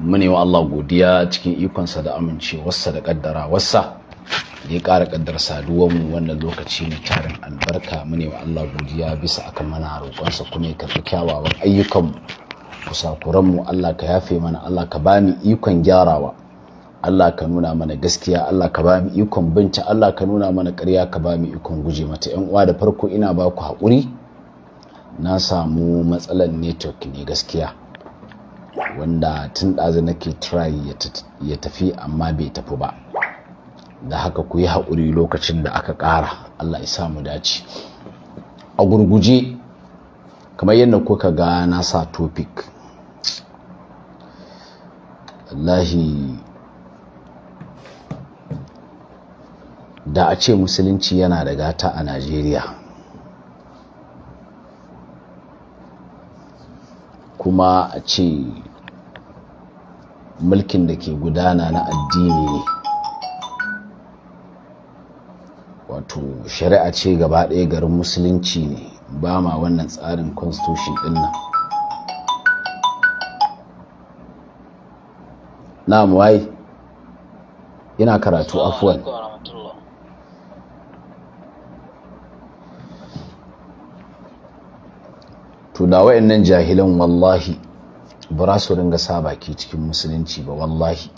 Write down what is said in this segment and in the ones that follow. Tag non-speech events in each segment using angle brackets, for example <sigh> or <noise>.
mune wa Allah godiya cikin ikonsa da amincewarsa da kaddarawarsa da ya ƙara kaddar saduwar mu wannan lokaci na tarin albarka mune wa Allah godiya bisa akan mana roƙonsa kuma ya karɓi kyawawan ayyukan mu kusakuran mu Allah ka yafe mana Allah ka bani ikon gyarawa Allah ka nuna mana gaskiya Allah ka bani ikon binta Allah ka nuna mana ƙarya ka bani ikon guje mata yan uwa da farko ina ba ku haƙuri na samu matsalar network ne gaskiya wanda tun ɗazu nake try ya tafi amma bai tafi ba da haka ku yi haƙuri lokacin da aka ƙara allah isa mu dace a gurguje kamar yadda kuka ga nasa topic allahi da a ce musulunci yana da gata a najeriya kuma a ce mulkin da ke gudana na addini ne wato shari'a ce gaba ɗaya garin musulunci ne ba ma wannan tsarin constitution ɗin nan na muwai yana karatu afuwan to da wa'annan jahilan wallahi ba su ringa sa baki cikin musulunci ba wallahi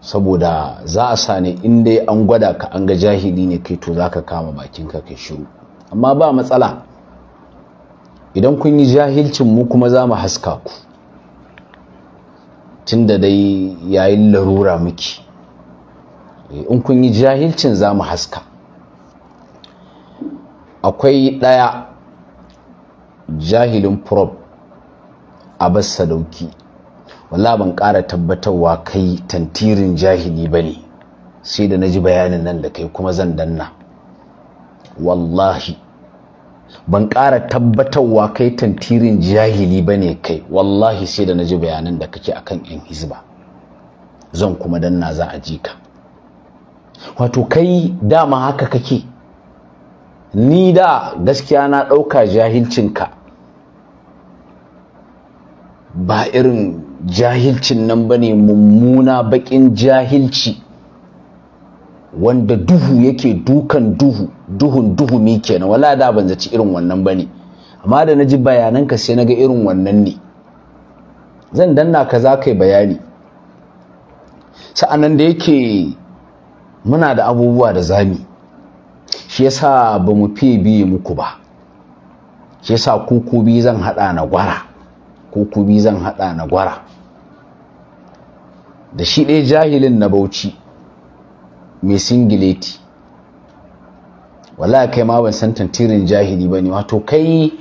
saboda za a sa ne in dai an gwada ka an ga jahili ne kai to za ka kama bakinka kai shiru amma ba matsala idan kun yi jahilcin mu kuma za mu haska ku tun da dai yayin larura muke eh, in kun yi jahilcin za mu haska akwai ɗaya jahilin prop a bas sadauki wala ban ƙara tabbatarwa kai tantirin jahili ba sai da na bayanin nan da kai kuma zan danna wallahi ban ƙara tabbatarwa kai tantirin jahili ba kai wallahi sai da naji bayanin da kake akan 'yan hizba zan kuma danna za a ji ka wato kai dama haka kake ni da gaskiya na ɗauka jahilcinka ba irin jahilcin nan ba ne mummuna baƙin jahilci wanda duhu yake dukan duhu duhun duhumi kenan wala da ban zaci irin wannan ba ne amma da na ji bayananka sai na ga irin wannan ne zan danna ka za ka yi bayani sa'anan da yake muna da abubuwa da zami shi yasa ba mu fiye biye muku ba shi yasa kuku biyu zan haɗa na gwara ko kubi zan haɗa na gwara da shi ɗaya jahilin na bauchi mai singileti wala kai ma ban san tantirin jahili ba ne wato kai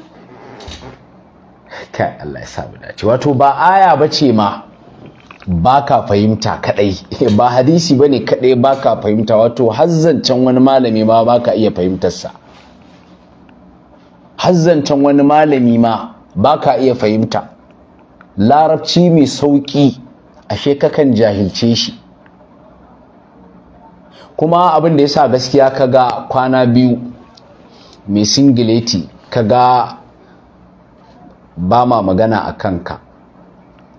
kai Allah ya mu dace wato ba aya ba ce ma ba ka fahimta kadai <laughs> ba hadisi ba ne kadai ba ka fahimta wato hazzancan wani malami ma ba ka iya fahimtarsa hazzancan wani malami ma ba ka iya fahimta larabci mai sauƙi ashe kakan jahilce shi kuma abin da ya sa gaskiya ka ga kwana biyu mai singileti ka ga ba ma magana a kanka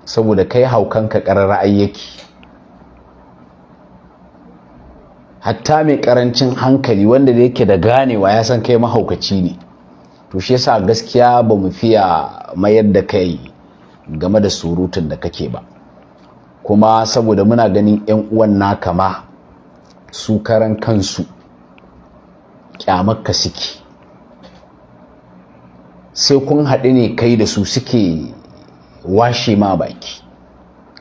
saboda kai haukanka ƙarar ayyaki hatta mai ƙarancin hankali wanda da yake da ganewa ya san kai mahaukaci ne to shi yasa gaskiya ba mu fiya mayar da kai game da surutun da kake ba kuma saboda muna ganin 'yan uwan naka ma su karan kansu kyamakka suke sai kun haɗu ne kai da su suke washe ma baki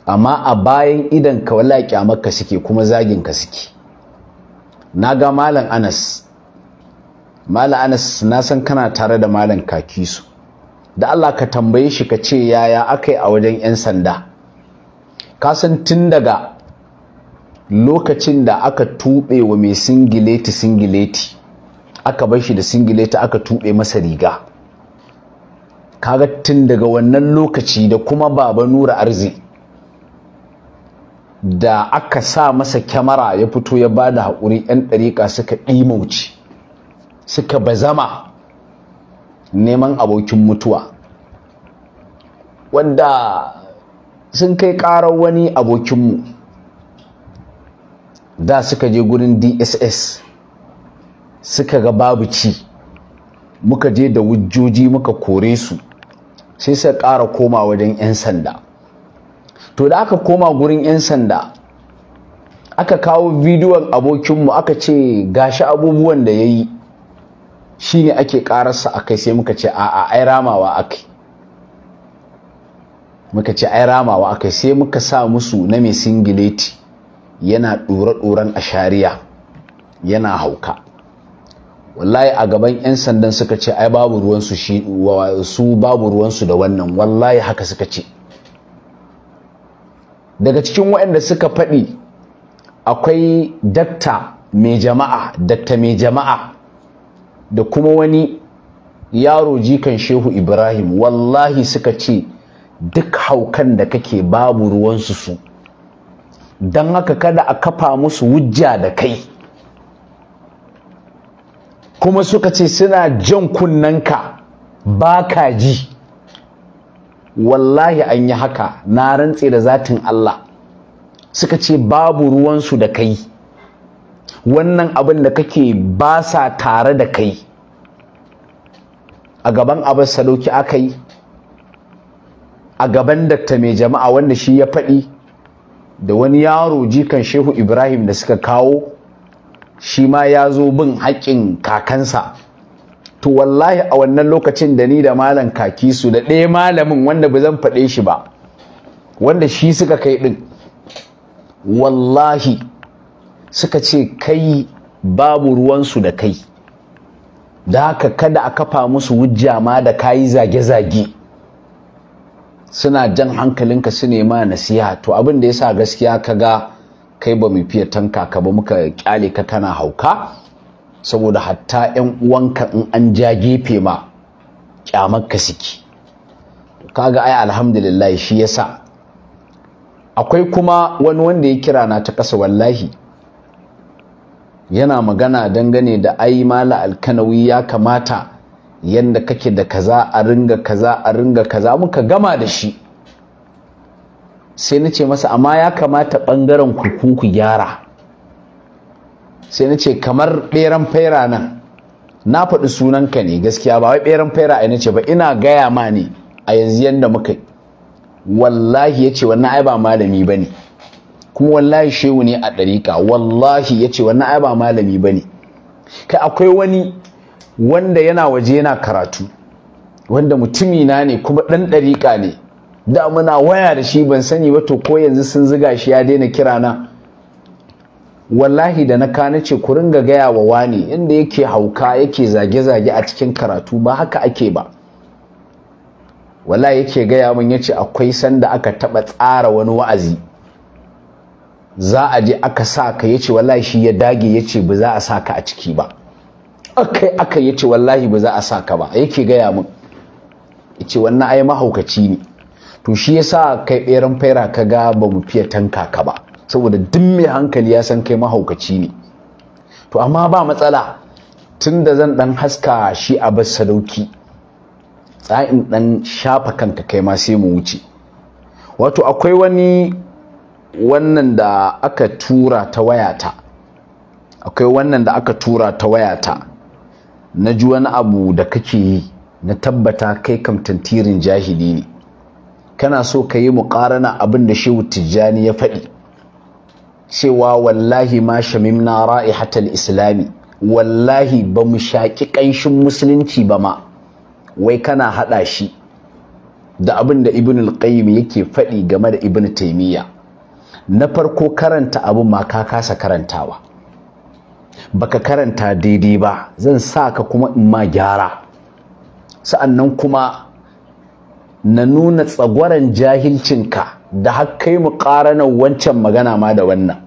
amma a bayan idan ka wala suke kuma zaginka suke na ga malam anas malam anas na san kana tare da malam kakisu da Allah ka tambaye shi ka ce yaya aka yi a wajen 'yan sanda Ka san tun daga lokacin da aka tuɓe wa mai singileti singileti aka bar shi da singileti aka tuɓe masa riga kaga tun daga wannan lokaci da kuma baba nura arzi da aka sa masa kyamara ya fito ya ba da haƙuri 'yan ɗariƙa suka mauci suka bazama neman abokin mutuwa wanda sun kai ƙarar wani abokinmu da suka je gurin dss suka ga babu ci muka je da wujjoji muka kore su sai suka ƙara koma wajen 'yan sanda to da aka koma gurin 'yan sanda aka kawo bidiyon abokinmu aka ce gashi abubuwan da ya yi ne ake ƙararsa a kai sai muka ce a'a ai ramawa akai muka ce ai ramawa akai sai muka sa musu na mai singileti yana ɗore-ɗoren a shari'a yana hauka wallahi a gaban 'yan sandan suka ce ai babu ruwansu shi su babu ruwansu da wannan wallahi haka suka ce daga cikin waɗanda suka faɗi akwai dakta mai jama'a dakta mai jama'a da kuma wani yaro jikan shehu ibrahim wallahi suka ce duk haukan da kake babu ruwansu su don haka kada a kafa musu wujja da kai kuma suka ce suna jan kunnanka ba ka ji wallahi an yi haka na rantse da zatin Allah suka ce babu ruwansu da kai wannan abin da kake ba sa tare da kai a gaban abin sadauki aka yi a gaban dakta mai jama'a wanda shi ya faɗi da wani yaro jikan shehu ibrahim da suka kawo shi ma ya zo bin haƙƙin kakansa to wallahi a wannan lokacin da ni da malam kaki su da ɗaya malamin wanda ba zan faɗe shi ba wanda shi suka kai ɗin wallahi suka ce kai babu ruwansu da kai da haka kada a kafa musu wujja ma da kayi zage-zage suna jan hankalinka su nema nasiha to abin da yasa gaskiya ka ga kai ba mu fiye tanka ka ba muka kyale ka kana hauka saboda hatta 'yan uwanka in an ja gefe ma ka suke kaga ai alhamdulillah shi yasa akwai kuma wani wanda ya kira na ta kasa wallahi yana magana dangane da ai mala alkanawi ya kamata yadda kake da kaza a ringa kaza a ringa kaza muka gama da shi sai na ce masa amma ya kamata ɓangaren kurkuku gyara sai na ce kamar ɓeran faira nan na faɗi sunanka ne gaskiya ba wai ɓeran faira a ce ba ina gaya ma ne a yanzu yadda muka yi wallahi ya ce wannan ai ba malami ba ne kuma wallahi shehu ne a ɗariƙa wallahi ya ce wannan ai ba malami ba ne kai akwai wani wanda yana waje yana karatu wanda mutumina ne kuma ɗan ɗariƙa ne da muna waya da shi ban sani ba to ko yanzu sun ziga shi ya daina kira na wallahi da na kana ce ku ringa gaya wa wani inda yake hauka yake zage-zage a cikin karatu ba haka ake ba wallahi yake gaya min yace akwai sanda aka taɓa tsara wani wa'azi za a je aka sa ka yace wallahi shi ya dage ya ce ba za a sa ka a ciki ba akai aka yace wallahi ba za a sa ka ba yake gaya min ce wannan ai mahaukaci ne to shi ya sa kai beran faira ka ga ba mu fiye tanka ka ba saboda duk mai hankali ya san kai mahaukaci ne to amma ba matsala tun da zan dan haska shi a bar sadauki tsa'in dan shafa kanka kai ma sai mu wuce wato akwai wani wannan da aka tura ta wayata akwai wannan da aka tura ta wayata na ji wani abu da kake yi na tabbata kai kam tantirin jahili ne kana so ka yi muƙarana abin da shehu tijjani ya faɗi cewa wallahi ma shamimna ra'ihatal islami wallahi ba mu shaƙi ƙanshin musulunci ba ma wai kana haɗa shi da abin da ibn al yake faɗi game da ibn Taimiyya? na farko karanta abu ma ka kasa karantawa baka karanta daidai ba zan sa ka kuma in ma gyara sa'annan kuma na nuna tsagwaron jahilcinka da har kai mu ƙaranar wancan magana ma da wannan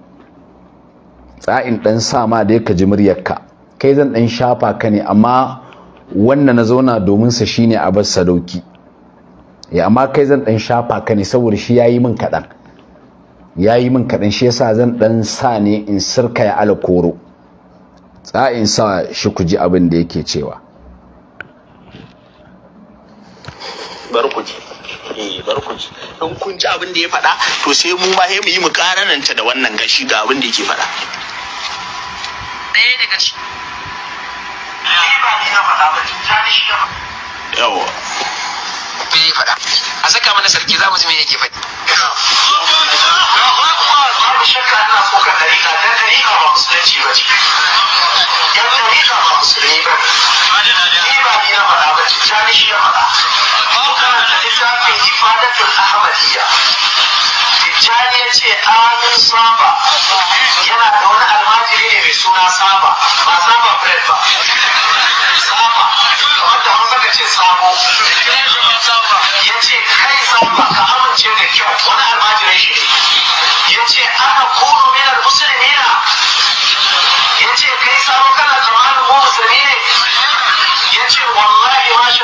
tsa'in ɗan sa ma da ka ji muryarka kai zan ɗan shafa ka ne amma wannan na zauna domin sa shine a bar sadauki ya eh, amma kai zan ɗan shafa ka ne saboda shi ya yi min kaɗan ya yi min kaɗan shi yasa zan ɗan sa ne in sirka ya alakoro tsa'in sa shi ku ji abin da yake cewa Bar barkuci eh barkuci in kun ji abin da ya faɗa to sai mu ma sai mu yi mu ƙarananta da wannan gashi ga abin da yake faɗa ɗaya daga shi yawa gobe ya faɗa a saka mana sarki za mu ji me yake faɗi babu shakka ya ya ce saba yana da wani almajiri ne mai suna saba ba saba ba saba wanda ce sabo yace ya ce kai salma ka amince da kyau wani almajirin shi ya ce ana kuro minar musulmina ya ce kai samu kana tsammanin mu musulmi ne ya ce wallahi ma shi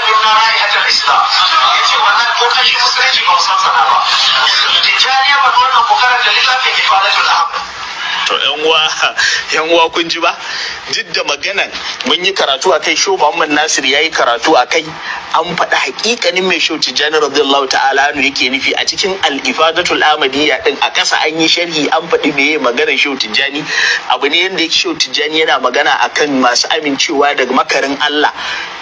islam ko kashi musulunci ba musan sana ba ba wannan ko karanta littafin to yan uwa kun ji ba duk da maganan mun yi karatu a kai sho Nasiru Nasir ya yi karatu a kai an faɗi haƙiƙanin mai sho Tijjani radiyallahu ta'ala nu yake nufi a cikin al-ifadatul amadiyya din a ƙasa an yi sharhi an faɗi meye maganar sho Jani. abu ne yanda sho Jani yana magana akan masu amincewa daga makarin Allah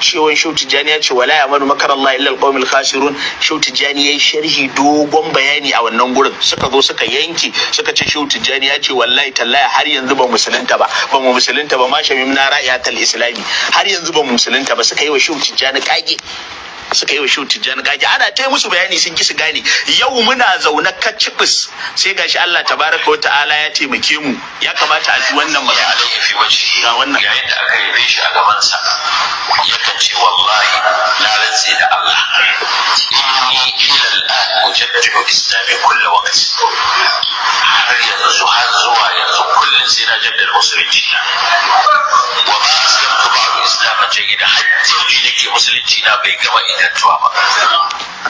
cewa sho yace ya ce wala ya'manu makarallahi illa alqawmul khasirun Shehu Tijjani yayi sharhi dogon bayani a wannan gurin suka zo suka yanki suka ce Shehu Tijjani ya ce wallahi tallahi har yanzu ba musulunta ba ba mu musulunta ba ma shamim na ra'iyatul islami har yanzu ba mu musulunta ba suka yi wa Shehu Tijjani kage suka yi wa shutin jan gaji ana ta musu bayani sun ki su gane yau muna zaune kacibis sai gashi Allah tabaraka wa ta'ala ya taimake mu ya kamata a ji wannan magana ga wannan yayin da aka yi shi a gaban sa yakan ce wallahi na rantsi da Allah inni ila al'an ujaddidu islami kullu waqt har yanzu har zuwa yanzu kullun sai na jaddada musulunci wa ba aslamtu ba'du islamin jayyida hajji nake musulunci na bai gama ingantuwa ba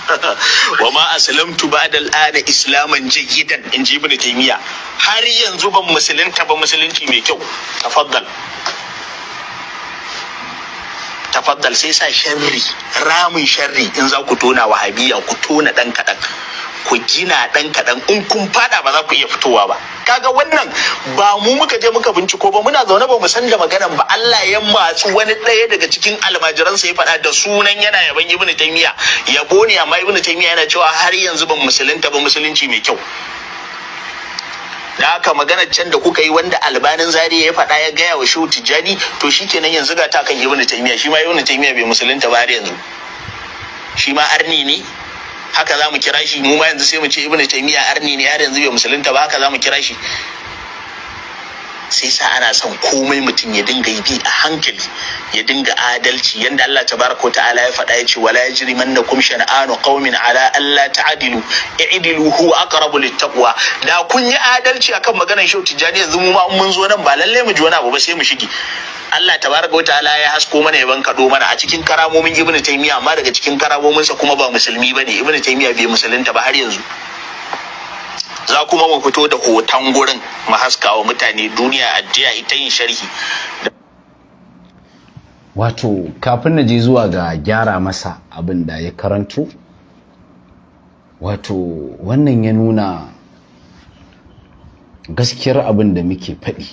<laughs> wa ma aslamtu ba'da al'ana islaman jayyidan in ji ibnu taymiya har yanzu ban musulunta ba musulunci mai kyau tafaddal tafaddal sai sa sharri ramin sharri in za ku tona wahabiyya ku tona dan kadan ku gina ɗan kaɗan in kun fada ba za ku iya fitowa ba kaga wannan ba mu muka je muka binciko ba muna zaune ba mu san da maganan ba Allah ya matsu wani ɗaya daga cikin almajiransa ya faɗa da sunan yana yaban ibnu taymiya yabo ne amma ibnu taymiya yana cewa har yanzu ban musulunta ba musulunci mai kyau da haka maganar can da kuka yi wanda albanin zariya ya faɗa ya gaya wa shehu tijjani to shikenan yanzu ga ta kan ibnu taymiya shi ma ibnu taymiya bai musulunta ba har yanzu shi ma arni ne haka za mu kira shi mu ma yanzu sai mu ce ibnu taymiya arni ne har yanzu bai musulunta ba haka za mu kira shi sai sa ana son komai mutum ya dinga yi bi a hankali ya dinga adalci Yadda Allah tabaraka ta'ala ya faɗa ya ce wala yajrimannakum shan'anu qaumin ala alla ta'dilu i'dilu huwa aqrabu littaqwa da kun yi adalci akan maganar shau tijjani yanzu mu ma mun zo nan ba lalle mu ji wani abu ba sai mu shige Allah tabaraka ta'ala ya hasko mana ya kaɗo mana a cikin karamomin ibnu taymiya amma daga cikin karamominsa kuma ba musulmi bane ibnu taymiya bai musulunta ba har yanzu za kuma mu fito da hoton gurin mu haskawa mutane duniya a jiya ita yin sharhi wato kafin na je zuwa ga gyara masa abin da ya karanto wato wannan ya nuna gaskiyar abin da muke faɗi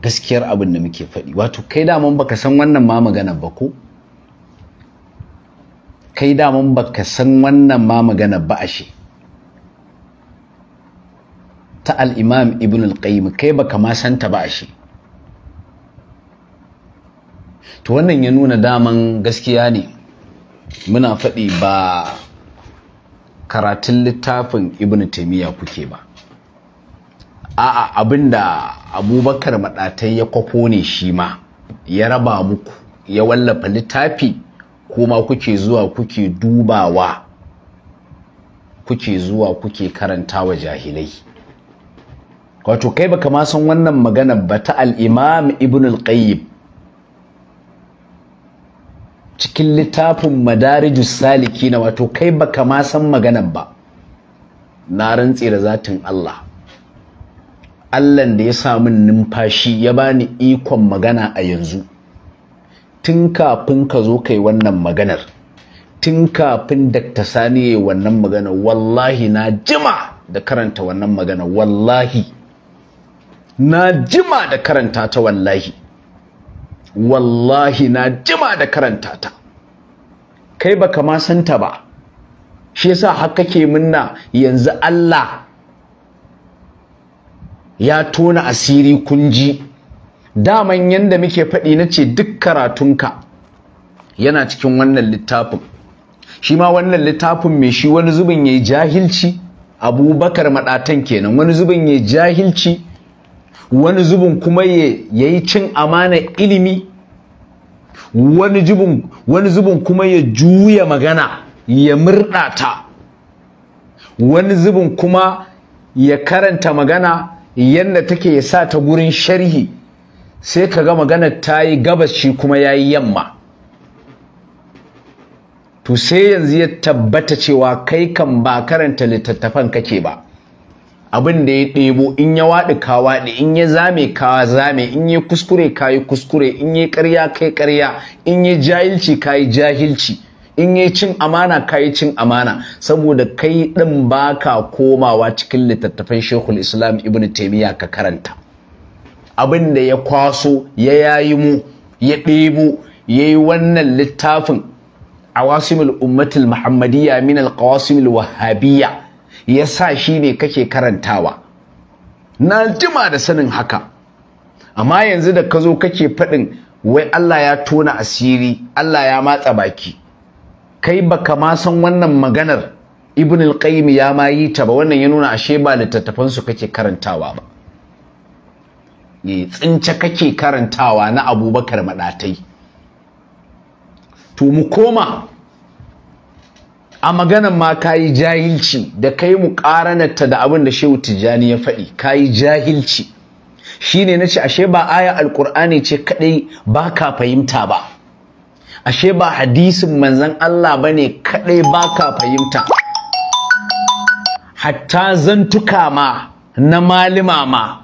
gaskiyar abin da muke faɗi wato kai daman baka san wannan ma magana ba ko kai daman baka san wannan ma magana ba ashe ta alimam ibn al kai ba ma santa ba a shi to wannan ya nuna daman gaskiya ne muna faɗi ba karatun littafin ibn taimiyya kuke ba a'a abinda abubakar maɗatai ya kwafo ne shi ma ya raba muku ya wallafa littafi kuma kuke zuwa kuke dubawa kuke zuwa kuke karanta wa jahilai wato kai baka ma san wannan magana ba ta al-imam ibn al-qayyim cikin littafin madarijus na wato kai baka ma san maganar ba na rantse da zatin Allah allah da ya sa min numfashi ya bani ikon magana a yanzu tun kafin ka zo kai wannan maganar tun kafin Dr. Sani yayi wannan magana wallahi na jima da karanta wannan magana wallahi na jima da karanta ta wallahi wallahi na jima da karanta ta kai baka ma san ta ba shi yasa har kake minna yanzu Allah ya tona asiri kunji daman yanda muke faɗi na ce duk karatunka yana cikin wannan littafin shi ma wannan littafin mai shi wani zubin ya jahilci abubakar maɗatan kenan wani zubin ya jahilci wani zubin kuma ya yi cin amana ilimi wani zubin kuma ya juya magana ya murɗata wani zubin kuma ya karanta magana yadda take ya sa ta gurin sharhi sai ka ga magana ta yi gabas shi kuma ya yi yamma to sai yanzu ya tabbata cewa kai kan ba karanta littattafan kake ba abin da ya ɗebo in ya waɗi ka waɗi in ya zame ka zame in ya kuskure ka yi kuskure in ya karya kai karya, in ya jahilci ka yi jahilci in ya cin amana ka yi cin amana saboda kai ɗin ba ka komawa cikin littattafan shekul islam ibn taimiyya ka karanta abin da ya kwaso ya yayi mu ya ɗebo ya yi wannan littafin awasimul ummatul muhammadiyya min alqawasimul wahhabiyya ya sa shi ne kake karantawa na jima da sanin haka amma yanzu da ka zo kake faɗin wai Allah ya tona asiri Allah ya matsa baki kai baka ma san wannan maganar ibn al-qayyim ya ma yi ta ba wannan ya nuna ashe ba littattafan su kake karantawa ba ne tsince kake karantawa na abubakar madatai to mu koma a maganan ma kayi jahilci da kai mu karanarta da abin da shehu tijjani ya faɗi kayi jahilci shine nace ashe ba aya alqur'ani ce kadai ba ka fahimta ba ashe ba hadisin manzon Allah bane kadai ba ka fahimta hatta zantuka ma na malima ma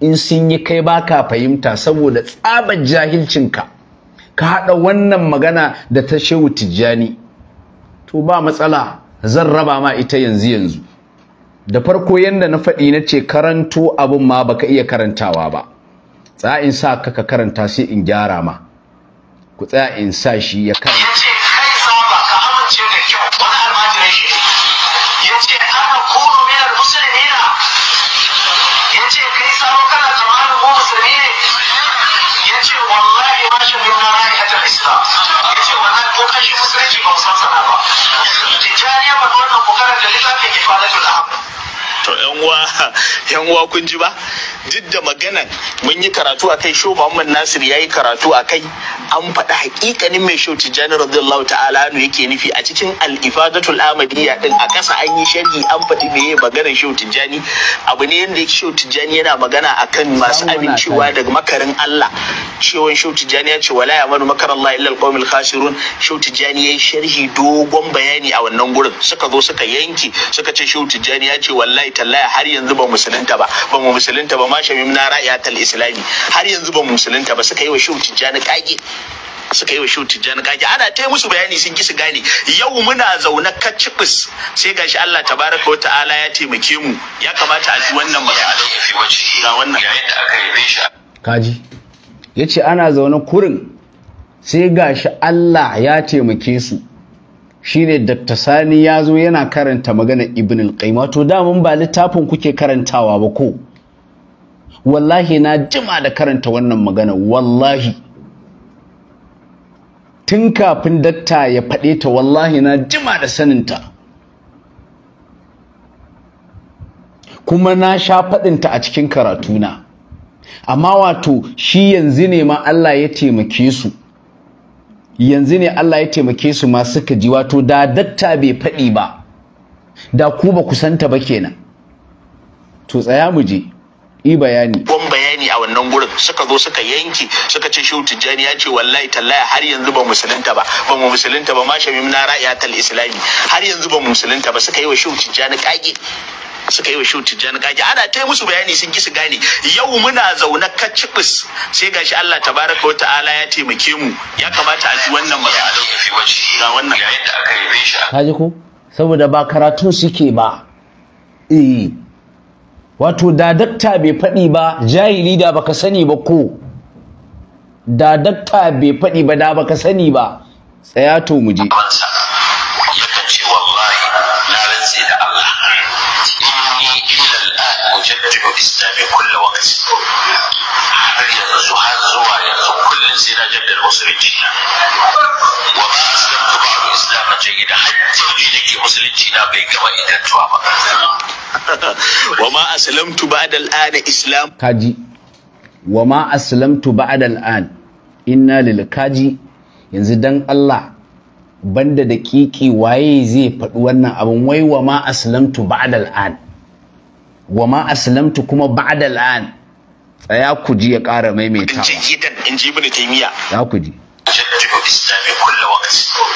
in sun yi kai ba ka fahimta saboda tsabar jahilcinka ka haɗa wannan magana da ta shehu tijjani to ba matsala zan raba ma ita yanzu yanzu da farko yanda na faɗi na ce karanto abin ma baka iya karantawa ba tsaya in sa ka ka karanta sai in gyara ma ku tsaya in sa shi ya karanta ba mu san sana ba tijaniya ba wannan mu karanta littafin ifadatul ahmad to yan uwa kun ji ba duk da maganan mun yi karatu a kai show Muhammad Nasir ya yi karatu a kai an faɗi hakikanin mai show Tijjani radiyallahu ta'ala anu yake nufi a cikin al-ifadatul amadiyya din a ƙasa an yi sharhi an faɗi ne ya maganar show Tijjani abu ne yanda show Tijjani yana magana akan masu amincewa daga makarin Allah Cewa show Tijjani ya ce wala yamanu makarar Allah illa qawmil khasirun show Tijjani yayi sharhi dogon bayani a wannan gurin suka zo suka yanke suka ce show Tijjani ya ce wallahi tallaya har yanzu ba musulunta ba ba mu musulunta ba ma shamim na ra'iyatul islami har yanzu ba mu musulunta ba suka yi wa shehu tijjani kage suka yi wa shehu tijjani kage ana ta musu bayani sun ki su gane yau muna zaune kacibis sai gashi Allah tabaraka wa ta'ala ya taimake mu ya kamata a ji wannan magana ga wannan aka yi shi kaji yace ana zaune kurin sai gashi Allah ya taimake su shine Dr. Sani ya zo yana karanta magana Ibn al-Qayyim wato mun ba littafin kuke karantawa ba ko wallahi na jima da karanta wannan magana wallahi tun kafin datta ya fade ta wallahi na jima da saninta kuma na sha faɗinta a cikin karatuna amma wato shi yanzu ne ma Allah ya taimake su yanzu ne Allah ya taimake su ma suka ji wato da datta bai faɗi ba da ku ba ku santa ba kenan to tsaya mu je i bayani bon bayani a wannan gurin suka zo suka yanki suka ce shehu tijjani ya ce wallahi tallahi har yanzu ba musulunta ba ba mu musulunta ba ma shamim na ra'ayatul islami har yanzu ba musulunta ba suka yi wa shehu tijjani kage suka yi wa shuti jan kage ana ta musu bayani sun su gane yau muna zaune kacibis sai gashi Allah tabaraka wa ta'ala ya taimake mu ya kamata a ji wannan magana ga wannan ga yadda aka yi shi kaji ko saboda ba karatu suke ba eh wato da dakta bai faɗi ba jahili da baka sani ba ko da dakta bai faɗi ba da baka sani ba tsaya to mu je islami kulla wakati har yanzu har zuwa yanzu kullum sai na jaddar musulunci na wa ma aslamtu ba'du islam musulunci na bai idantuwa ba <laughs> wa ma aslamtu ba'da islam kaji wa ma aslamtu ba'da inna lil yanzu dan Allah banda da kiki waye zai faɗi wannan abin wai wa ma aslamtu ba'da al'an wa ma aslamtu kuma ba'da al'an tsaya ku ji ya ƙara maimaitawa ya ku ji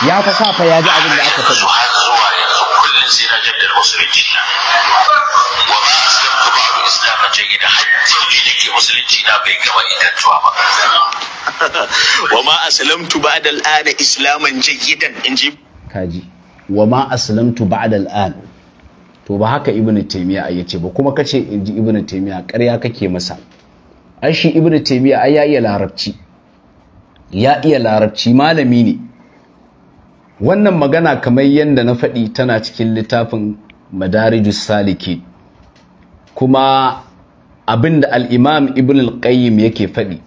ya fa sa fa ya ji abin da aka faɗi zuwa yanzu kullun jaddar ba <laughs> wa islaman jayyidan in ji wa to ba haka ibnu taymiya ya ce ba kuma kace inji ibnu taymiya ƙarya kake masa ai shi ibnu taymiya ai ya iya larabci ya iya larabci malami ne wannan magana kamar yadda na faɗi tana cikin littafin madarijus saliki kuma abinda al-imam ibn al-qayyim yake faɗi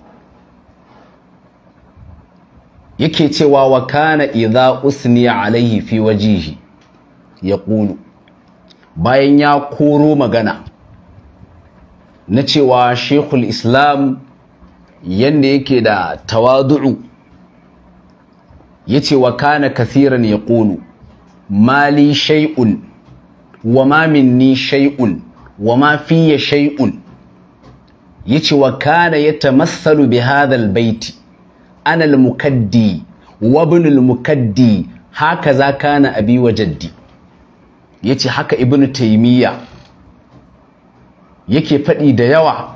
yake cewa wa kana idza usniya alaihi fi wajihi ya yaqulu bayan ya koro magana na cewa shekul islam yadda yake da tawadu'u ya ce wa kana kathiran ya ƙonu mali shai'un wa ma shai'un wa Mafiya shai'un ya ce wa kana ya tamassalu bi hadal baiti anal mukaddi wa binul mukaddi haka za kana abi wa jaddi ya ce haka ibn taimiyya yake faɗi da yawa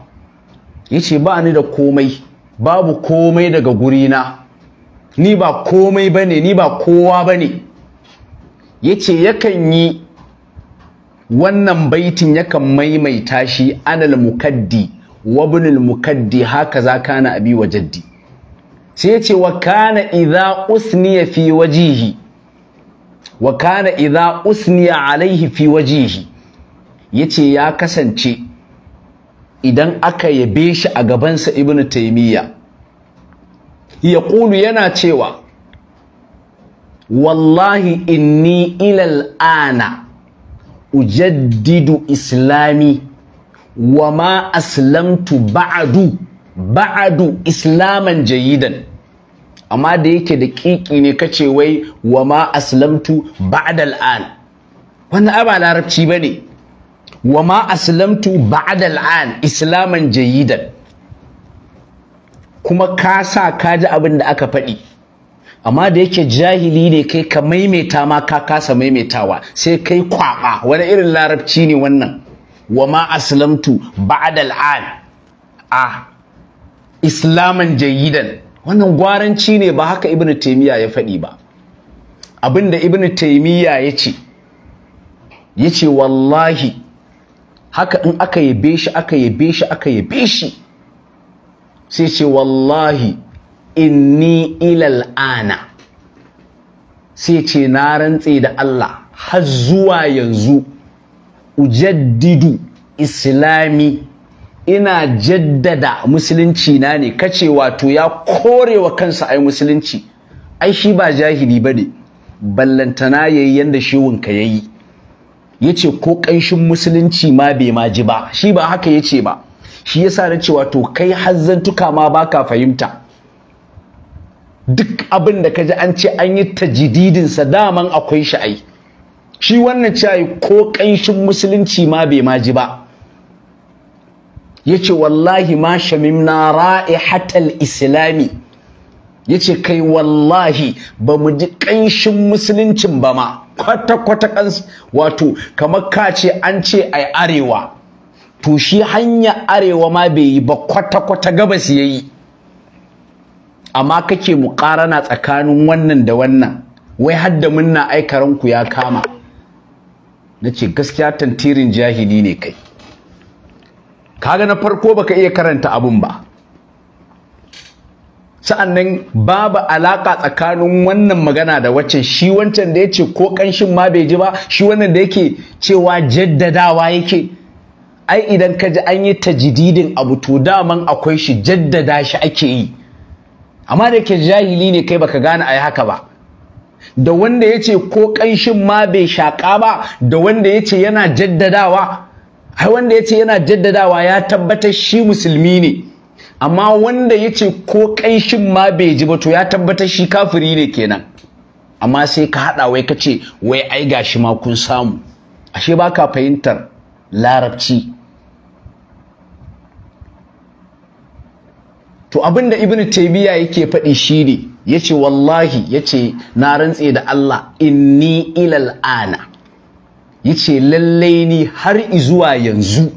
ya ce ba ni da komai babu komai daga gurina ni ba komai ba ne ni ba kowa ba ne ya ce yakan yi wannan baitin yakan maimaita shi anal mukaddi wabnul mukaddi haka za kana abi wa jaddi sai ya ce wa kana idha usniya fi wajihi wa kana idza usniya alaihi fi wajihi yace ya kasance idan aka yabe shi a gabansa ibnu taymiya ya kulu yana cewa wallahi inni ilal ana ujaddidu islami wa ma aslamtu ba'adu ba'adu islaman jayidan amma da yake da kiki ne kace wai wa ma aslamtu ba'da al'an wannan abu ba larabci bane wa ma aslamtu ba'da al'an islaman jayidan kuma ka sa ka ji abin da aka faɗi amma da yake jahili ne kai ka maimaita ma ka kasa maimaitawa sai kai kwaba wani irin larabci ne wannan wa ma aslamtu ba'da al'an a ah, islaman jayidan wannan gwaranci ne ba haka ibn taimiyya ya faɗi ba abinda ibn taimiyya ya ce ya ce wallahi haka in aka yabe shi aka yabe shi aka yabe shi sai ce wallahi inni ilal ana sai ce na rantse da Allah har zuwa yanzu ujaddidu islami ina jaddada musulunci na ne kace wato ya kore wa kansa ai musulunci ai shi ba jahili bane ballantana yayi yanda shewunka yayi yace ko kanshin musulunci ma bai ma ji ba shi ba haka yace ba shi yasa na ce wato, kai hazzantuka ma baka fahimta duk abin da kaji an ce an yi tajididin sa daman akwai shi ai shi wannan cewa ko kanshin musulunci ma bai ma ji ba yace wallahi ma shamimna ra'ihatal islami yace kai wallahi ba mu ji kanshin musuluncin ba ma kwata kwata kansu. wato kamar ka ce an ce ai arewa to shi hanya arewa ma bai yi ba kwata kwata gabas yayi amma kake mu na tsakanin wannan da wannan wai har da munna aikaranku ya kama nace gaskiya tantirin jahili ne kai kaga na farko baka iya karanta abun ba sa'annan babu alaka tsakanin wannan magana da waccan shi wancan da ya ko kanshin ma bai ji ba shi wannan da yake cewa jaddadawa yake ai idan ka ji an yi tajdidin abu to daman akwai shi jaddada shi ake yi amma da ke jahili ne kai baka gane ai haka ba da wanda yace ko kanshin ma bai shaƙa ba da wanda yace yana jaddadawa ai wanda yace yana jaddadawa ya tabbatar shi musulmi ne amma wanda yace ko kanshin ma bai ji ba to ya tabbatar shi kafiri ne kenan amma sai ka hada wai kace wai ai gashi ma kun samu ashe baka fahimtar larabci to abinda ibn Taymiyyah yake faɗi shi ne, yace wallahi yace na rantse da Allah inni ilal ana yace lallai ni har izuwa yanzu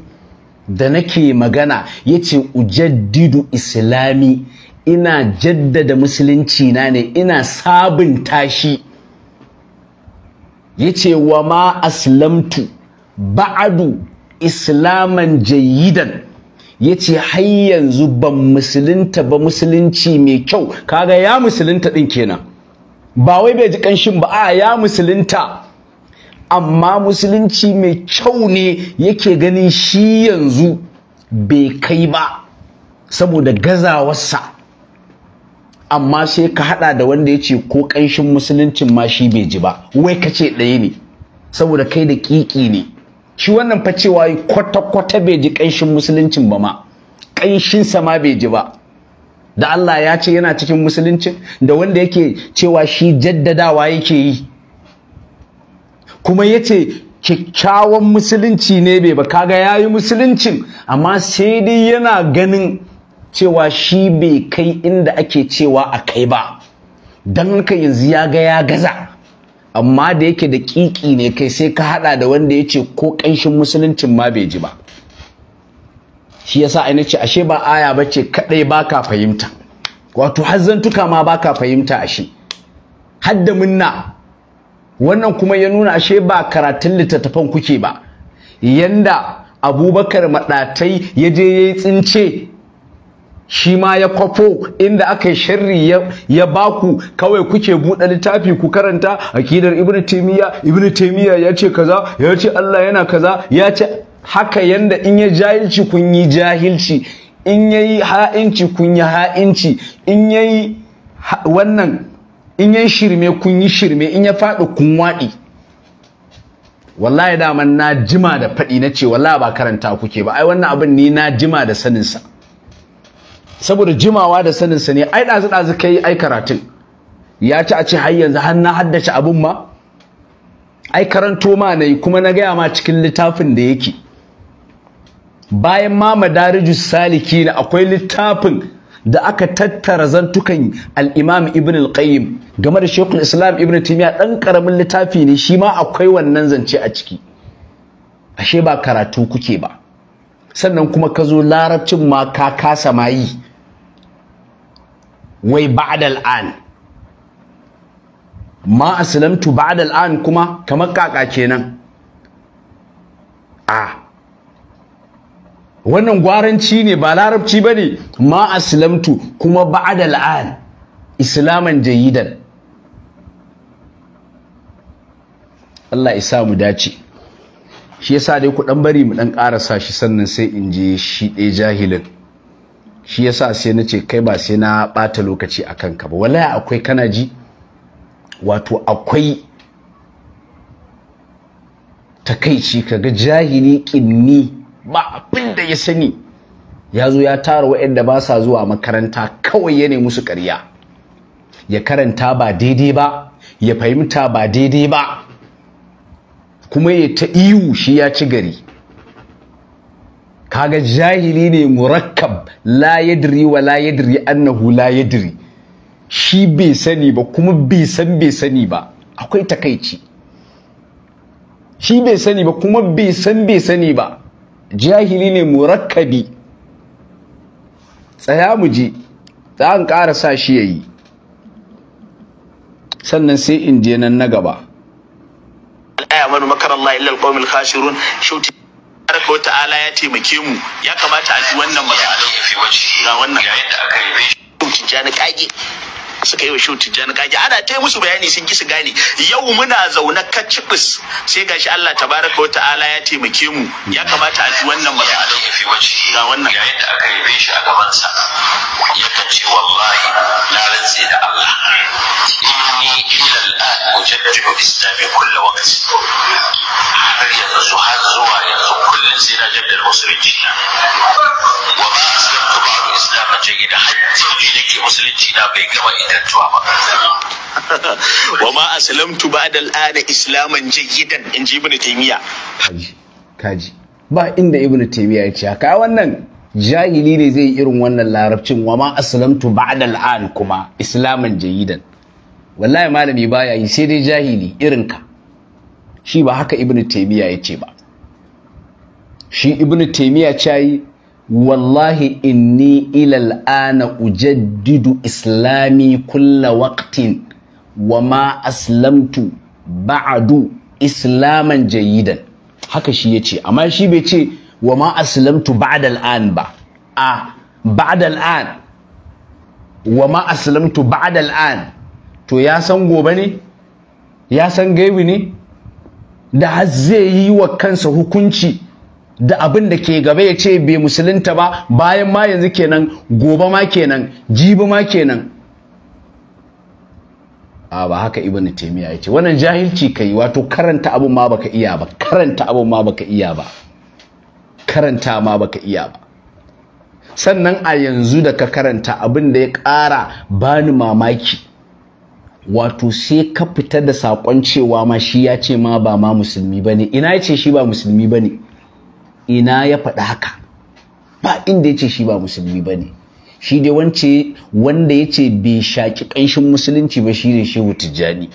da nake magana yace ujaddidu islami ina jaddada musulunci na ne ina sabunta shi yace wa ma aslamtu ba'adu islaman jayidan yace har yanzu ban musulunta ba musulunci mai kyau kaga ya musulunta din kenan ba wai bai ji kanshin ba a ya musulunta amma musulunci mai kyau ne yake ganin shi yanzu bai kai ba saboda gazawarsa amma sai ka hada da wanda ya ce ko ƙanshin musuluncin ma shi bai ji ba wai ka ce ɗaya ne saboda kai da ƙiƙi ne shi wannan fa cewa kwata-kwata bai ji ƙanshin musuluncin ba ma ƙanshinsa ma bai ji ba da Allah ya ce yana cikin musuluncin da wanda yake cewa shi jaddadawa yake yi kuma ya ce kyakkyawan musulunci ne bai ba kaga ya yi musuluncin amma sai dai yana ganin cewa shi bai kai inda ake cewa a kai ba don haka yanzu ya ga ya gaza amma da yake da kiki ne kai sai ka hada da wanda ya ce ko ƙanshin musuluncin ma bai ji ba shi yasa ai ce ashe ba aya ba ce kadai baka fahimta wato har ma ma baka fahimta ashe hadda munna wannan kuma ya nuna ashe ba karatun littattafan kuke ba yanda abubakar maɗatai ya je ya yi tsince shi ma ya kwafo inda aka yi sharri ya baku kawai kuke buɗe littafi ku karanta akidar ibn taimiyya ibn ya ce kaza ya ce allah yana kaza ya ce haka yanda in ya jahilci kun yi jahilci in ya yi ha'inci kun yi ha'inci in ya yi wannan in yi shirme kun yi shirme in ya faɗi kun waɗi wallahi dama na jima da faɗi na ce wallahi ba karanta kuke ba ai wannan abin ni na jima da saninsa saboda jimawa da saninsa ne ai ɗazu ɗazu ka ai karatun ya ci a ce har yanzu har na haddace abin ma ai karanto ma na yi kuma na gaya ma cikin littafin da yake bayan ma madarijus salikina akwai littafin da aka tattara zantukan al-Imam Ibn al-Qayyim game da Sheikhul Islam Ibn Taymiyyah Ɗan ƙaramin littafi ne shi ma akwai wannan zance a ciki ashe ba karatu kuke ba sannan kuma ka zo larabcin ma ka kasa mayi wai ba'dal an ma aslamtu ba'dal an kuma kamar kaka kenan a ah. wannan gwaranci ne ba larabci ba ne ma aslamtu kuma ba al'an islaman jayidan Allah isa sa mu dace shi yasa dai ku dan bari mu dan karasa shi sannan sai in je shi ɗaya jahilin shi sa sai na ce kai ba sai na ɓata lokaci a kanka ba wallahi akwai kana ji wato akwai takaici kaga jahili kinni ba abin da ya sani ya zo ya tara waɗanda ba sa zuwa makaranta kawai ya ne musu ƙarya ya karanta ba daidai ba ya fahimta ba daidai ba kuma ya ta iyu shi ya ci gari kaga jahili ne murakkab la yadri wa la yadri annahu la yadri shi bai sani ba kuma bai san bai sani ba akwai takaici shi bai sani ba kuma bai san bai sani ba jahili ne murakkabi tsaya mu ji za an ƙara sa shi ya yi sannan sai in je nan na gaba amanu makar Allah illa alqawmil khashirun shauti baraka wa ta'ala ya taimake mu ya kamata a ji wannan magana ga wannan ga yadda aka yi shi jani kage suka yi wa shuti jan kaji ana ta musu bayani sun ki su gane yau muna zaune kacibis sai gashi Allah tabaraka wa ta'ala ya taimake mu ya kamata a ji wannan ba. wace ga wannan yayin da aka yi shi a gaban sa ya ce wallahi na rantsi da Allah inni ila al'an mujaddidu islami kullu waqt har yanzu har zuwa yanzu kullun sai na jaddar musulunci wa ma aslamtu ba'du islamin jayyida hajji ke musulunci na bai gama ita. karantuwa <laughs> ba wa ma aslamtu ba'da al'ana islaman jayyidan in ji Ibn kaji kaji ba inda ibnu taymiya ya ce haka wannan jahili ne zai irin wannan larabcin wa ma aslamtu ba'da al'an kuma islaman jayyidan wallahi malami baya yi sai dai jahili irin ka shi ba haka ibnu taymiya ya ce ba shi ibnu taymiya ce wallahi inni ilal ana ujaddidu islami kulla waqtin wa ma aslamtu ba'adu islaman jayidan haka shi ya ce, amma shi bai ce wa ma aslamtu ba'da al'an ba a ba'adal al'an wa ma aslamtu ba'da al'an to ya san gobe ne ya san gaibi ne da har zai yi wa kansa hukunci da abin da ke gaba ya ce bai musulunta ba bayan ma yanzu kenan gobe ma kenan jibi ma kenan a ba haka ibnu taymiya ce. wannan jahilci kai wato karanta abin ma baka iya ba karanta abin ma baka iya ba karanta ma baka iya ba sannan a yanzu da ka karanta abin da ya ƙara bani mamaki wato sai ka fita da saƙon cewa ma shi ya ce ma ba ma musulmi bane ina ya ce shi ba musulmi bane ne ina ya faɗi haka ba inda ya ce shi ba musulmi ba ne shi dai wance wanda ya ce bai shaki ƙanshin musulunci ba shi ne shehu tijjani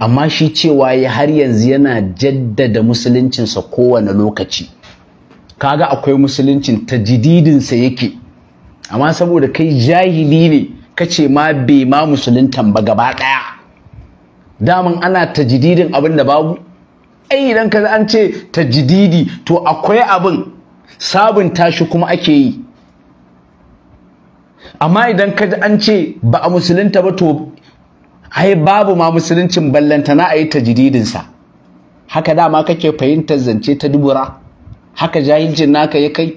amma shi cewa ya har yanzu yana jaddada musuluncinsa kowane lokaci kaga akwai musuluncin ta jididinsa yake amma saboda kai jahili ne kace ma bai ma musuluntan ba gaba ɗaya daman ana ta jididin abin da babu ai idan ka an ce tajdidi to akwai abin sabunta shi kuma ake yi amma idan ka an ce ba a musulunta ba to ai babu ma musuluncin ballanta na a yi sa haka dama kake fahimtar zance ta dubura haka jahilcin naka ya kai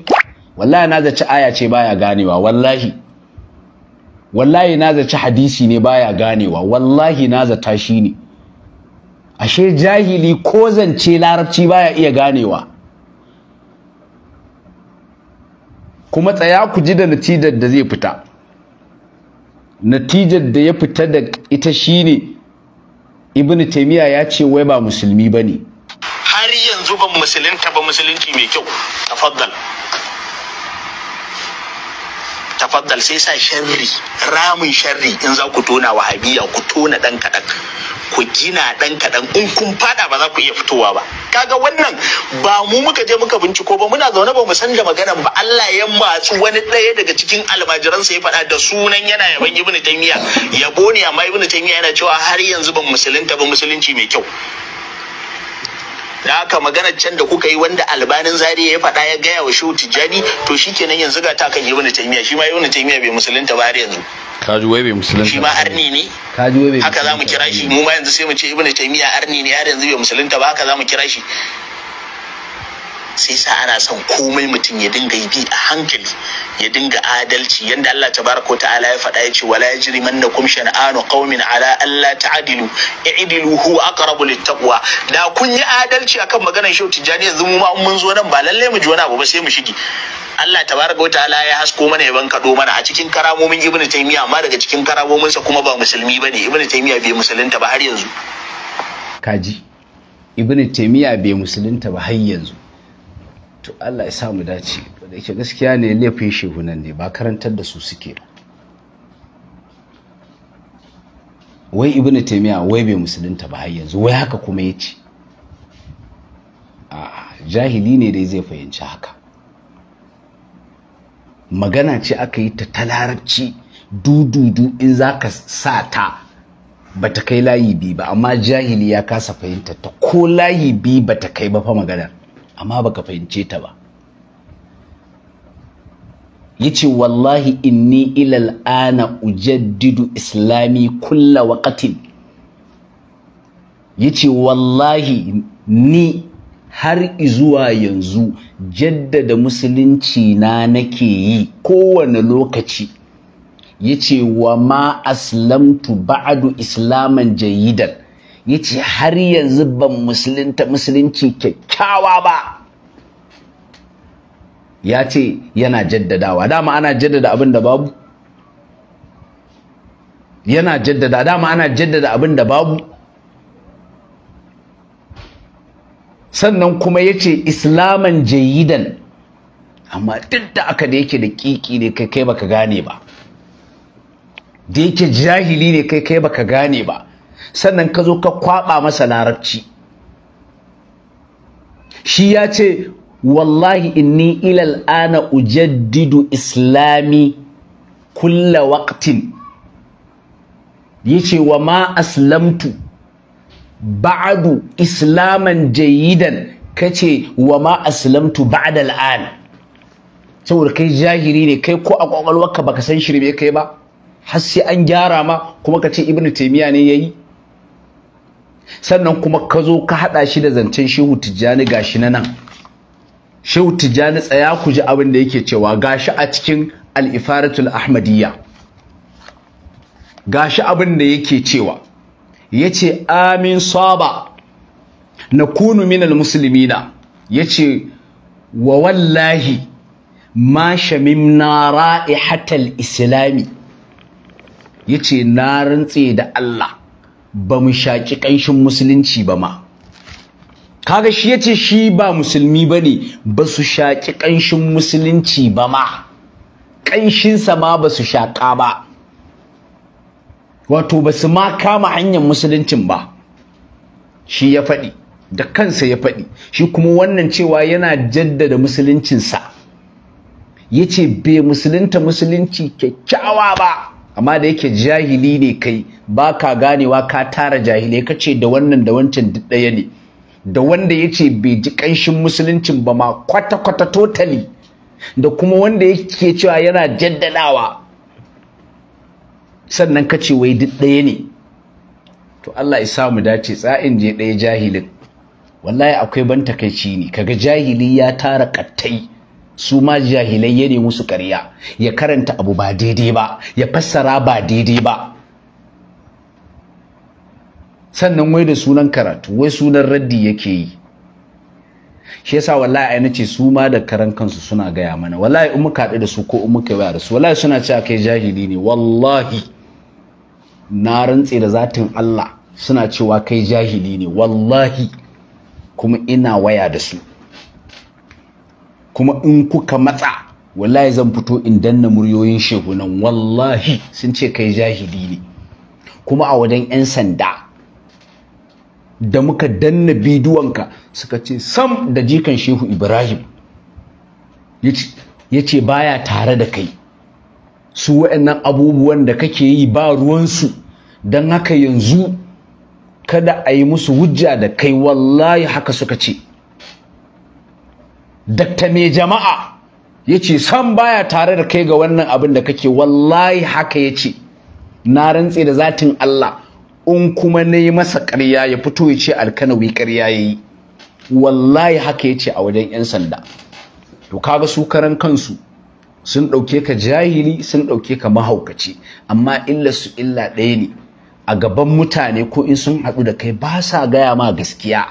wallahi na zaci aya ce baya ganewa wallahi wallahi na zaci hadisi ne baya ganewa wallahi na zata shi ne ashe jahili ko zance larabci baya iya ganewa kuma tsaya ku ji da natijar da zai fita natijar da ya fita da ita shine ibnu taymiya ya ce wai ba musulmi bane har yanzu ban musulunta ba musulunci mai kyau tafaddal tafaddal sai sa sharri ramin sharri in za ku tona wahabiya ku tona dan kadan ku gina dan kadan in kun fada ba za ku iya fitowa ba kaga wannan ba mu muka je muka binciko ba muna zaune ba mu san da maganan ba Allah ya matsu wani ɗaya daga cikin almajiransa ya faɗa da sunan yana yaban ibnu taymiya yabo ne amma ibnu taymiya yana cewa har yanzu ban musulunta ba musulunci mai kyau da haka maganar can da kuka yi wanda albanin zari ya faɗa ya gaya wa shehu tijjani to shikenan yanzu ga ta kan ibnu taymiya shi ma ibnu taymiya bai musulunta ba har yanzu kaji wai bai musulunta shi ma arni ne kaji wai bai haka zamu kira shi mu ma yanzu sai mu ce ibnu taymiya arni ne har yanzu bai musulunta ba haka zamu kira shi sai sa ana son komai mutum ya dinga yi bi a hankali ya dinga adalci Yadda Allah tabaraka ta'ala ya faɗa ya ce wala yajrimannakum shan'anu qaumin ala alla ta'dilu i'dilu huwa aqrabu littaqwa da kun yi adalci akan maganar shau tijjani yanzu mu ma mun zo nan ba lallai mu ji wani abu ba sai mu shige Allah tabaraka ta'ala ya hasko mana ya bankaɗo mana a cikin karamomin Ibn taymiya amma daga cikin karamominsa kuma ba musulmi bane Ibn taymiya bai musulunta ba har yanzu kaji Ibn taymiya bai musulunta ba har yanzu to Allah ya mu dace da yake gaskiya ne laifin shehunan ne ba karantar da su suke ba wai ibn taymiya wai bai musulunta ba har yanzu wai haka kuma ya ce jahili ne dai zai fahimci haka magana ce aka yi ta talarabci dududu in zaka sa ta ba ta kai layi biyu ba amma jahili ya kasa fahimta ta ko layi biyu ba ta kai ba fa maganar amma baka fahimce ta ba yace wallahi inni ilal ana ujaddidu islami kulla waqtin yace wallahi ni har izuwa yanzu jaddada musulunci na nake yi kowane lokaci yace wa ma aslamtu ba'du islaman jayyidan yace har yanzu ban musulunta musulunci kyakkyawa ba ya ce yana jaddadawa dama ana jaddada abin da babu yana jaddada dama ana jaddada abin da babu sannan kuma ya ce islaman jayidan amma duk da aka da yake da kiki ne kai kai baka gane ba da yake jahili ne kai kai baka gane ba sannan ka zo ka kwaba masa larabci shi ya ce wallahi inni ilal ana ujaddidu islami kulla waqtin yace wa ma aslamtu ba'du islaman jayidan kace wa ma aslamtu ba'da al'an saboda kai jahiri ne kai ko a kwakwalwarka baka san shirme kai ba har sai an gyara ma kuma ka ce ibnu taymiya ne yayi sannan kuma ka zo ka hada shi da zancen shehu tijjani gashi na nan Shehu Tijjani tsaya ku ji abin da yake cewa gashi a cikin Al-Ifaratul Ahmadiyya gashi abin da yake cewa yace amin saba nakunu minal ya yace wa wallahi ma shamimna ra'ihatal islami yace na rantse da Allah ba mu shaki kanshin musulunci ba ma kaga shi yace shi ba musulmi bane ba su shaki kanshin musulunci ba ma kanshin sa ma ba su shaka ba wato ba su ma kama hanyar musuluncin ba shi ya faɗi da kansa ya faɗi shi kuma wannan cewa yana jaddada musuluncinsa ya ce bai musulunta musulunci kyakkyawa ba amma da yake jahili ne kai baka ganewa ka tara jahilai ka ce da wannan da wancan duk ɗaya ne da wanda ya ce bai ji ƙanshin musuluncin ba ma kwata-kwata totali. da kuma wanda yake cewa yana jaddadawa sannan ka ce wai duk ɗaya ne to Allah ya samu dace tsa'in je ɗaya jahilin wallahi akwai ban takaici ne kaga jahili ya tara kattai su ma jahilai ya nemi su ƙarya ya karanta abu ba daidai ba ya fassara ba daidai ba sannan wai da sunan karatu wai sunan raddi yake yi shi yasa wallahi ai nace su ma da karan kansu suna gaya mana wallahi in muka haɗu da su ko in muka yi da su wallahi suna cewa kai jahili ne wallahi na rantse da zatin Allah suna cewa kai jahili ne wallahi kuma ina waya da su kuma in kuka matsa wallahi zan fito in danna muryoyin shehunan wallahi sun ce kai jahili ne kuma a wajen 'yan sanda da muka danna bidiyonka suka ce sam da jikan shehu ibrahim ya ce baya tare da kai su waɗannan abubuwan da kake yi ba ruwansu don haka yanzu kada a yi musu hujja da kai wallahi haka suka ce dakta mai jama'a ya ce san baya tare da kai ga wannan abin da kake wallahi haka ya ce na rantse da zatin Allah in kuma na yi masa ƙarya ya fito ya ce alkanawi ƙarya ya yi wallahi haka ya ce a wajen 'yan sanda to kaga su karan kansu sun ɗauke ka jahili sun ɗauke ka mahaukaci amma illa su illa ɗaya ne a gaban mutane ko in sun haɗu da kai ba sa gaya ma gaskiya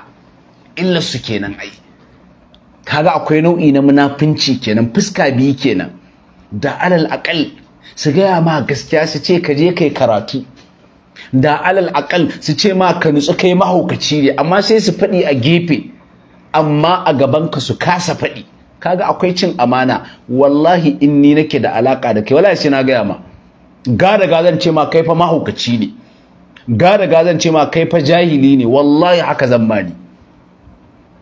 illa su kenan ai kaga akwai nau'i na munafunci kenan fuska biyu kenan da alal aƙal su gaya ma gaskiya su ce ka je kai karatu da alal akal su ce ma ka nutsu kai mahaukaci ne amma sai su faɗi a gefe amma a gaban ka su kasa faɗi kaga akwai cin amana wallahi in ni nake da alaka da kai wallahi sai na gaya ma ga da ga zan ce ma kai fa mahaukaci ne ga da ga zan ce ma kai fa jahili ne wallahi haka zan ma ni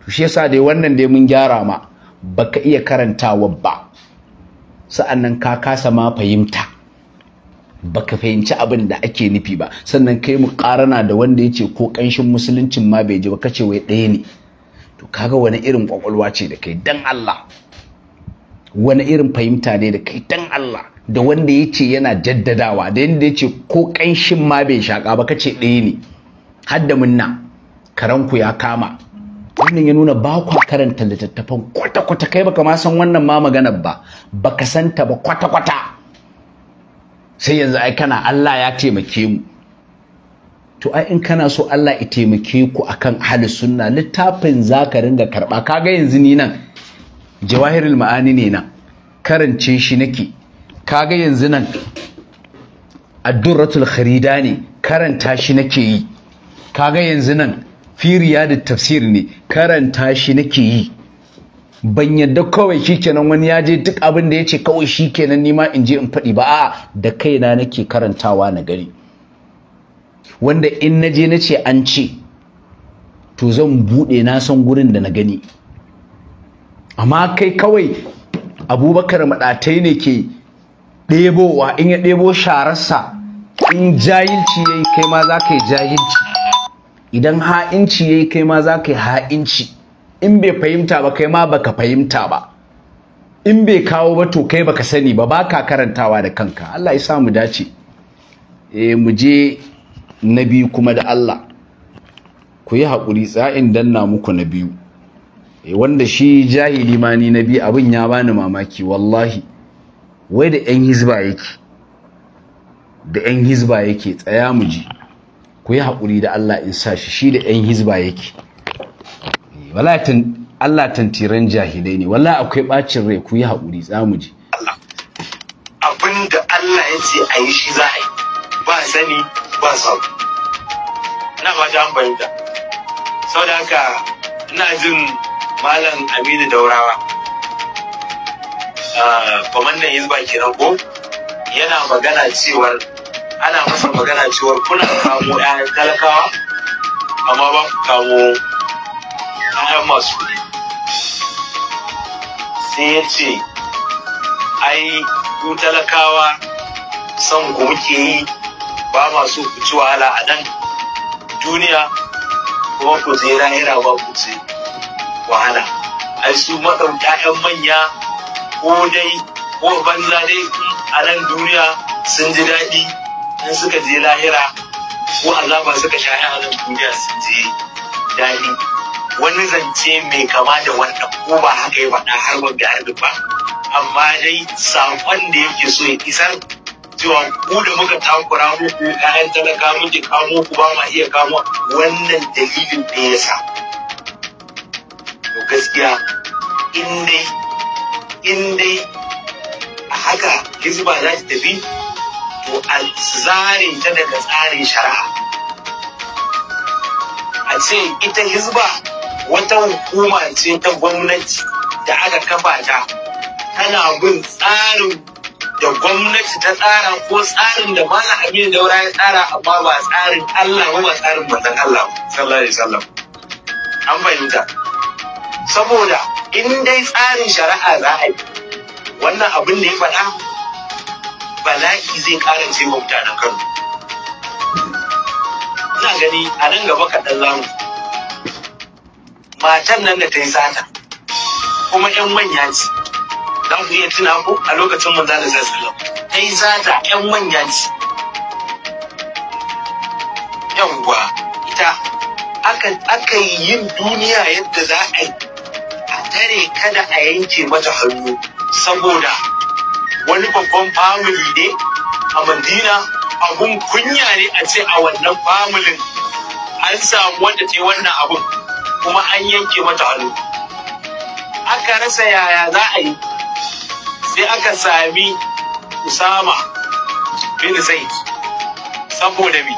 to shi yasa dai wannan dai mun gyara ma baka iya karantawa ba sa'annan ka kasa ma fahimta baka fahimci abin da ake nufi ba sannan kai mu karana da wanda ya ce ko kanshin musuluncin ma bai ji ba kace wai ɗaya ne to kaga wani irin kwakwalwa ce da kai dan Allah wani irin fahimta ne da kai dan Allah da wanda ya ce yana jaddadawa da yanda ya ce ko kanshin ma bai shaka ba kace ɗaya ne har da munna karanku ya kama wannan ya nuna ba kwa karanta littattafan kwata-kwata kai baka ma san wannan ma maganar ba baka santa ba kwata-kwata sai yanzu ai kana Allah ya taimake mu to ai in kana so Allah ya taimake ku akan ahli sunna littafin zaka ringa karba kaga yanzu ni nan jawahirul ma'ani ne nan karance shi nake kaga yanzu nan addurratul kharida ne karanta shi nake yi kaga yanzu nan fi riyadut tafsir ne karanta shi nake yi ban yadda kawai shikenan wani ya je duk abin da ya ce kawai shikenan nima in je in faɗi ba a da kaina nake karantawa na gari wanda in na je na ce an ce to zan buɗe na san gurin da na gani amma kai kawai abubakar maɗatai ne ke ɗebowa in ya ɗebo shararsa in jahilci ya yi kai ma za ka yi jahilci idan ha'inci ya yi kai ma za ka yi ha'inci in bai fahimta ba kai ma baka fahimta ba in bai kawo ba to kai baka sani ba baka karantawa da kanka Allah ya sa mu dace E mu je na biyu kuma da Allah ku yi haƙuri tsa'in danna muku na biyu eh, wanda shi jahili ma ni na biyu abin ya bani mamaki wallahi wai da ƴan hizba yake da 'yan hizba yake tsaya mu ji ku yi haƙuri da Allah in sa shi shi da 'yan hizba yake wala Allah tantiran jahilai ne wala akwai bacin rai ku yi haƙuri za mu ji abinda Allah ya ce a yi shi za a yi ba sani ba sabu ina fata an da. sau haka ina jin malam aminu daurawa ah, kwamandan hizba kenan ko yana magana cewar ana masa magana cewar kuna kamo 'ya'yan talakawa amma ba ku kamo 'ya'yan masu sai ya ce ai ku talakawa son ku muke yi ba masu ku ci wahala a nan duniya kuma ku je lahira ba ku ce wahala ai su maɗauka 'ya'yan manya ko dai ko banza dai a nan duniya sun ji daɗi in suka je lahira ko azaba suka sha a nan duniya sun je daɗi wani zance mai kama da wanda ko ba haka yi faɗa har wanda ya ba amma dai saƙon da yake so ya isar cewa ku da muka takura muku ƴaƴan talaka muke kamo ku ba ma iya kamo wannan dalilin da ya sa to gaskiya in dai in dai a haka hizba za ta tafi to a zare ta daga tsarin shari'a a ce ita hizba wata hukuma ce ta gwamnati da aka kafa ta tana bin tsarin da gwamnati ta tsara ko tsarin da mana abin daura ya tsara amma ba tsarin Allah ba tsarin Allah sallallahu alaihi wasallam an fahimta saboda in dai tsarin shari'a za a yi wannan abin da ya faɗa bala'i zai karance mutanen Kano ina gani a nan gaba kaɗan zamu matan nan da ta yi sata kuma yan manya ce za ku iya tuna ko a lokacin manzo da sallallahu ta yi sata yan manya ce yawwa ita aka yi yin duniya yadda za a yi a tare kada a yanke mata hannu saboda wani babban famili ne a madina abun kunya ne a ce a wannan family an samu wanda ta wannan abun kuma an yanke mata hannu aka rasa yaya za a yi sai aka sami usama bin zaid saboda bi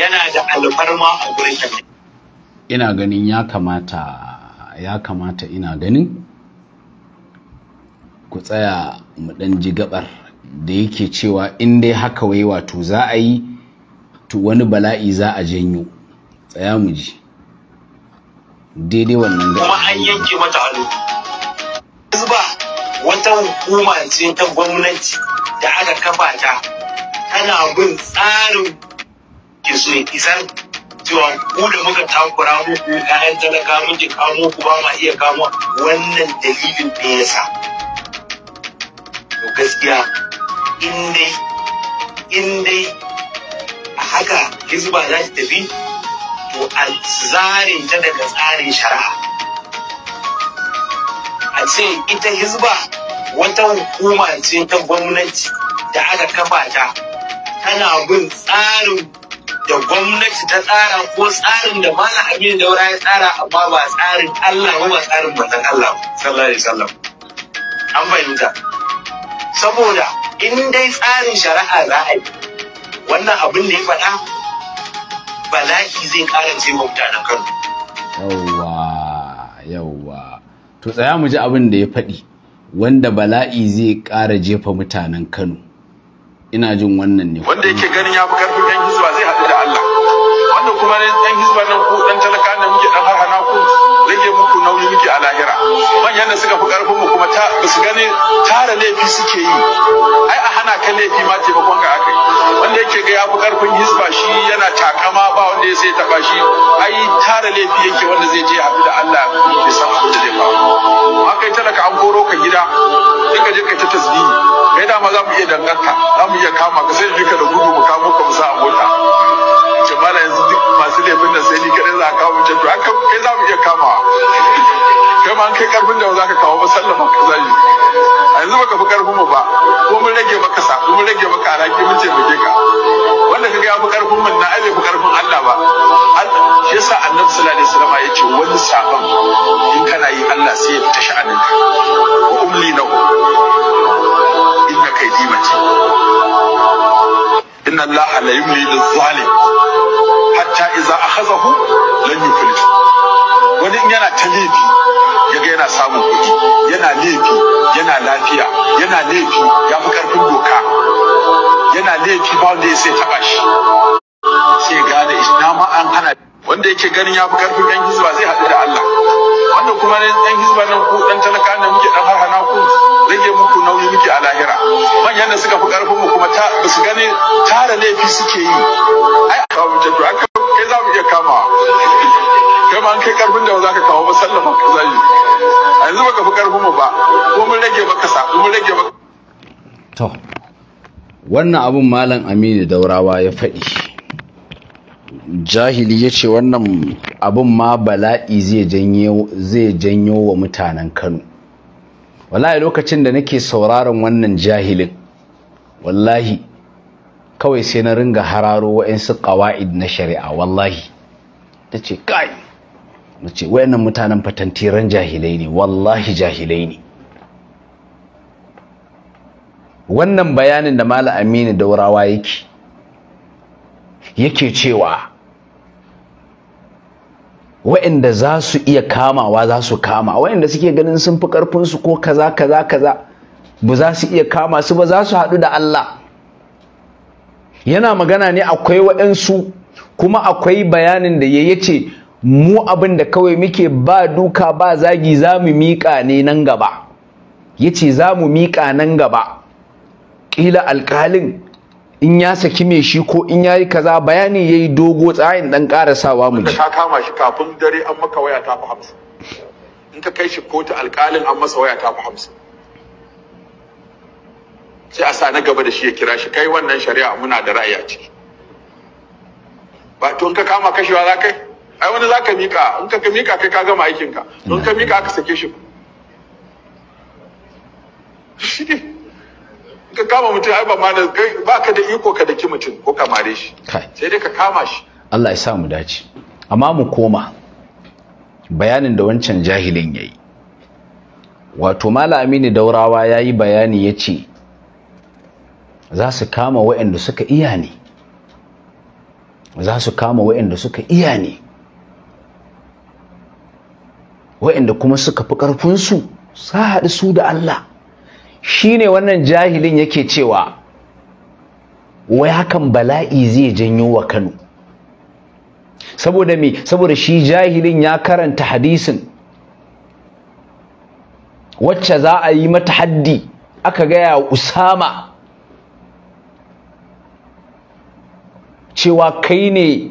yana da alfarma a gurin ina ganin ya kamata ya kamata ina ganin ku tsaya mu ɗan ji gabar da yake cewa in dai haka wai wato za a yi to wani bala'i za a janyo tsaya mu ji daidai wannan kuma an yanke mata hannu hizba wata hukuma ce ta gwamnati da aka kafa ta tana bin tsarin kisu isan cewa ku da muka takura muku ƴaƴan talaka muke kamo ku ba ma iya kamo wannan dalilin da ya sa to gaskiya in dai a haka hizba za ta tafi wato a zare ta daga tsarin shari'a a ce ita hizba wata hukuma ce ta gwamnati da aka kafa ta tana bin tsarin da gwamnati ta tsara ko tsarin da mana abin daura ya tsara amma ba tsarin Allah ba tsarin Allah sallallahu alaihi wasallam an fahimta saboda in dai tsarin shari'a za a yi wannan abin da ya faɗa bala'i zai karance wa mutanen Kano yawwa yawwa to tsaya mu ji abin da ya faɗi wanda bala'i zai ƙara jefa mutanen Kano ina jin wannan ne wanda yake ganin ya fi ƙarfi ɗan hizba zai haɗu da Allah wanda kuma ɗan hizba nan ko ɗan talaka nan muke ɗan mulki a lahira manyan da suka fi karfin mu kuma ba su gane tara laifi suke yi ai a hana ka laifi ma ce taimakon ka akai wanda yake ga ya fi karfin hisba shi yana takama ba wanda ya sai taba shi ai tara laifi yake wanda zai je haɗu da Allah ya san abin da zai faru kai talaka an koro ka gida sai je kai ta tasbihi kai dama za mu iya danganta, za mu iya kama ka sai ka da gudu mu kamo ka mu sa a mota ce yanzu duk masu laifin da sai ni kadai za a kawo mace to kai za mu iya kama kai ma kai karfin da za ka kawo ba sallama kaza yi a yanzu baka fi karfin mu ba ko mun rage maka sa mun rage maka alaƙi mun ce muke ka wanda kaga ya fi karfin mu na ai fi karfin Allah ba shi yasa annabi sallallahu alaihi wasallam ya ce wani sabon in kana yi Allah sai ya fita sha'anin ka ko umli ku inna kaidi mace inna Allah la yumli lil zalim idza akhazahu lan yuflih wani in yana ta laifi yaga yana samun kuɗi yana laifi yana lafiya yana laifi ya fi karfin doka yana laifi ba wanda ya sai taɓa shi sai gane ina ma an hana wanda yake ganin ya fi karfin ɗan hizba zai haɗu da Allah wanda kuma ne ɗan hizba nan ku ɗan talaka da muke ɗan harhana ku rage muku nauyi muke a lahira manyan da suka fi karfin mu kuma ta su gane tara laifi suke yi ai kai za mu iya kama kai ma an kai karfin da ba za ka kawo ba sallama ka zai a yanzu baka fi karfin mu ba ko mun rage maka sa mun rage maka to wannan abun malam Aminu Daurawa ya faɗi jahili ya ce wannan abun ma bala'i zai janyo zai janyo wa mutanen Kano wallahi lokacin da nake sauraron wannan jahilin wallahi kawai sai na ringa hararo waɗansu ƙawa'id na shari'a wallahi ta ce kai na ce wayannan mutanen fatantiran jahilai ne wallahi jahilai ne wannan bayanin da mala aminu daurawa yake yake cewa waɗanda za su iya kamawa za su kama waɗanda suke ganin sun fi ƙarfinsu ko kaza kaza kaza ba za su iya kama su ba za su haɗu da Allah yana magana ne akwai waɗansu kuma akwai bayanin da ya ce mu abin da kawai muke ba duka ba zagi za mu miƙa ne nan gaba ya ce za mu miƙa nan gaba ƙila alƙalin in ya saki mai shi ko in ya yi kaza bayani ya yi dogo tsayin ɗan ƙarasawa mu ji. ka kama shi kafin dare an maka waya ta fi hamsin in ka kai shi kotu alƙalin an masa waya ta fi hamsin sai a sa na gaba da shi ya kira shi kai wannan shari'a muna da ra'ayi a ciki ba to in ka kama kashewa za kai ai wani za ka mika in ka mika kai ka gama aikin ka in ka mika aka sake shi ka kama mutum ai ba ma ba ka da iko ka daki mutum ko ka mare shi sai dai ka kama shi Allah ya sa mu dace amma mu koma bayanin da wancan jahilin yayi wato malam Aminu Daurawa yayi bayani yace za su kama waɗanda suka iya ne za su kama waɗanda suka iya ne waɗanda kuma suka fi ƙarfinsu sa haɗu su da Allah shi ne wannan jahilin yake cewa wai hakan bala'i zai janyo wa Kano saboda me saboda shi jahilin ya karanta hadisin wacce za a yi mata haddi aka gaya usama cewa kai ne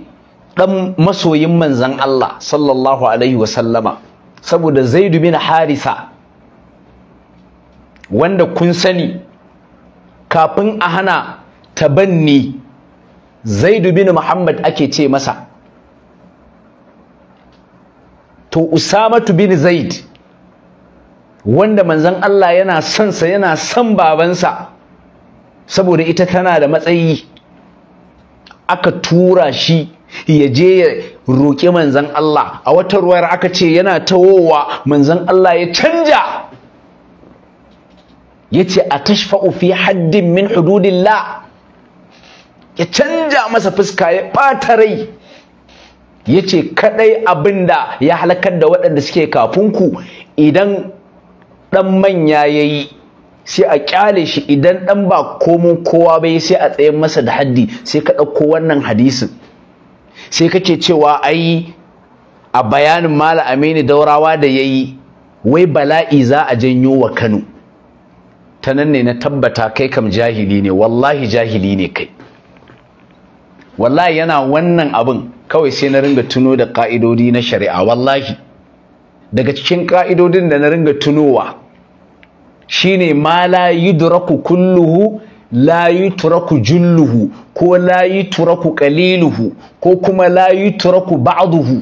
ɗan masoyin manzan Allah sallallahu alaihi wasallama saboda Zaid bin Harisa wanda kun sani kafin a hana tabanni Zaid bin Muhammad ake ce masa to Usamatu bin Zaid wanda manzan Allah yana son yana son babansa saboda ita tana da matsayi aka tura shi ya je ya roƙe manzan Allah a wata ruwayar aka ce yana tawowa manzan Allah ya canja ya ce a tashfa'u fi haddin min hududillah ya canja masa fuska ya ɓata rai ya ce kaɗai abin da ya halakar da waɗanda suke kafinku idan ɗan manya ya yi sai a kyale shi idan dan ba komo kowa bai sai a tsayin masa da haddi sai ka ɗauko wannan hadisin sai kake cewa ai a bayanin Malam amini daurawa da ya yi wai bala'i za a janyo wa kano ta nan ne na tabbata kai kam jahili ne wallahi jahili ne kai wallahi yana wannan abin kawai sai na ringa tuno da ka'idodi na shari'a wallahi daga cikin ka'idodin da na ringa tunowa shine ma la duraku kulluhu la turaku julluhu ko la turaku kaliluhu, ko kuma la turaku ba'duhu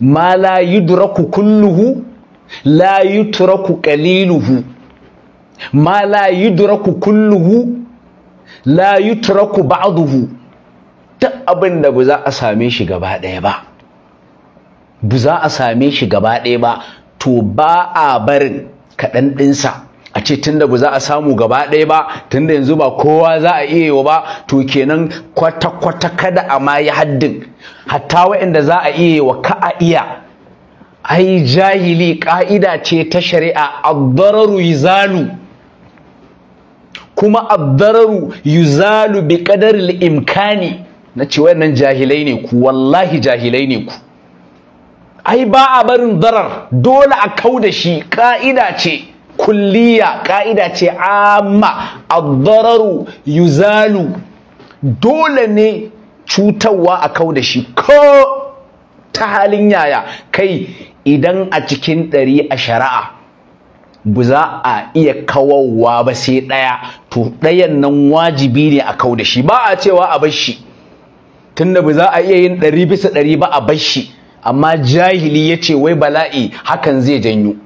ma la duraku kulluhu la turaku kaliluhu. ma la duraku kulluhu la turaku ba'duhu ta abin da ba za a same shi gaba ɗaya ba ba za a same shi gaba ɗaya ba to ba a barin kaɗan ɗinsa a ce tun da ba za a samu gaba ɗaya ba da yanzu ba kowa za a iya yi ba to kenan kwata-kwata kada a ma yi haddin hatta waɗanda za a iya yi ka a iya ai jahili ƙa'ida ce ta shari'a addararu yuzalu kuma addararu yuzalu bi qadaril imkani na ce wannan jahilai ne ku wallahi jahilai ne ku ai ba a barin darar dole a kau da shi ka'ida ce kulliya ka'ida ce amma a dararu yuzalu dole ne cutarwa a kau da shi ko ta halin yaya kai idan a cikin ɗari a shari'a bu za a iya kawowa ba sai ɗaya to ɗayan nan wajibi ne a kau da shi ba a cewa a bar tunda bu za a iya yin ɗari bisa ɗari ba a bar amma jahili ya ce wai bala'i hakan zai janyo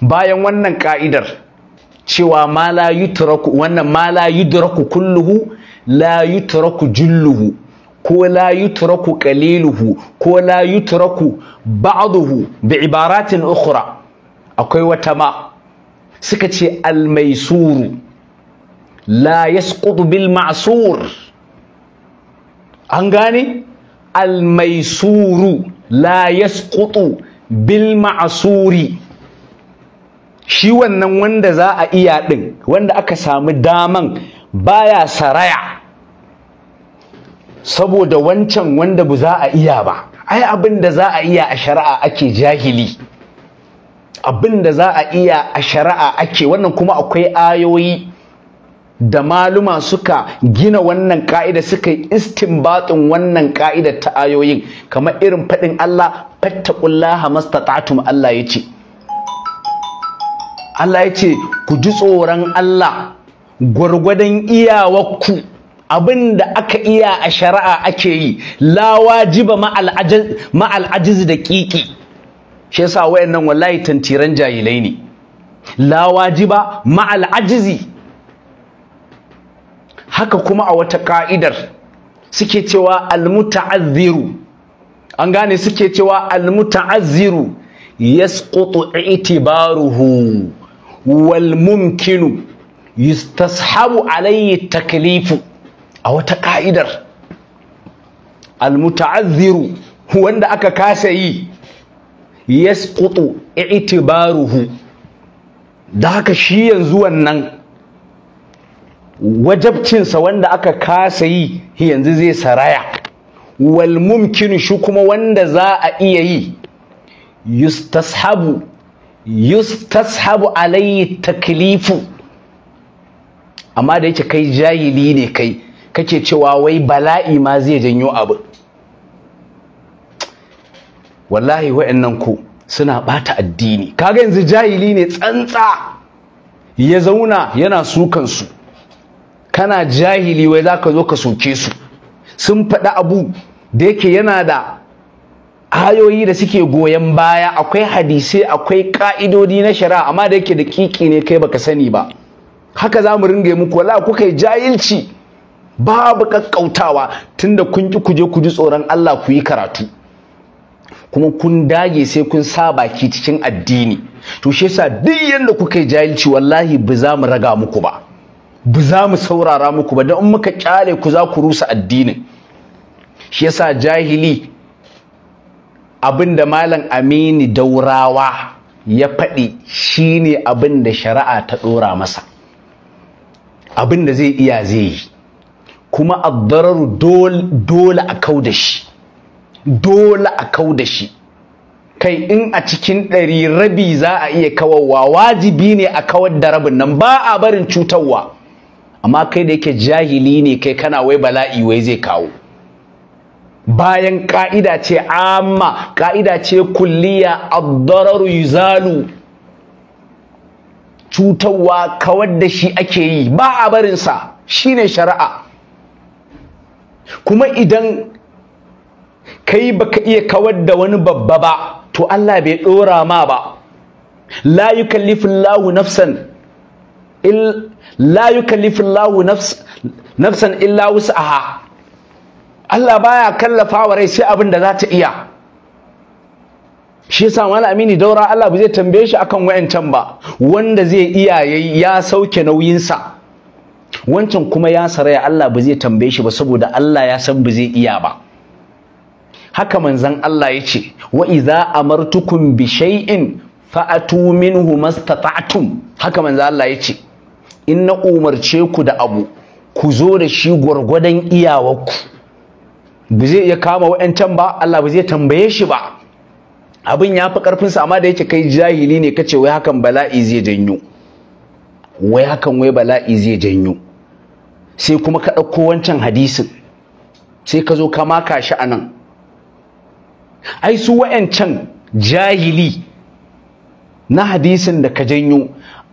bayan wannan ka'idar cewa ma la yutraku wannan ma la yudraku kulluhu la yutraku julluhu ko la yutraku qaliluhu ko la yutraku ba'duhu bi ibaratin ukhra akwai wata ma suka ce al maisuru la yasqutu bil ma'sur an gane almaisuru la yasqutu bil ma'suri shi wannan wanda za a iya din wanda aka samu daman baya saraya saboda wancan wanda ba za a iya ba ai abin da za a iya a shari'a ake jahili abin da za a iya a shari'a ake wannan kuma akwai ayoyi da maluma suka gina wannan ka'ida suka yi istinbatin wannan ka'ida ta ayoyin kamar irin faɗin Allah fattaqullaha mastata'tum Allah yace Allah yace ku ji tsoron Allah gwargwadon iyawarku abin da aka iya a shari'a ake yi la wajiba ma da ƙiƙi. shi yasa wayannan wallahi tantiran jahilai ne la wajiba ma al'ajizi haka kuma a wata ka'idar suke cewa almuta'azziru an gane suke cewa almuta'azziru yasqutu itibaruhu wal mumkinu yustashabu alayhi taklifu a wata ka'idar almuta'azziru wanda aka kasa yi yasqutu itibaruhu da haka shi yanzu wannan wajabcinsa wanda aka kasa yi yanzu zai saraya wal mumkin shi kuma wanda za a iya yi yustashabu yustashabu alayhi taklifu amma da yake kai jahili ne kai kake cewa wai bala'i ma zai janyo abu wallahi wa'annan ku suna bata addini kaga yanzu jahili ne tsantsa ya zauna yana sukan su kana jahili wai za ka zo ka soke su sun faɗi abu da yake yana da hayoyi da suke goyon baya akwai hadisai akwai ka'idodi na shari'a amma da yake da kiki ne kai baka sani ba haka za mu ringa muku wala kuka yi jahilci babu kakkautawa tunda kun ki kuje ku ji tsoron Allah ku yi karatu kuma kun dage sai kun sa ki cikin addini to shi yasa duk yanda kuka yi jahilci wallahi ba za mu raga muku ba bu za mu saurara muku ba don in muka kyale ku za ku rusa addinin shi yasa jahili abinda malam amini daurawa ya faɗi shine abinda shari'a ta ɗora masa abinda zai iya zai yi kuma addararu dole a kau da shi dole a kau da shi kai in a cikin ɗari rabi za a iya kawarwa wajibi ne a kawar da rabin nan ba a barin cutarwa amma kai da yake jahili ne kai kana wai bala'i wai zai kawo bayan ka'ida ce amma ka'ida ce kulliya ad yuzalu cutarwa kawar da shi ake yi ba a barinsa shine shari'a kuma idan kai baka iya kawar da wani babba ba to Allah bai ɗora ma ba la yukallifu Allahu nafsan la yukallifullahu nafsan illa wus'aha Allah baya kallafa wa rai sai abin da za ta iya shi yasa malam amini daura Allah ba zai tambaye shi akan wayancan ba wanda zai iya ya sauke nauyinsa wancan kuma ya saraya Allah ba zai tambaye shi ba saboda Allah ya san ba zai iya ba haka manzon Allah ya ce wa idza amartukum bi shay'in fa'atu minhu mastata'tum haka manzon Allah ya ce in na umarce ku da abu ku zo da shi gwargwadon iyawarku ba zai iya kama wa'yancan ba Allah ba zai tambaye shi ba abin ya fi ƙarfinsa amma da yake kai jahili ne kace wai hakan bala'i zai janyo wai hakan wai bala'i zai janyo sai kuma ka ɗauko wancan hadisin sai ka zo ka maka shi anan. ai su wa'yancan jahili na hadisin da ka janyo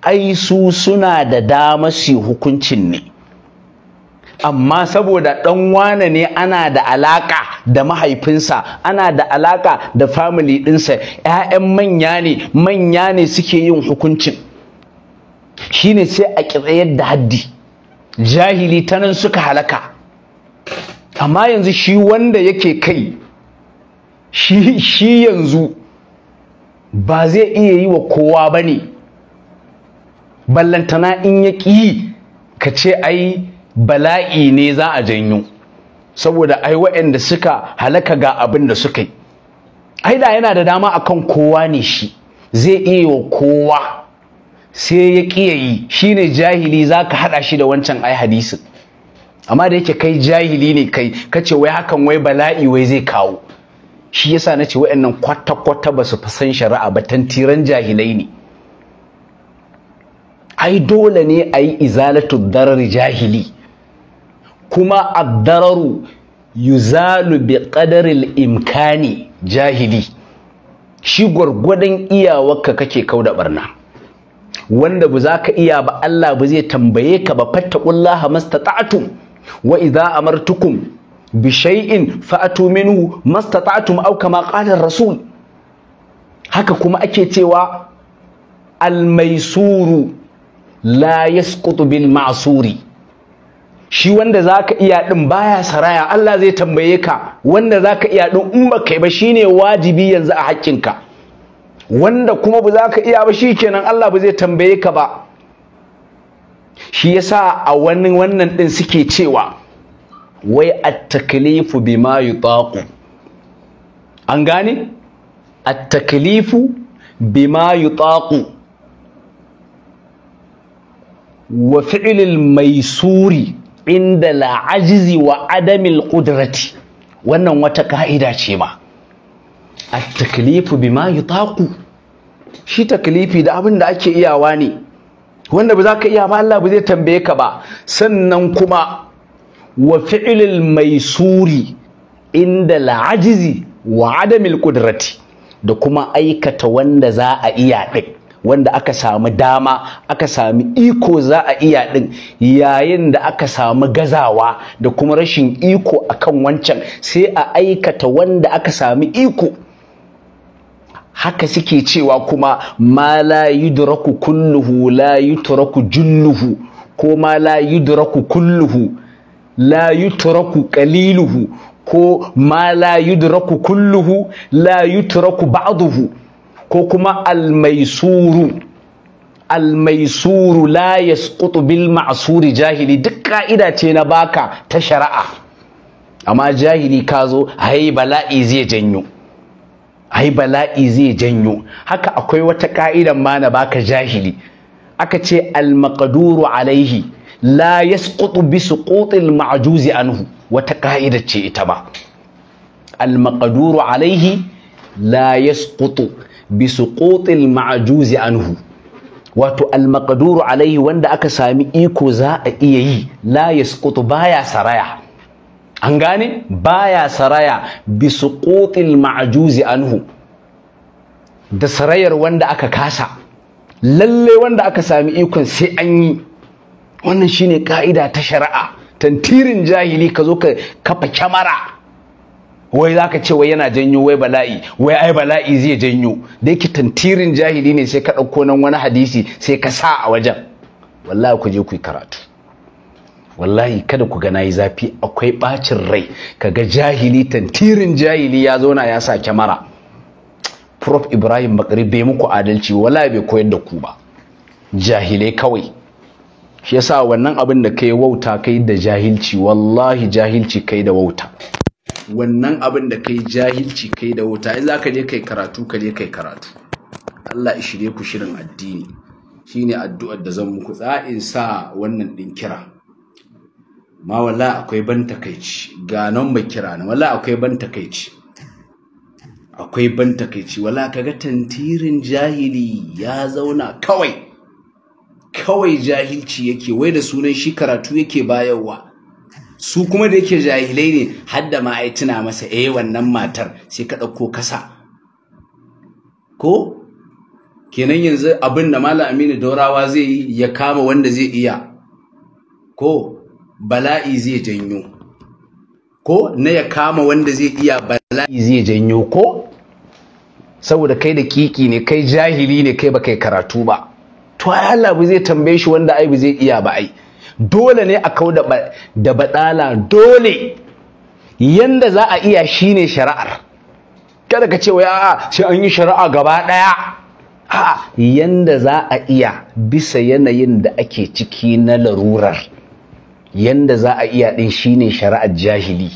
ai su suna da dama su hukuncin ne amma saboda ɗan wane ne ana da alaka da mahaifinsa ana da alaka da family ɗinsa 'ya'yan manya ne manya ne suke yin hukuncin shine sai a ƙi da haddi jahili ta nan suka halaka amma yanzu shi wanda yake kai shi yanzu ba zai iya yi wa kowa ba ne ballantana in ya ƙi ka ce ai bala'i ne za a janyo saboda ai waɗanda suka halaka ga abin da suka yi ai da yana da dama akan kowa ne shi zai iya wa kowa sai ya ƙi yi ne jahili za ka haɗa shi da wancan ai hadisin amma da yake kai jahili ne kai ce wai hakan wai bala'i wai zai kawo shi yasa na ce waɗannan kwata-kwata ba su fi san shari'a ba tantiran jahilai ne ai dole ne a yi izalatu darar jahili kuma addararu yuzalu bi qadaril imkani jahili shi gwargwadon iyawarka kake kau da barna wanda ba za ka iya ba Allah ba zai tambaye ka ba fatta fattaqullaha mastata'tum wa idza amartukum bi shay'in fa'atu minhu mastata'tum aw kama qala rasul haka kuma ake cewa al-maisuru la yasqutu bil ma'suri shi wanda zaka iya din baya saraya Allah zai tambaye ka wanda zaka iya din in ba kai ba shine wajibi yanzu a ka wanda kuma ba zaka iya ba shikenan Allah ba zai tambaye ka ba shi yasa a wani wannan din suke cewa wai at-taklifu bima yutaqu an gane at-taklifu bima yutaqu wa mai maisuri inda la'ajizi wa adamil kudurati. wannan wata ka'ida ce ma at-taklifu bima yutaqu shi taklifi da abin da ake iyawa ne wanda ba za ka iya ba Allah ba zai tambaye ka ba sannan kuma wa mai maisuri inda la'ajizi wa adamil qudrati da kuma aikata wanda za a iya ɗin wanda aka samu dama aka sami iko za a iya din, yayin da aka samu gazawa da kuma rashin iko akan wancan sai a aikata wanda aka sami iko haka suke cewa kuma ma la yudraku kulluhu la yutraku julluhu ko ma la yudraku kulluhu la yutraku qaliluhu ko ma la yudraku kulluhu la yutraku ba'duhu ko kuma almaisuru almaisuru la yasqutu bil ma'suri jahili duk ka'ida ce na baka ta shari'a amma jahili ka zo "Hai bala'i zai janyo "Hai bala'i zai janyo haka akwai wata ka'idan ma na baka jahili aka ce almaqduru alaihi la yasqutu bi suqutil ma'juzi anhu wata ka'ida ce ita ba almaqduru alaihi la yasqutu bi suqutil ma'juzi anhu wato al maqduru alaihi wanda aka sami iko za a iya yi la yasqutu baya saraya an gane baya saraya bi suqutil ma'juzi anhu da sarayar wanda aka kasa lalle wanda aka sami ikon sai an yi wannan shine ka'ida ta shari'a tantirin jahili ka zo ka kafa kyamara wai za ka ce wai yana janyo wai bala'i wai ai bala'i zai janyo da yake tantirin jahili ne sai ka ɗauko nan wani hadisi sai ka sa a wajen wallahi ku je ku yi karatu wallahi kada ku ga nayi zafi akwai ɓacin rai Ka ga jahili tantirin jahili ya zauna ya sa kyamara prof ibrahim bakari bai muku adalci wallahi bai koyar da ku ba jahilai kawai shi yasa wannan abin da kai wauta kai da jahilci wallahi jahilci kai da wauta wannan abin da kai jahilci kai da wuta in za ka je kai karatu ka je kai karatu Allah shirya ku shirin addini shine addu'ar da zan muku in sa wannan din kira ma wala akwai ban takaici ga nan ba kira na wala akwai ban takaici akwai ban takaici wala kaga tantirin jahili ya zauna kawai kawai jahilci yake wai da sunan shi karatu yake bayarwa su kuma da yake jahilai ne har da ma tuna masa eh wannan matar sai ka ɗauko kasa ko kenan yanzu abin da malam aminu daurawa zai yi ya kama wanda zai iya ko bala'i zai janyo ko na ya kama wanda zai iya bala'i zai janyo ko saboda kai da kiki ne kai jahili ne kai ba kai karatu ba to ai Allah zai tambaye shi wanda ai zai iya ba ai dole ne a kau da baɗala dole yanda za a iya shi ne shari'ar kada ka ce wai a'a sai an yi shari'a gaba daya a'a yanda za a iya bisa yanayin da ake ciki na larurar yanda za a iya din ne shari'ar jahili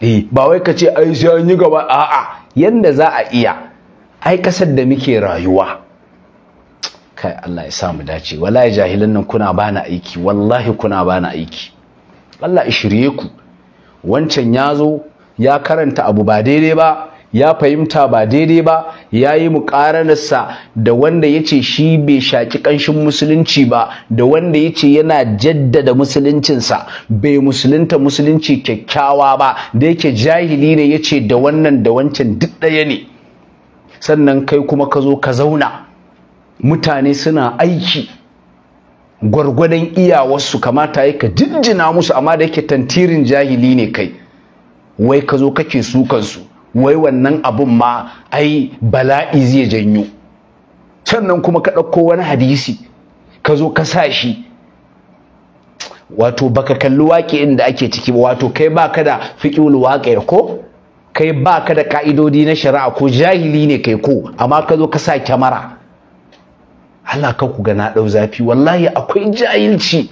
eh, ba wai ka ce ai sai an yi gaba a'a yanda za a iya ai ƙasar da muke rayuwa kai Allah ya samu mu dace wallahi jahilan nan kuna bani aiki wallahi kuna bani aiki Allah ya shirye ku wancan ya zo ya karanta abu ba daidai ba ya fahimta ba daidai ba ya yi muƙaranarsa da wanda yace shi bai shaki ƙanshin musulunci ba da wanda yace yana jaddada musuluncinsa bai musulunta musulunci kyakkyawa ba da yake jahili ne yace da wannan da wancan duk ɗaya ne sannan kai kuma ka zo ka zauna mutane suna aiki gwargwadon iyawarsu kamata ya ka jinjina musu amma da yake tantirin jahili ne kai wai ka zo kake sukansu wai wannan abun ma ai bala'i zai janyo sannan kuma ka ɗauko wani hadisi ka zo ka sa shi wato baka kalli waƙe inda ake ciki ba wato kai baka da fiƙiul waƙe ko kai baka da ƙa'idodi na shari'a ko jahili ne kai ko amma ka zo ka sa kyamara halaka ku ga na dau zafi wallahi akwai jahilci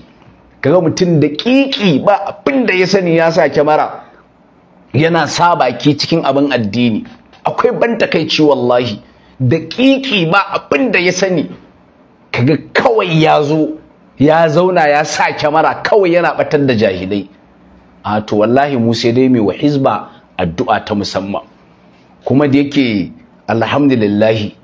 kaga mutum da kiki ba abin da ya sani ya sa kyamara yana sa baki cikin abin addini akwai ban takaici wallahi da kiki ba abin da ya sani kaga kawai ya zo ya zauna ya sa kyamara kawai yana batar da jahilai a to wallahi mu sai dai mai wa hizba addu'a ta musamman kuma da yake alhamdulillahi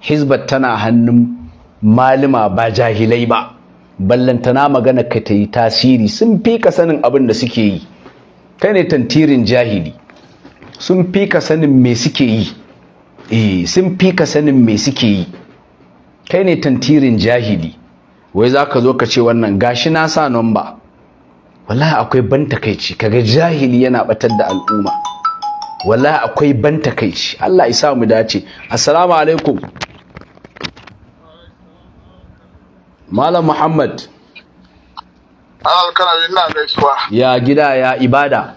hizbar tana hannun malima ba jahilai ba ballantana magana ka ta yi tasiri sun fi ka sanin abin da suke yi kai ne tantirin jahili sun fi ka sanin me suke yi eh sun fi ka sanin me suke yi kai ne tantirin jahili wai za ka zo ka ce wannan gashi na sa nomba wallahi akwai ban takaici kaga jahili yana batar da al'umma wallahi akwai ban takaici Allah ya sa mu dace assalamu alaikum Malam Muhammad. Alkarabi ina gaisuwa. Ya gida ya ibada.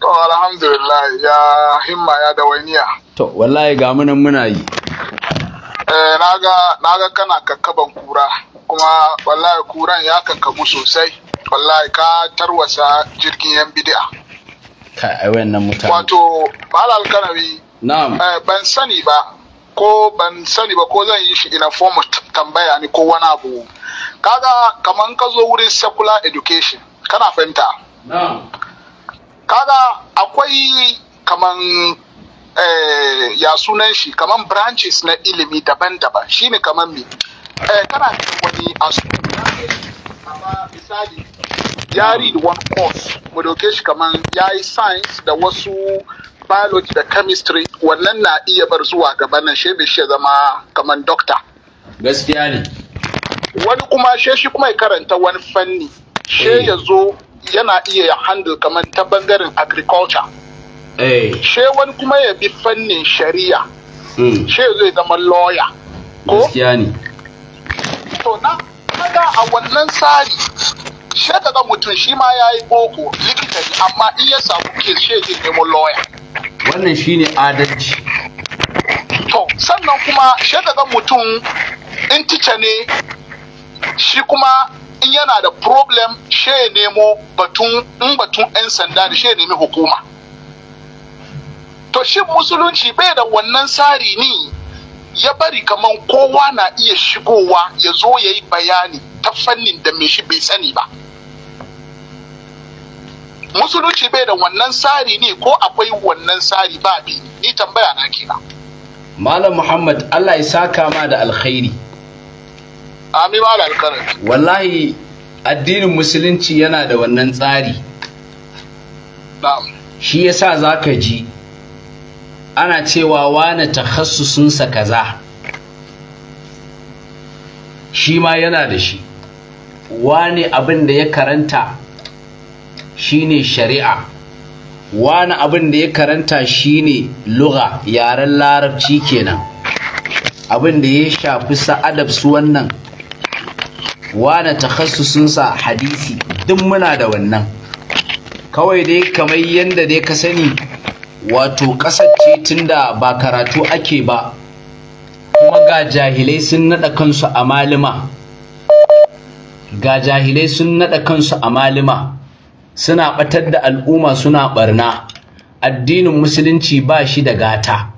To alhamdulillah ya himma ya dawainiya. To wallahi ga munan muna yi. Eh naga naga kana kakkaban kura kuma wallahi kuran ya kakkabu sosai. Wallahi ka tarwasa jirgin yan bid'a. Kai ai wannan mutane. Wato Malam Alkarabi. Na'am. Eh ban sani ba ko ban sani ba ko zan yi shi ina form tambaya ni ko wani abu kaga kaman ka zo wurin secular education kana fahimta kaga akwai kaman eh, ya sunan shi kaman branches na ilimi daban-daban shine kaman me eh, kana wani asu misali ya read one course mu doke shi kaman ya yi science da wasu biology da chemistry wannan na iya bar zuwa gaba nan shebe shi zama kaman doctor gaskiya ne wani kuma she shi kuma ya karanta wani fanni she eh. ya zo yana iya ya handle kaman ta bangaren agriculture eh. she wani kuma ya bi fannin shari'a hmm. she zai zama lawyer ko gaskiya ne to na kaga a wannan tsari shaka ga mutum shi ma ya yi boko likita ne amma in ya samu kes she je nemo lawyer wannan ne adalci to sannan kuma shaka ga mutum in tica ne shi kuma in yana da problem she nemo batun in batun 'yan sanda da she nemi hukuma to shin musulunci bai da wannan tsari ne ya bari kaman kowa na iya shigowa ya zo ya yi bayani ta fannin da mai shi bai sani ba musulunci bai da wannan tsari ne ko akwai wannan tsari ba bi ni tambaya na kira malam muhammad allah ya saka ma da alkhairi amin ma alkhairi wallahi addinin musulunci yana da wannan tsari shi yasa zaka ji ana cewa wane takhassusunsa kaza shi ma yana da shi wane abin da ya karanta shine shari'a wane abin da ya karanta shine lura yaren larabci kenan abin da ya shafi sa'adab su wannan wane takhassusunsa hadisi duk muna da wannan kawai dai kamar yadda dai ka sani wato ƙasar ce tunda ba karatu ake ba kuma ga jahilai sun naɗa kansu a malima ga jahilai sun naɗa kansu a malima suna ɓatar da al'umma suna ɓarna addinin musulunci ba shi da gata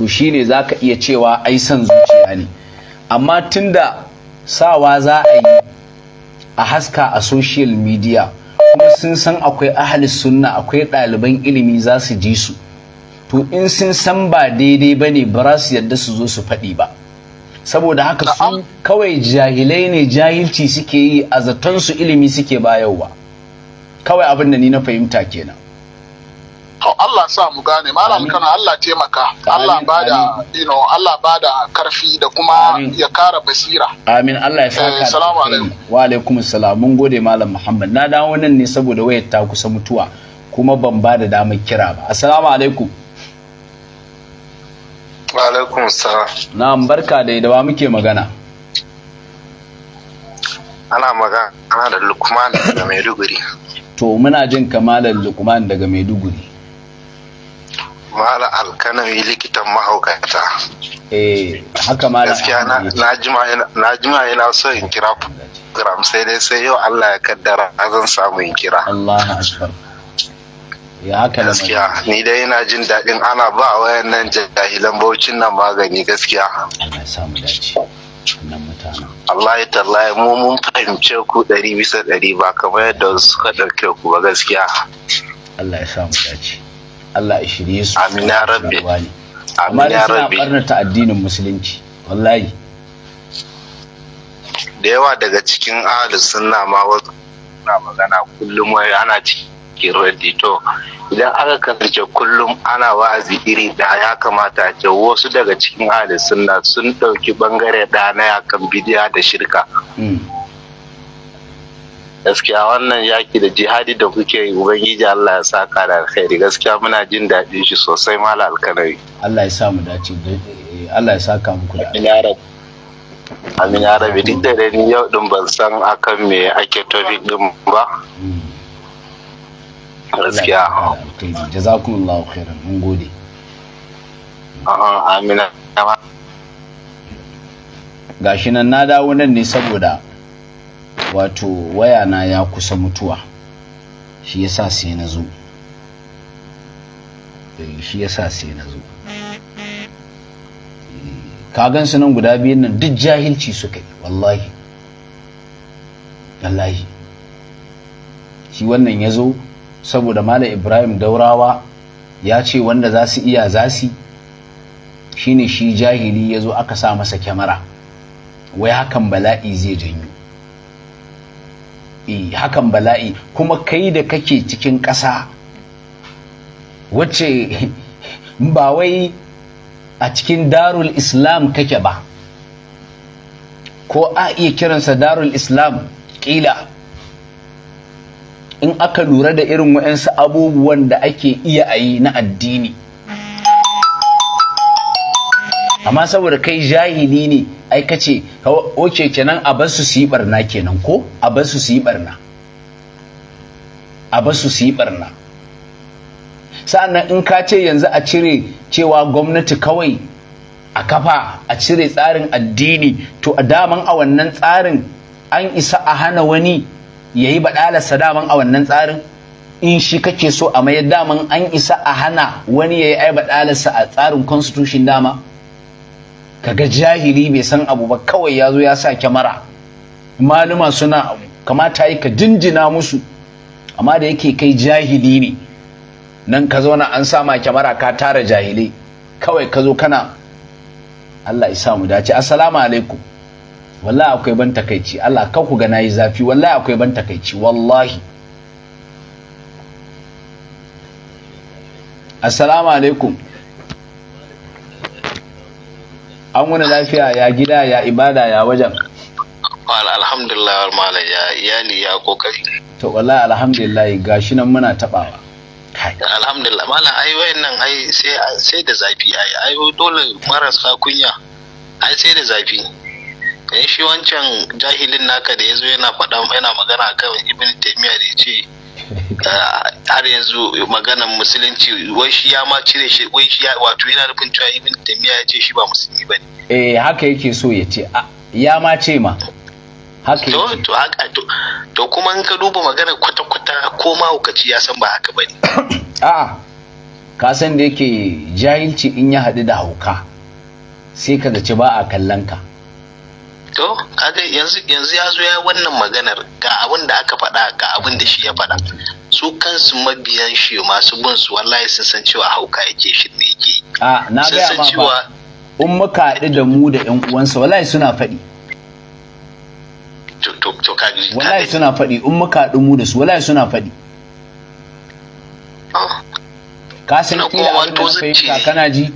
to shi ne za ka iya cewa ai son zuciya ne amma tunda sawa za a yi a haska a social media kuma sun san akwai ahalis sunna akwai ɗaliban ilimi za su ji su to in sun san ba daidai ba ne ba su yadda su zo su faɗi ba saboda haka su kawai jahilai ne jahilci suke yi a zaton su ilimi suke bayarwa kawai abin da ni na fahimta kenan To Allah sa mu gane malam kana Allah taimaka Allah bada you know Allah bada karfi da kuma ya kara basira. Amin Allah ya saka. Eh, Assalamu alaikum. Wa alaikum assalam. Mun gode malam Muhammad. Na dawo nan ne saboda wayar ta kusa mutuwa kuma ban ba da damar kira ba. Assalamu alaikum. Wa alaikum assalam. Na'am barka da idawa muke magana. Ana magana da Lukman daga Maiduguri. To muna jin kamalan Lukman daga Maiduguri. mala alkanami likitan mahaukata eh haka mala gaskiya na jima yana so in kira program sai dai sai yau Allah ya kaddara zan samu in kira Allahu akbar ya haka gaskiya ni dai ina jin daɗin ana ba wayannan jahilan baucin nan magani gaskiya Allah samu dace wannan mutanen Allah ya tallaye mu mun fahimce ku ɗari bisa ɗari ba kamar yadda suka dauke ku ba gaskiya Allah ya samu dace Allah ya shirye su amin ya rabbi amma da suna barnata addinin musulunci wallahi da yawa daga cikin ahli sunna ma wasu na magana kullum wai ana cikin radito idan aka kasance kullum ana wa'azi iri da ya kamata ce wasu daga cikin ahli sunna sun ɗauki bangare ɗana ya kan bidiya da shirka hmm. gaskiya wannan yaki da jihadi da kuke yi ubangiji Allah ya saka da alkhairi gaskiya muna jin daɗin shi sosai mala alkanari Allah ya sa mu dace eh, Allah ya saka muku da amin ya rabi duk da ni yau din ban san akan me ake topic din ba hmm. gaskiya jazakumullahu khairan mun gode a'a amina gashi nan na dawo nan ne saboda wato waya na ya kusa mutuwa shi yasa sai na zo eh, shi yasa sai na zo eh, kagan su nan guda biyun nan duk jahilci suka yi wallahi wallahi shi wannan ya zo saboda mala ibrahim daurawa ya ce wanda za su iya za su shine shi jahili ya zo aka sa masa kyamara wai hakan bala'i zai janyo hakan bala'i kuma kai da kake cikin ƙasa wacce <laughs> ba wai a cikin darul islam kake ba ko a iya kiransa darul islam ƙila in aka lura da irin waɗansu abubuwan da ake iya a yi na addini amma saboda kai jahili ne ai ce oke kenan a bar su su yi barna kenan ko a bar su su yi barna a bar su yi barna sa'annan in ka ce yanzu a cire cewa gwamnati kawai a kafa a cire tsarin addini to a daman a wannan tsarin an isa a hana wani ya yi baɗalarsa daman a wannan tsarin in shi kake so a mayar daman an isa a hana wani ya yi baɗalarsa a tsarin constitution dama kaga jahili bai san abu ba kawai ya zo ya sa kyamara maluma suna abu kamata yi ka jinjina musu amma da yake kai jahili ne nan ka zauna an sa ma kyamara ka tara jahili kawai ka zo kana Allah ya mu dace assalamu alaikum wallahi akwai ban takaici Allah ka ku ga nayi zafi wallahi akwai ban takaici wallahi assalamu alaikum an wani lafiya ya gida ya ibada ya wajen alhamdulillah malam ya iyali ya kokari to wallahi alhamdulillah gashi nan muna tabawa alhamdulillah malam ai wayannan ai sai sai da zafi ai ai dole marasa kunya ai sai da zafi eh shi wancan jahilin naka da yazo yana faɗa yana magana kan ibn taymiyyah da yace har yanzu magana musulunci wai shi ya ma cire shi wai shi ya wato yana nufin cewa ibn taymiya ya ce shi ba musulmi bane eh haka yake so ya ce ya ma ce ma haka to to haka to to kuma in ka duba maganar kwata kwata ko ma hukaci ya san ba haka bane <coughs> a'a ka san da yake jahilci in ya haɗu da hauka sai ka zace ba a kallon ka to kaga yanzu yanzu ya zo ya wannan maganar ga abin da aka faɗa ga abin da shi ya faɗa su kansu mabiyan shi masu bin su wallahi sun san cewa hauka yake ne yake a ah, na ga ma cewa in muka haɗu da mu da ƴan uwansa wallahi suna faɗi to kaji wallahi suna faɗi in muka haɗu mu da su wallahi suna faɗi ah. ka san kila abin da na fahimta kana ji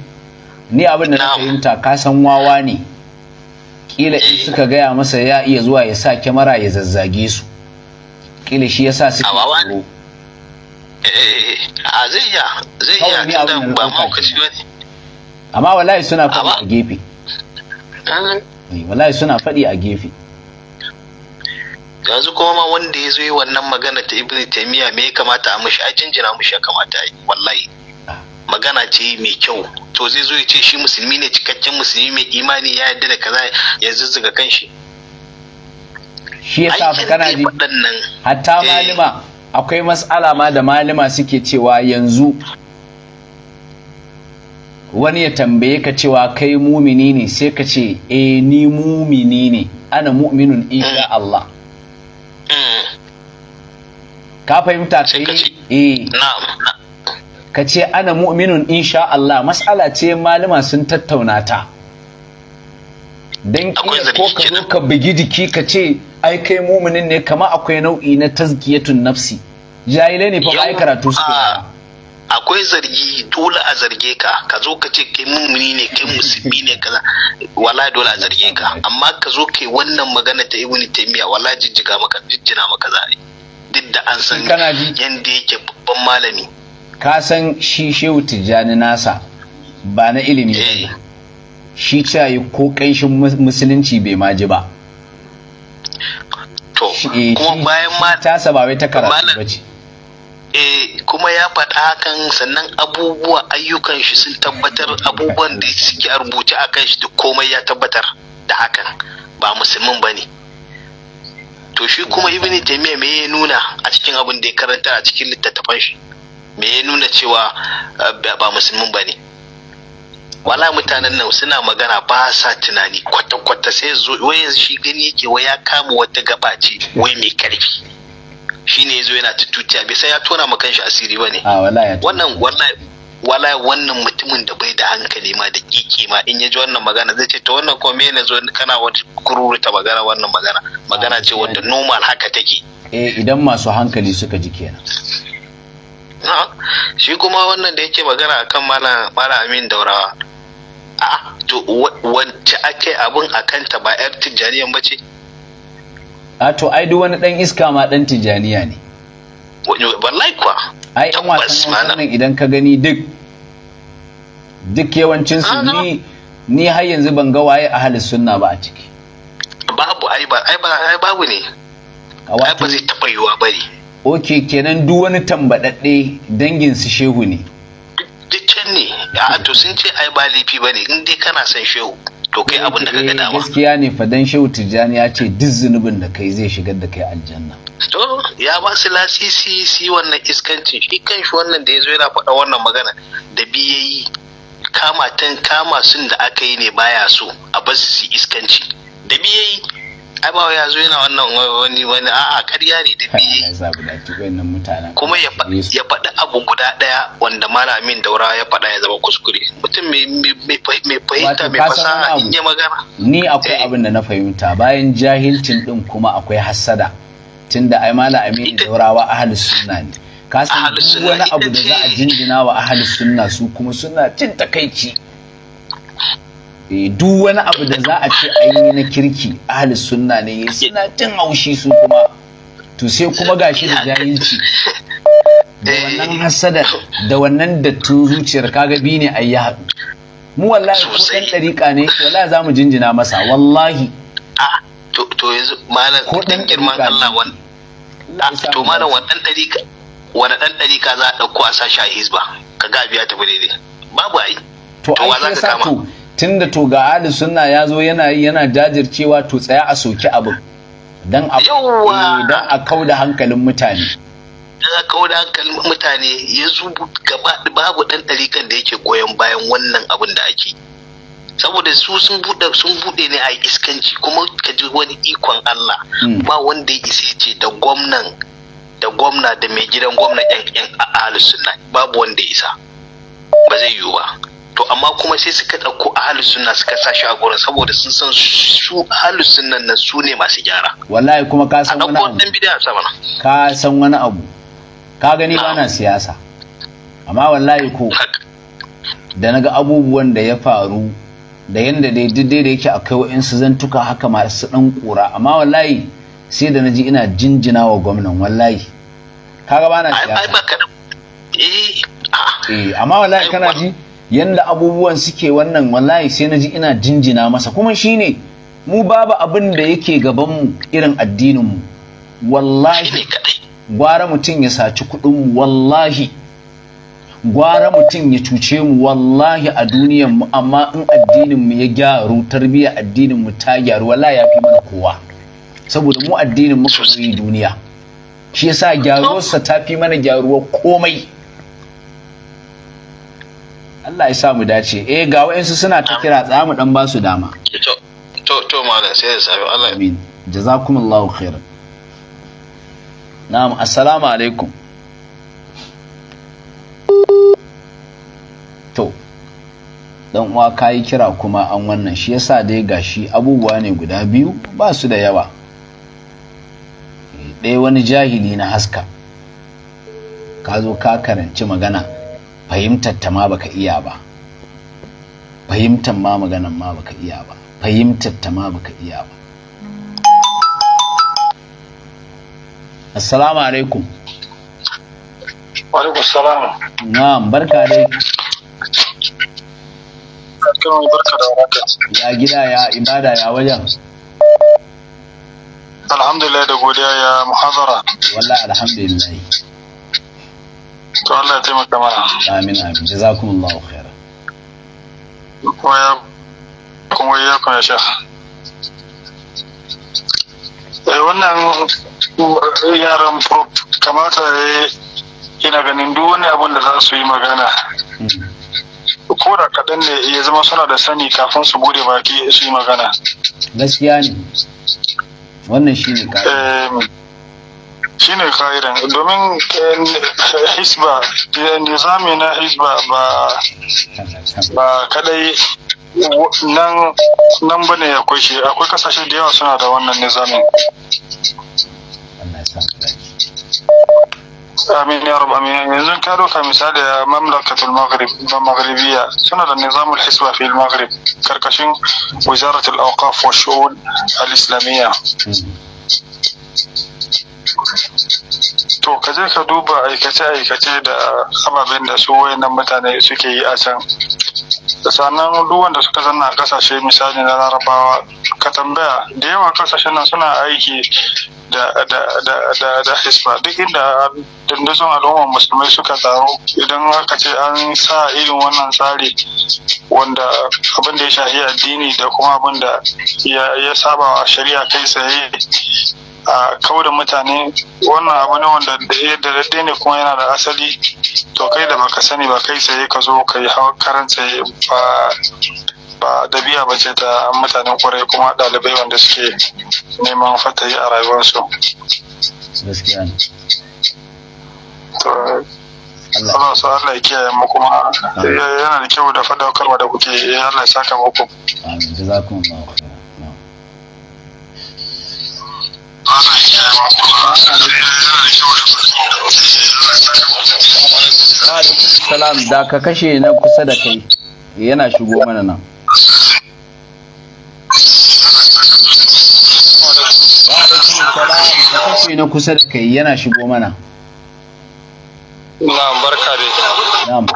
ni abin da na fahimta ka san wawa ne kila in suka gaya masa ya iya zuwa ya sa kyamara ya zazzage su kila shi ya sa su eh, a zai iya zai iya ba maukaci ba amma wallahi suna faɗi a gefe eh, wallahi suna faɗi a gefe yanzu kuma ma wanda ya zo yi wannan magana ta ibn taimiyya me ya kamata a mushi a jinjina mushi ya kamata yi wallahi ah. magana ce mai kyau to zai zo ya ce shi musulmi ne cikakken musulmi mai imani ya yarda da kaza ya zuzzuga kanshi shi yasa fa kana ji hatta eh. malima akwai mas'ala ma da malima suke cewa yanzu wani ya tambaye ka cewa kai mumini ne sai ka ce e ni mumini ne ana mu'minun insha mm. Allah mm. ka fahimta kai eh ka ce ana mu'minun insha Allah mas'ala ce malama sun tattauna ta dan kiyar ko ka zo ka bugi jiki ka ce ai kai mu'minin ne kama akwai nau'i na tazkiyatun nafsi jahilai ne fa ba ai karatu suke akwai zargi dole a zarge ka ka zo ka ce kai mumini ne kai musulmi ne kaza wala dole a zarge ka amma ka zo kai wannan magana ta ibnu taymiya wala jijjiga maka jijjina maka zai duk da an san yanda yake babban malami ka san shi shehu tijjani nasa ba na ilimi eh. shi cayi ko kanshin musulunci bai ma ji ba to kuma bayan ma ta sabawe ta karatu ce. eh kuma ya faɗa hakan sannan abubuwa ayyukan shi sun tabbatar abubuwan da suke a rubuce a kan shi duk komai ya tabbatar da hakan ba musulmin ba ne to shi kuma ibn jami'a me ya nuna a cikin abin da ya karanta a cikin littattafan shi me ya nuna cewa eh, ba musulmin ba ne wala mutanen nan suna magana ba sa tunani kwata-kwata sai zo wai shi gani yake wai ya kama wata gaba ce wai mai karfi ne zo yana tututiya bai sai ya tona ma kanshi asiri ba ne. Ah, wannan wallahi wala wannan mutumin da bai da hankali ma da kiki ma in ya ji wannan magana zai ce to wannan ko me ne zo kana wata kururuta magana wannan magana magana ce ah, wanda normal haka take eh idan masu hankali suka ji kenan shi kuma wannan da yake magana akan mala amin daurawa a to wacce ake abin a kanta ba yar tijjaniyan ba ce a to ai duk wani dan iska ma dan tijjaniya ne wallahi kuwa ai an wasan idan ka gani duk duk yawancin su ni ni har yanzu ban ga waye ahli sunna ba a ciki babu ai ba ai ba ai babu ne ai ba zai taba yiwa ok kenan duk wani tambaɗaɗɗe dangin su shehu ne dukkan ne a ah, to sun ce ai ba laifi ne, in dai kana son shehu to kai abin da kaga eh, dama gaskiya ne fa dan shehu tijjani ya ce duk zunubin da kai zai shigar da kai aljanna to ya ba su lasisi si wannan iskancin shi kan shi wannan da ya zo yana faɗa wannan magana da biyayi kama tan kama sun da aka yi ne baya so a basu su iskanci da biyayi ai ba ya zo yana wannan wani wani a'a ƙarya ne da biye kuma ya faɗi abu guda ɗaya wanda malamin daura ya faɗa ya zama kuskure mutum mai fahimta mai fasaha in yi magana ni akwai eh. abin da na fahimta bayan jahilcin din kuma akwai hassada tunda ai malamin daurawa ahlus sunna ne ka san wani abu da za a jinjina wa ahlus sunna su kuma suna cin takaici Eh, duk wani abu da za a ce an yi na kirki ahli sunna ne suna jin haushi su kuma to sai kuma gashi da jahilci da wannan hasadar da wannan dattun zuciyar kaga bi ne ayi haɗu mu wallahi ko ɗan ɗariƙa ne wallahi za mu jinjina masa wallahi to yanzu malam ko ɗan girman Allah wani to malam wannan ɗariƙa wani ɗan ɗariƙa za a ɗauko a sasha hizba ka ga biya tafi daidai babu ai to wa za ka kama tunda to ga ahli sunna ya zo yana yana jajircewa to tsaya a soki abin dan a eh, dan a kauda hankalin mutane dan kauda hankalin mutane ya zubu gaba babu dan kan da yake goyon bayan wannan abin da ake saboda su sun bude sun bude ne a iskanci kuma ka ji wani ikon Allah hmm. ba wanda ya isa ce da gwamnan da gwamna da mai gidan gwamna yan yan ahlus sunna babu wanda ya isa ba zai yiwu ba to amma kuma sai suka ɗauko ahalus sunna suka sa shi a gurin saboda sun san su ahalus sunna nan su ne masu gyara wallahi kuma ka san wani abu ka san wani abu ka gani ba na siyasa amma wallahi ko da naga abubuwan da ya faru da yanda dai duk da yake akai wa'insu zantuka haka masu dan kura amma wallahi sai da naji ina jinjina wa gwamnan wallahi kaga ba na siyasa eh, ah. eh amma wallahi kana ji yanda abubuwan suke wannan wallahi sai na ji ina jinjina masa kuma shine mu babu abin da yake gabanmu irin addininmu wallahi gwara mutum ya saci kuɗinmu wallahi gwara mutum ya cuce mu wallahi a duniyanmu amma in addininmu ya gyaru tarbiyyar addininmu ta gyaru wallahi ya fi mana kowa saboda mu addinin muka yi duniya shi yasa gyaruwarsa ta fi mana gyaruwar komai Allah ya sa mu dace eh ga wayansu suna ta kira za mu dan ba su dama to to mallam sai da safi Allah amin jazakumullahu khairan na'am assalamu alaikum to dan uwa kayi kira kuma an wannan shi yasa dai gashi abubuwa ne guda biyu ba su da yawa eh, ɗaya wani jahili na haska ka zo ka karanci magana fahimtar ta ma baka iya ba fahimtar ma maganan ma baka iya ba fahimtar ta ma baka iya ba assalamu alaikum alaikum salam na'am barka dai ya gida ya ibada ya wajen alhamdulillah da godiya ya muhazara wallahi alhamdulillah to Allah ya taimaka mana amin amin jazakumullahu khaira waya kuma ya kuma sha eh wannan eh, yaran kamata ya ina ganin duk wani abun da za su yi magana hmm. ko da kaɗan ne ya zama suna da sani kafin su bude baki su yi magana gaskiya ne wannan shi ne eh, شنو خيرن دومين كان نظامنا حزب با با كداي نان نان بني اكو شي اكو كاساشي ديوا سنا دا wannan nizamin امين يا رب امين يعني زين كادو كمثال مملكه المغرب المغربيه سنه النظام الحسبه في المغرب كركشين وزاره الاوقاف والشؤون الاسلاميه to ka je ka duba aikace-aikace da ababen da su wayannan mutane suke yi a can sannan duwan wanda suka zanna a kasashe misali na larabawa ka tambaya da yawan kasashen nan suna aiki da da da hisba duk inda dandazon al'ummar musulmai suka taru idan aka ce an sa irin wannan tsari wanda abin da ya shafi addini da kuma abin da ya saba shari'a kai tsaye a da mutane wannan abu ne wanda da ya daɗe ne kuma yana da asali to kai da baka sani ba kai tsaye ka zo ka yi karan tsaye ba ba ɗabi'a ba ce ta mutanen kwarai kuma ɗalibai wanda suke neman fatayi a rayuwarsu. Gaskiya ne. Allah su Allah ya kiyaye mu kuma eh, yana da kyau da fadaukarwa da kuke Allah ya saka muku. Amin. Jazakumullahu salam da ka kashe na kusa da kai yana shigo mana nan na kusa da kai yana shigo mana na'am barka dai na'am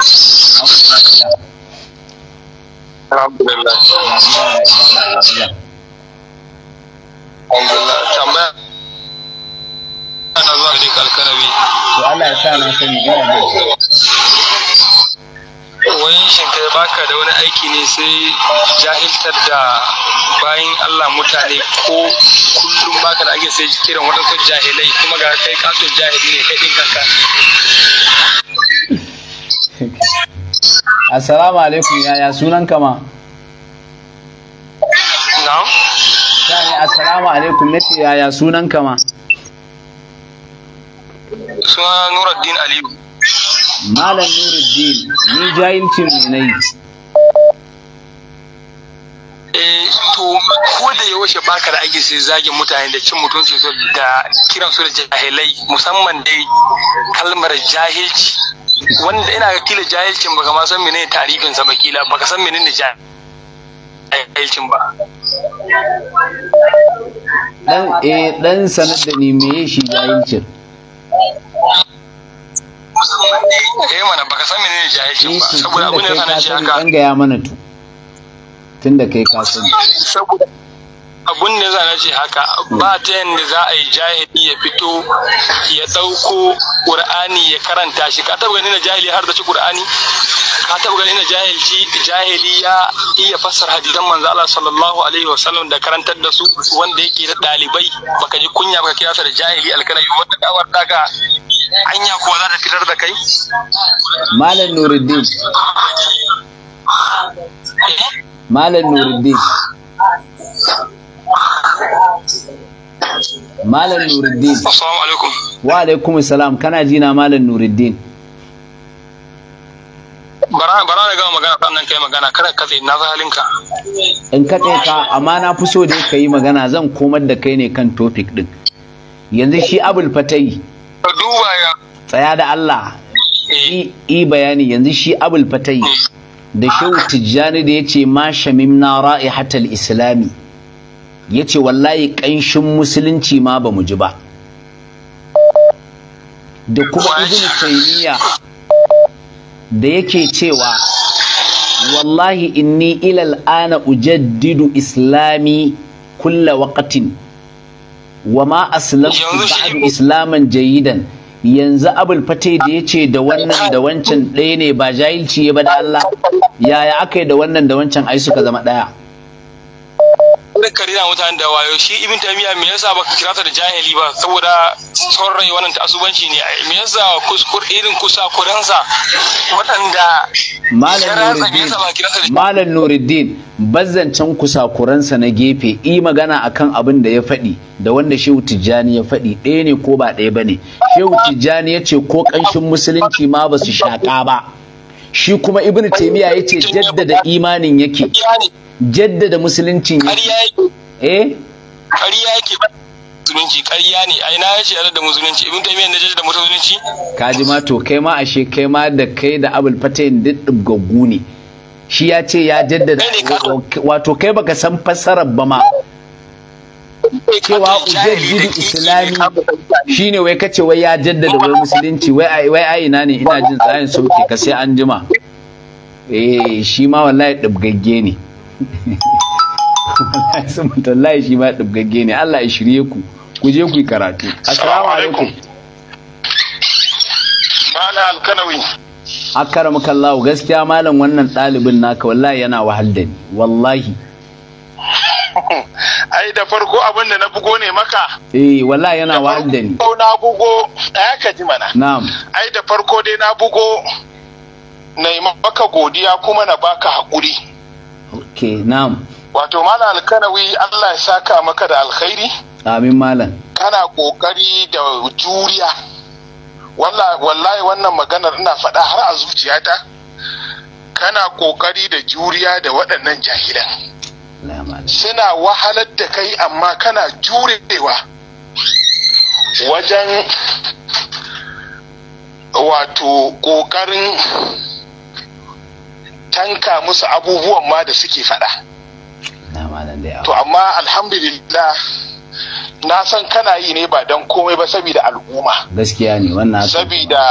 alhamdulillah tambaya ana zuwa baka da wani aiki ne sai jahiltar da bayan Allah mutane ko kullum baka da ake sai kiran waɗansu jahilai kuma ga kai katon jahili ne kai kanka Assalamu alaikum yaya sunan kama? Na'am. assalamu alaikum yace yaya sunan ka ma suna Nuruddin Aliyu Malam Nuruddin ni jahilcin ne nayi eh to ko da yaushe baka da aiki sai zagin mutane da cin mutunci su da kiran su da jahilai musamman dai kalmar jahilci wanda ina ga kila jahilcin baka ma san menene tarifin sa ba kila baka san menene jahilci aikin ba dan eh dan sanar da ni me shi jahilcin eh mana baka san menene jahilcin ba eh, saboda abun da sanar shi haka an ga ya mana to tunda kai ka san. saboda abun da za ce haka ba ta yadda za a yi jahili ya fito ya ɗauko ƙur'ani ya karanta shi ka taɓa ganin da jahili har da ci ƙur'ani ka taɓa ganin da jahilci jahili ya iya fassara hadisan manzo Allah sallallahu alaihi wasallam da karantar da su wanda yake da dalibai baka ji kunya baka kira da jahili alkana alkalai wanda dawar daga anya kuwa za ta fitar da kai malam nuruddin eh? malam nuruddin Malam Nuruddin. Assalamu alaikum. Wa alaikum salam kana ji na Malam Nuruddin. Bara bara na gama magana sannan kai magana kada ka na halinka. In ka tsaye ka amma na fi so dai kai yi magana zan komar da kai ne kan topic din. Yanzu shi Abul Fatai. Ka duba ya. Tsaya da Allah. Eh. I bayani yanzu shi Abul Fatai da Shehu Tijjani da ya ce ma shamimna ra'ihatal islami. ya ce wallahi ƙanshin musulunci ma ba mu ji ba da kuma ibn taimiyya da yake cewa wallahi inni ilal ana ujaddidu islami kulla waqatin wa ma aslamtu ba'du islaman jayidan yanzu abul fate da ya ce da wannan da wancan ɗaya ne ba jahilci ba da Allah yaya aka yi da wannan da wancan ai suka zama ɗaya kada ka rena mutane da wayo shi ibn tamiya me yasa baka kira ta da jahili ba saboda rai wannan ta'assubanci ne me yasa kuskur irin kusa kuransa waɗanda malam nuruddin malam nuruddin kusa kusakuransa na gefe i magana akan abin da ya faɗi da wanda shehu tijjani ya faɗi ɗaya ne ko ba ɗaya ba ne shehu tijjani ya ce ko ƙanshin musulunci ma ba su shaƙa ba shi kuma ibn taymiya ya ce jaddada imanin yake jaddada musuluncin yake eh ƙarya yake musulunci ƙarya ne ai na yace da musulunci ibn taymiyyah na jaddada musulunci kaji ma to kai ma ashe kai ma da kai da abul fatayin duk gaggu ne shi ya ce ya jaddada wato kai baka san fassarar ba ma cewa ujaddidu islami shine wai kace wai ya jaddada wai musulunci wai wai ai ina ne ina jin tsayin sauke ka sai an jima eh shi ma wallahi dubgagge ne wallahi sun tallahi shi ba dubgagge ne Allah ya shirye ku ku je ku yi karatu assalamu alaikum mala alkanawi akara makallahu gaskiya malam wannan ɗalibin naka wallahi yana wahal da ni wallahi <laughs> ai da farko abin da na bugo ne maka eh wallahi yana wahal da ni na bugo ai ka ji mana na'am ai da farko dai na bugo na yi maka godiya kuma na baka haƙuri Okay, na'am. Wato Malam Alkanawi Allah ya saka maka da alkhairi. Amin Malam. Kana kokari da juriya. Wallahi wannan maganar ina faɗa har a zuciyata. Kana kokari da juriya da waɗannan jahilan. Suna wahalar da kai amma kana jurewa wajen wato ƙoƙarin tanka musu abubuwan ma da suke faɗa to amma alhamdulillah na san kana yi ne ba don komai ba saboda al'umma gaskiya ne wannan saboda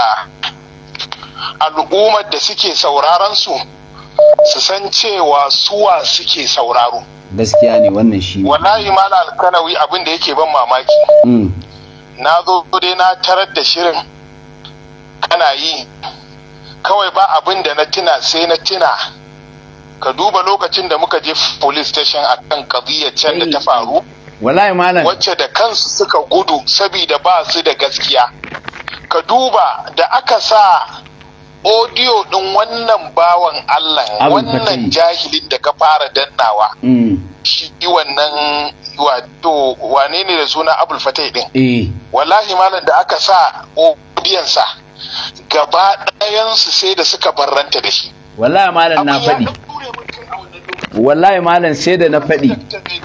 al'ummar da suke sauraron su su san cewa suwa suke sauraro gaskiya ne wannan shi wallahi ma na alkanawi abin da yake ban mamaki mm. na zo dai na tarar da shirin kana yi kawai ba abin da na tuna sai na tina ka duba lokacin da muka je police station a kan kaziyar can da ta faru wallahi wacce da kansu suka gudu sabida ba su da gaskiya ka duba da aka sa odiyo din wannan bawan Allah wannan jahilin da ka fara dannawa mm. shi wannan wato wane ne da suna abul fatai din eh. wallahi malam da aka sa odiyansa gaba ɗayansu sai da suka barranta da shi wallahi malam na faɗi wallahi malam sai da na faɗi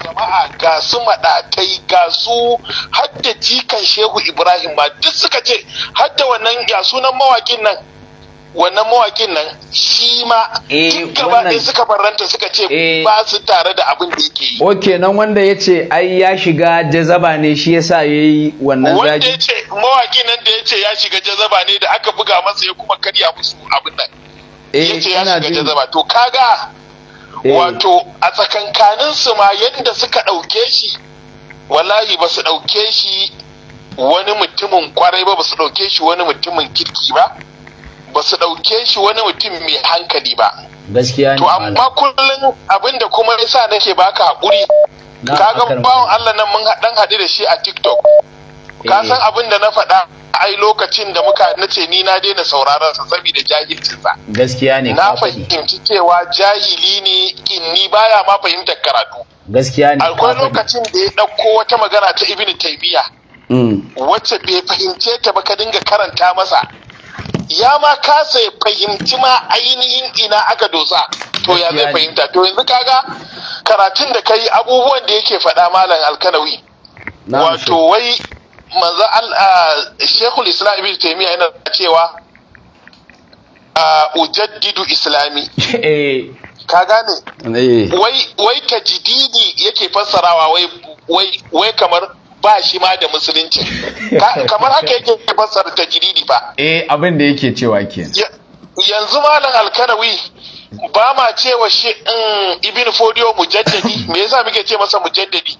jama'a ga su maɗatai ga su hadda jikan shehu ibrahim ba duk suka ce hadda wannan ya sunan mawaƙin nan wannan mawakin nan shi ma eh, duk gaba ɗin suka farranta suka ce eh. ba su tare da abin da yake yi. Ok nan wanda ya ce ai ya shiga jazaba ne shi ya sa ya yi wannan zagi. Wanda ya ce mawakin nan da ya ce ya shiga jazaba ne da aka buga masa ya kuma karya musu abin nan. Eh, ya ce ya shiga jazaba to kaga wato a tsakankaninsu ma yadda suka ɗauke shi wallahi ba su ɗauke shi wani mutumin kwarai ba ba su ɗauke shi wani mutumin kirki ba. ba su ɗauke shi wani mutum mai hankali ba gaskiya ne to amma kullum abinda kuma yasa nake baka haƙuri ka ga bawon Allah nan mun dan haɗu da shi a TikTok ka eh. san abin da na faɗa ai lokacin da muka na ce ni na daina sauraron sa saboda jahilcinsa gaskiya ne na fahimci cewa jahili ne in ni baya ma fahimtar karatu gaskiya ne akwai lokacin da ya ɗauko wata magana ta ibn taymiya mm. wacce bai fahimce ta ba ka dinga karanta masa ya ma kasa ya fahimci ma ainihin ina aka dosa to ya zai fahimta to yanzu kaga karatun da kai abubuwan da yake faɗa malam alkanawi wato wai manzo shekul islam ibn taymiya yana cewa ujaddidu islami <laughs> eh. ka gane eh. wai wai jididi yake fassarawa wai wai kamar ba shi ma da musulunci kamar haka yake fassara jiridi ba eh abin da yake cewa ke yanzu malam alkarawi ba ma cewa shi mm, ibn fodiyo mujaddadi me yasa muke ce masa mujaddadi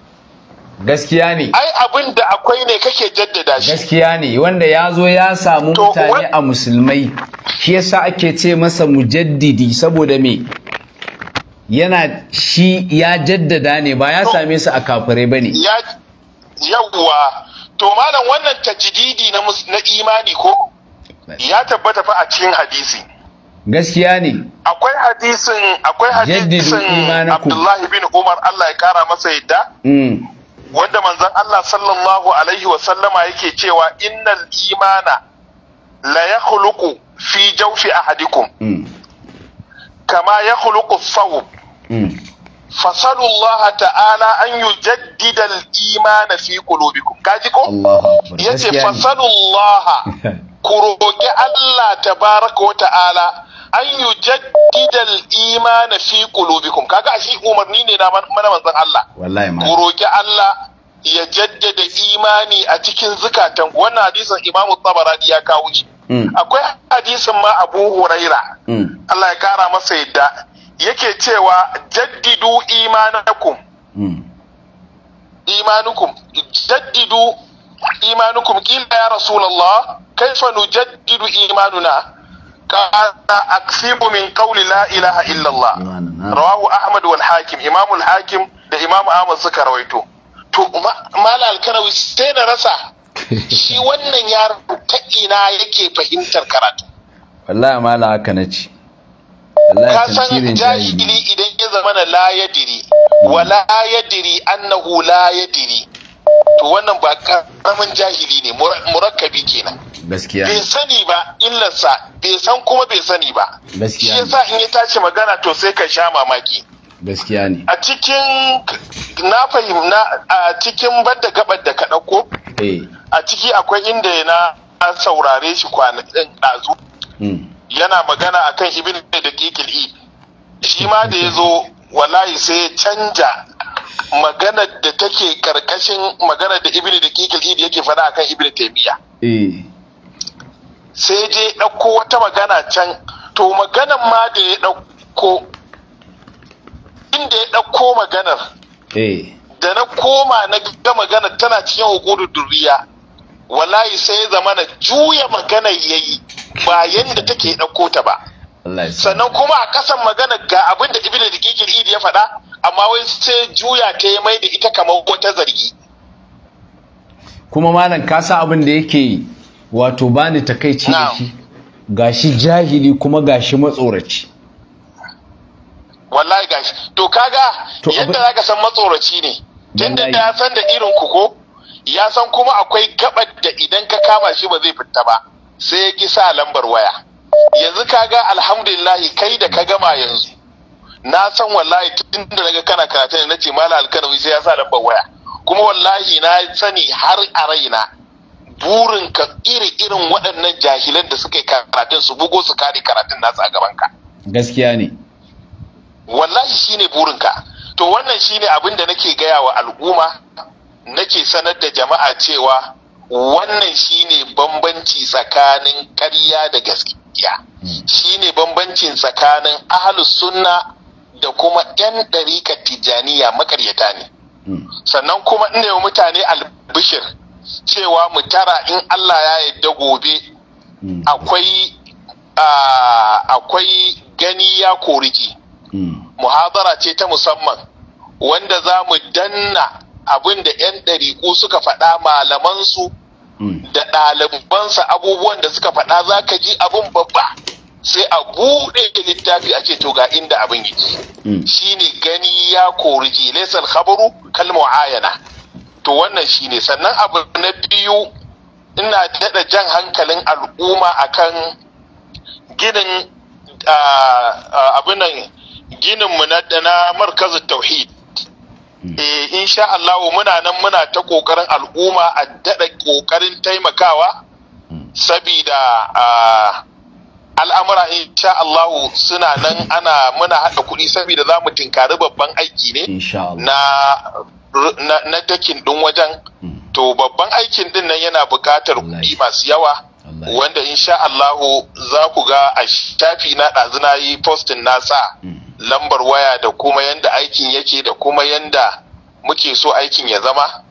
gaskiya ne ai abin da akwai ne kake jaddada shi gaskiya ne wanda ya zo ya samu mutane a musulmai shi yasa ake ce masa mujaddidi saboda me yana shi ya jaddada ne ba ya same su a kafirai ba ne yawwa to malam wannan tajdidi na na imani ko ya tabbata fa a cikin hadisi gaskiya ne akwai hadisin akwai hadisin Abdullahi bin Umar Allah ya kara masa yadda mm. wanda manzon Allah sallallahu alaihi wa sallama yake cewa innal imana la yakhluqu fi jawfi ahadikum mm. kama yakhluqu thawb fasalu Allah ta'ala an yi jaddidal iman fi qulubikum kaji ko yace fasalu Allah ku roki Allah tabaraka wa ta'ala an yi jaddidal iman fi qulubikum kaga shi umarni ne na mana manzon Allah wallahi ma ku roki Allah ya jaddada imani a cikin zukatan wannan hadisin Imam Tabarani ya kawo shi mm. akwai hadisin ma Abu Huraira mm. Allah ya kara masa yadda yake cewa jaddidu imanakum hmm. imanukum jaddidu imanukum kila ya rasulullah kaifa nujaddidu imanuna قال أكثر من la ilaha إله rawahu ahmad wal hakim imam al hakim da Imam Ahmad suka rawaito to mala alkarawi sai na rasa <laughs> shi wannan yaro ta ina yake fahimtar karatu wallahi mala haka na ci ka san jahili idan ya zama na la yadiri wa la yadiri annahu la to wannan ba karamin jahili ne murakkabi kenan gaskiya bai sani ba illarsa bai san kuma bai sani ba gaskiya shi yasa in ya tashi magana to sai ka sha mamaki gaskiya ne a cikin na fahimna a cikin badda gabar da ka dauko eh. a ciki akwai inda na saurare shi kwanakin ɗazu hmm. yana magana akan ibn daqiqil i e. shi ma da ya zo wallahi sai ya canja magana da take karkashin magana da ibn daqiqil e da yake faɗa akan ibn taymiya eh. sai je ɗauko wata magana can to maganan ma da ya ɗauko inda ya ɗauko maganar eh. da na koma na ga maganar tana cikin hukudu duriya wallahi sai ya zama na juya magana yayi ba yanda take ɗauko ta ba sannan kuma a ƙasan magana ga abin da ibnu dikikin idi ya faɗa amma wai sai juya ta ya mai da ita kamar wata zargi kuma malam ka sa abin da yake wato bani takaici da shi gashi jahili kuma gashi matsoraci wallahi gashi to kaga yadda zaka san matsoraci ne tunda da san da irin ku ko ya san kuma akwai gabar da idan ka kama shi ba zai fita ba sai ya ki sa lambar waya yanzu ka ga alhamdulillahi kai da ka gama yanzu na san wallahi tun da naga kana karatu ne ce mala alkanawi sai ya sa lambar waya kuma wallahi na sani har a raina burin ka iri irin waɗannan jahilan da suka yi karatun su bugo su kare karatun nasu a gaban ka gaskiya ne wallahi shine burin ka to wannan shine abin da nake gaya wa al'umma nake sanar da jama'a cewa wannan shine bambanci tsakanin ƙarya da gaskiya hmm. shine bambancin tsakanin ahalus sunna da kuma 'yan ɗarika tijjaniya makaryata ne hmm. sannan kuma ina yi mutane albishir cewa mu tara in Allah ya yadda gobe hmm. akwai akwai gani ya koriki muhazara ce ta musamman wanda za mu danna abin da 'yan ɗariƙu suka faɗa malamansu hmm. da ɗalibansa abubuwan da suka faɗa za ka ji abin babba sai a buɗe littafi a ce to ga inda abin yake hmm. shine gani ya kori ji laisal khabaru kalma ayana to wannan shine sannan abu na biyu ina daɗa jan hankalin al'umma akan ginin ah, ah, abin nan ginin mu na markazin tauhid eh insha Allah muna nan muna ta kokarin al'umma a dada kokarin taimakawa sabida al'amura insha Allah suna nan ana muna haɗa kuɗi saboda za mu tinkari babban aiki ne na na dakin ɗin wajen hmm. to babban aikin ɗin nan yana buƙatar kuɗi masu yawa wanda insha Allah za ku ga a shafi na na yi postin nasa hmm. lambar waya da kuma yanda aikin yake da kuma yanda muke so aikin ya zama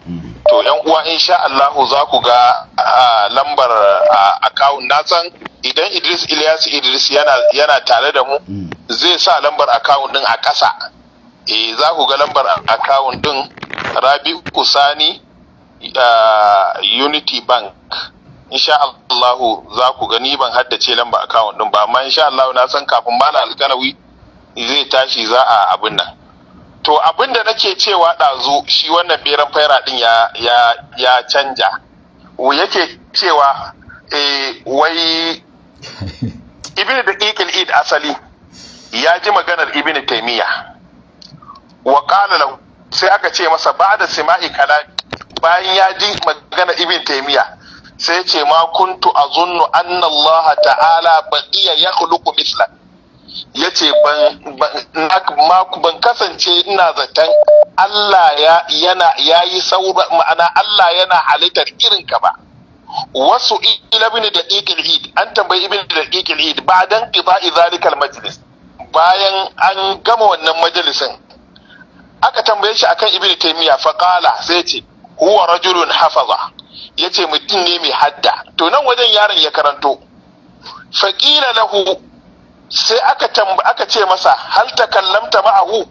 to yan uwa insha Allah za ku ga lambar account na san idan Idris Ilyas Idris yana yana tare da mu hmm. zai sa lambar account din a ƙasa eh za ku ga lambar account din Rabi Kusani Unity Bank insha Allahu za ku gani ban haddace lambar account din ba amma insha Allahu na san kafin bana alkanawi zai tashi za a abin nan to abin da nake cewa ɗazu shi wannan beran faira ɗin ya, ya, ya canja yake cewa e, wai <laughs> ibn da id asali ya ji maganar ibn taimiyya wa ƙala sai aka ce masa ba da sima'i kala bayan ya ji maganar ibn taimiyya sai ce ma kuntu azunnu anna Allah ta'ala baqiya lukumis mislan ya ce ban kasance ina zaton Allah ya yi saura ma'ana Allah yana halittar irin ka ba wasu ilabini da ikil id an tambayi ibini da id ba dan qida'i izalikal majalis bayan an gama wannan majalisin aka tambaye shi akan ibini taimiyya faƙala sai ce huwa rajulun hafaza Ya ce mutum ne mai hadda to nan wajen yaron ya karanto na lahu sai aka aka ce masa hal takallamta ma'ahu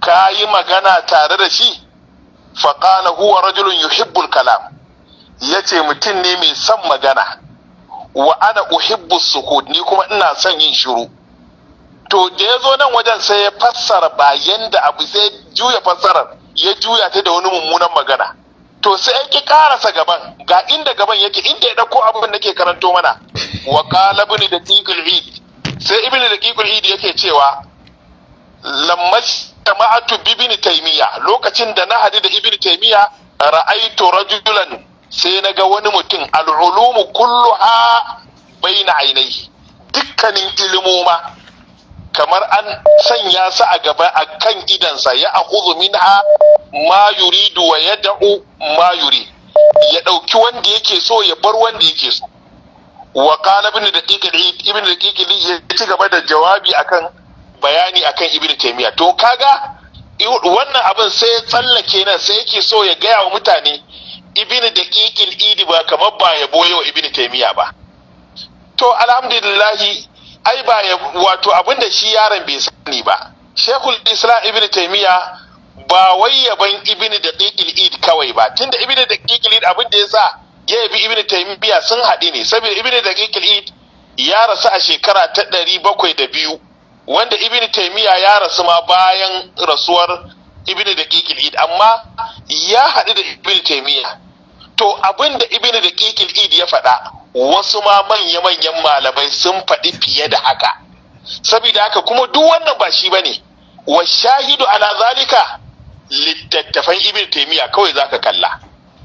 ka yi magana tare da shi faƙala huwa rajulun yuhibbul kalam ya ce mutum ne mai son magana wa ana uhibbu sukut ni kuma ina son yin shiru to da ya zo nan wajen sai ya fassara bayan da abu sai juya fassarar ya juya ta da wani mummunan magana to sai ya ki karasa gaban ga inda gaban yake inda ya ɗauko abin da ke karanto mana wa qala ibn daqiq al sai ibn daqiqul idi yake cewa lammas jama'atu bibini taimiya lokacin da na hadu da ibn taimiya ra'aitu rajulan sai na ga wani mutum al'ulumu bai na ainihi dukkanin ilimoma kamar an sanya sa a gaba a kan idansa ya min ha ma yuridu wa da'u ma yuri ya ɗauki wanda yake so ya bar wanda yake so wa qala ibn daqiq ibn daqiq ya ci gaba da jawabi akan bayani akan ibn taymiya to kaga wannan abin sai tsallake nan sai yake so ya gaya wa mutane ibn daqiq idi ba kamar ba ya boye wa ibn taymiya ba to alhamdulillah, ai ba ya wato abin da shi yaron bai sani ba shekul islam ibn taymiya ba wai yaban ibn daqiq id kawai ba tunda ibn daqiq id abin da ya sa ya bi ibn taymiya sun haɗi ne saboda ibn daqiq id ya rasu a shekara ta ɗari bakwai da biyu wanda ibn taymiya ya rasu ma bayan rasuwar ibn daqiq id amma ya haɗu da ibn taymiya to abin da ibn daqiq id ya faɗa wasu ma manya-manyan malamai sun faɗi fiye da haka saboda haka kuma duk wannan ba shi bane wa shahidu ala zalika littattafan ibn taymiya kawai zaka kalla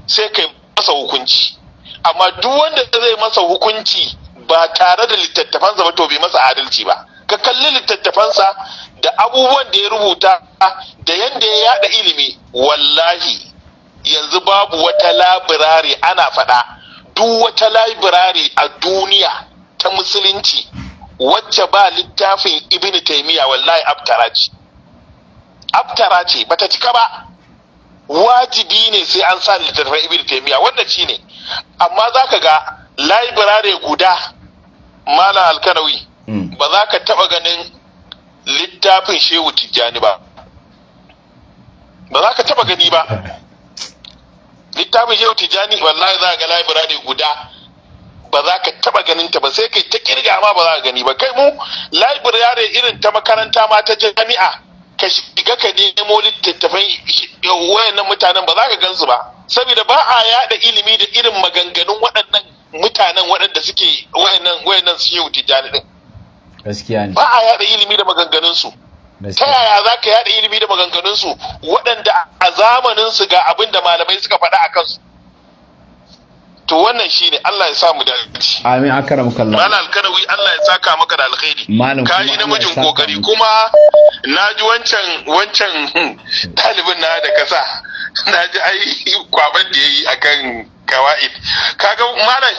sai kai masa hukunci amma duk wanda zai masa hukunci ba tare da littattafansa ba to bai masa adalci ba ka kalli littattafansa da abubuwan da ya rubuta da yadda ya yada ilimi wallahi yanzu babu wata labirari ana faɗa duk wata labirari a duniya ta musulunci wacce ba littafin ibn taimiyya wallahi abtara ce abtara ce bata cika ba wajibi ne sai an sa littattafan ibn taymiya ci ne. amma za ka ga library guda mala alkanawi hmm. ba za ka taba ganin littafin shehu tijjani ba ba za ka taba gani ba littafin shehu tijjani wallahi za ga library guda ba za ka taba ganin ta ba sai kai ta kirga ma ba za ka gani ba kai mu library irin ta makaranta ma ta jami'a ka shiga ka nemo littattafan wayannan mutanen ba za ka gansu ba saboda ba a yada ilimi da irin maganganun waɗannan mutanen waɗanda suke wayannan wayannan su yau tijani gaskiya ne ba a yada ilimi da maganganun su ta yaya za ka yada ilimi da maganganun su waɗanda a zamanin su ga abin da malamai suka faɗa a kansu to wannan shi ne, Allah ya sa mu dace amin akaram kallah malam alkarawi Allah ya saka maka da alkhairi malam kai mijin kokari kuma ji wancan wancan <laughs> talibin na da kasa ji ai kwaban da yayi akan kawaid kaga malam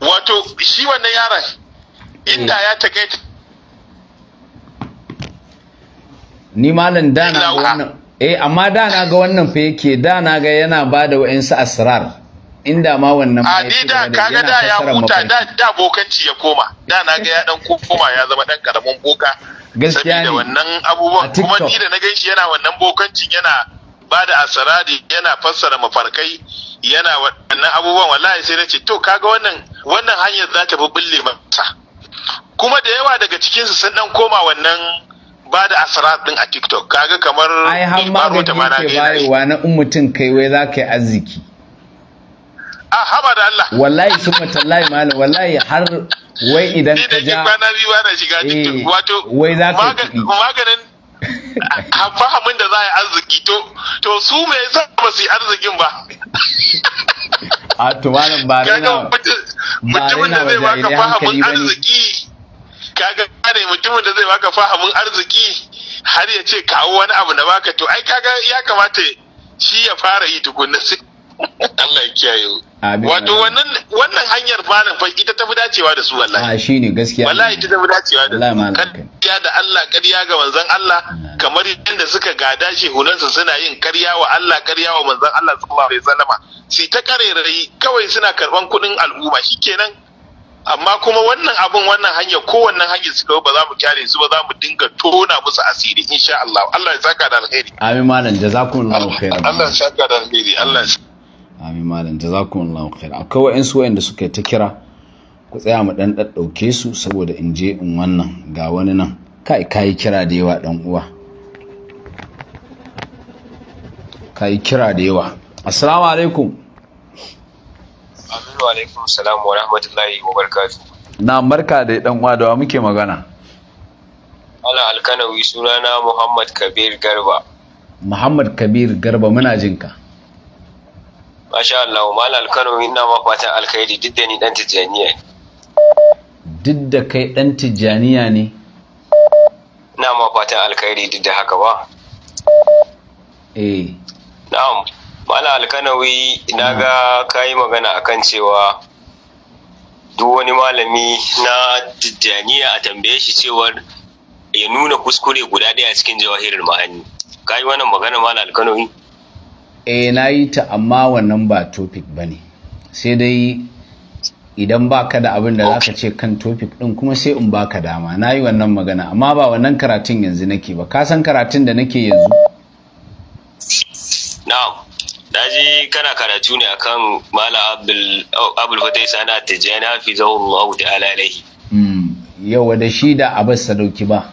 wato shi wannan yaron inda ya takaita ni malam dana ga wannan eh amma dana ga wannan fa yake dana ga yana bada wa'insu asrar inda ma wannan a ni da kaga da ya huta da da bokanci ya koma da na ga ya dan koma ya zama dan karamin boka gaskiya ne wannan abubuwan kuma ni da na gan shi yana wannan bokancin yana ba da da yana fassara mafarkai yana wannan abubuwan wallahi sai na ce to kaga wannan wannan hanyar za ta fi bulle mata kuma da yawa daga cikinsu sun dan koma wannan ba da asarar din a tiktok kaga kamar ai har magani ke bayarwa na in mutum kai wai za ka yi arziki Ah, haba da Allah wallahi sun matallahi malam wallahi har wai idan ka ja ba na biyu na shiga cikin eh, wato wai za ka maganin fahimin <laughs> da za a yi arziki to to su me yasa ba su yi arzikin ba <laughs> a to malam ba ne na da zai baka fahimin arziki kaga ne mutumin da zai baka fahimin arziki har ya ce kawo wani abu na baka to ai kaga ya kamata shi ya fara yi tukunna sai Allah ya kiyaye wato wannan wannan hanyar malam fa ita tafi dacewa da su wallahi a shine gaskiya wallahi ita tafi dacewa da su kariya da Allah kariya ga manzon Allah kamar yadda suka gada shi hunansa suna yin kariya wa Allah kariya wa manzon Allah sallallahu alaihi wasallama sai ta karerai kawai suna karban kuɗin al'umma shikenan amma kuma wannan abun wannan hanya wannan hanyar suka ba za mu kyale su ba za mu dinga tona musu asiri insha Allah Allah ya saka da alheri amin malam jazakumullahu khairan Allah ya saka da alheri Allah ya amin malam jazakumullahu khair akwai wa'ansu wa'anda suka ta kira ku tsaya mu dan daddauke su saboda in je in wannan ga wani nan kai kai kira da yawa dan uwa kai kira da yawa assalamu alaikum assalamu alaikum assalamu wa rahmatullahi wa barakatuh na marka da dan uwa da muke magana ala alkanawi sunana muhammad kabir garba muhammad kabir garba muna jinka Masha Allah, Malam Kano ina ma fatan alkhairi duk da ni dan tijaniya. Duk da kai dan tijaniya ne? Ina ma fatan alkhairi duk da haka ba. Eh. Na'am, Malam Alkanawi na ga kayi magana akan cewa duk wani malami na tijaniya a tambaye shi cewar ya nuna kuskure guda ɗaya cikin jawahirin ma'ani. Kayi wannan magana Malam Alkanawi? E, na yi ta amma wannan ba topic ba ne sai dai idan ba ka da abin da za ka ce kan topic ɗin kuma sai in ba ka dama na yi wannan magana amma ba wannan karatun yanzu nake ba ka san karatun da nake yanzu na'am na ji kana karatu ne akan mala abul fatai sana jana fi zaun ma'udu ta'ala alaihi hmm. Yau da shi da abin sadauki ba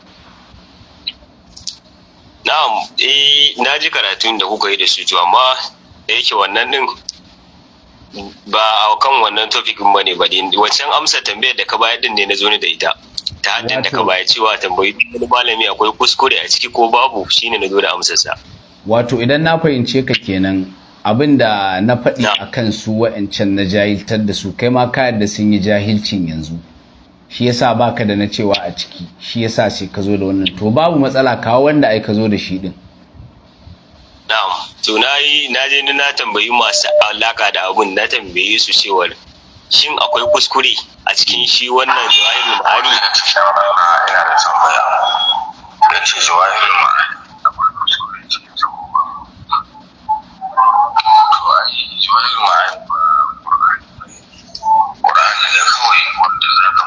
na'am eh na ji karatun da kuka yi da su amma da yake wannan din ba a kan wannan topic ba ne ba wancan amsa tambayar da ka bayar din ne na zo ne da ita ta haddin da ka bayar cewa tambayi wani malami akwai kuskure a ciki ko babu shine na zo da amsarsa wato idan na fahimce ka kenan abin da na faɗi a kan su wa'ancan na jahiltar da su kai ma ka yadda sun yi jahilcin yanzu shi yasa baka da na cewa a ciki shi yasa sai ka zo da wannan to babu matsala kawo wanda ai ka zo da shi din na'am to nayi na je na tambayi masu alaka da abun na tambaye su cewa shin akwai kuskure a cikin shi wannan jawahirul ma'ari ina da tambaya da shi jawahirul ma'ari akwai kuskure cikin sa to ai jawahirul ma'ani kawai wanda zaka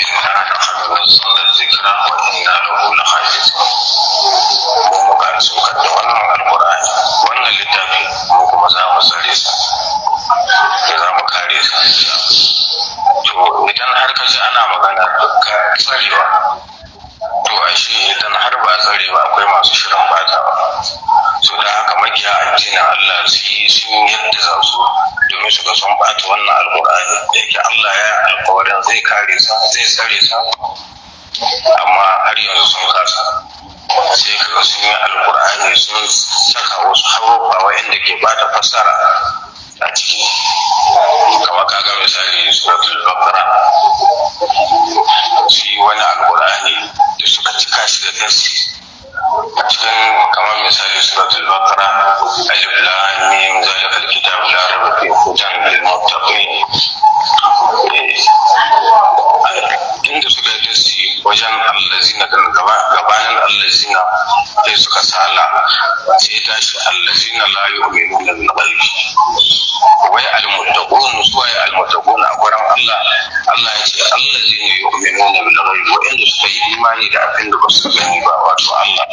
inna nahnu nazzalna dhikra wa muka da wannan wannan littafi mu kuma za mu tsare za mu kare to idan har ka ana magana tsarewa to ashe idan har ba tsare ba akwai masu shirin bata ba su da haka magiya addinin Allah su yi su yadda za su domin su ga sun bata wannan alkur'ani da yake Allah ya alkawarin zai kare sa zai tsare sa amma har yanzu sun kasa sai ga sun yi alkur'ani sun saka wasu harufa inda ke bata fasara a ciki kama kaga misali suratul bakara shi wani alkur'ani da suka cika shi da nasi a cikin kamar misali suratul baqara alif lam mim zalikal kitabu la raiba fihi hudan lil muttaqin eh, inda suka yi tasi wajen allazina gabanin allazina sai suka sala sai tashi allazina la wai suwaye a gurin Allah Allah ya ce allazina yu'minuna bil ghaibi wa inda suka yi imani da abin da ba su gani ba wato Allah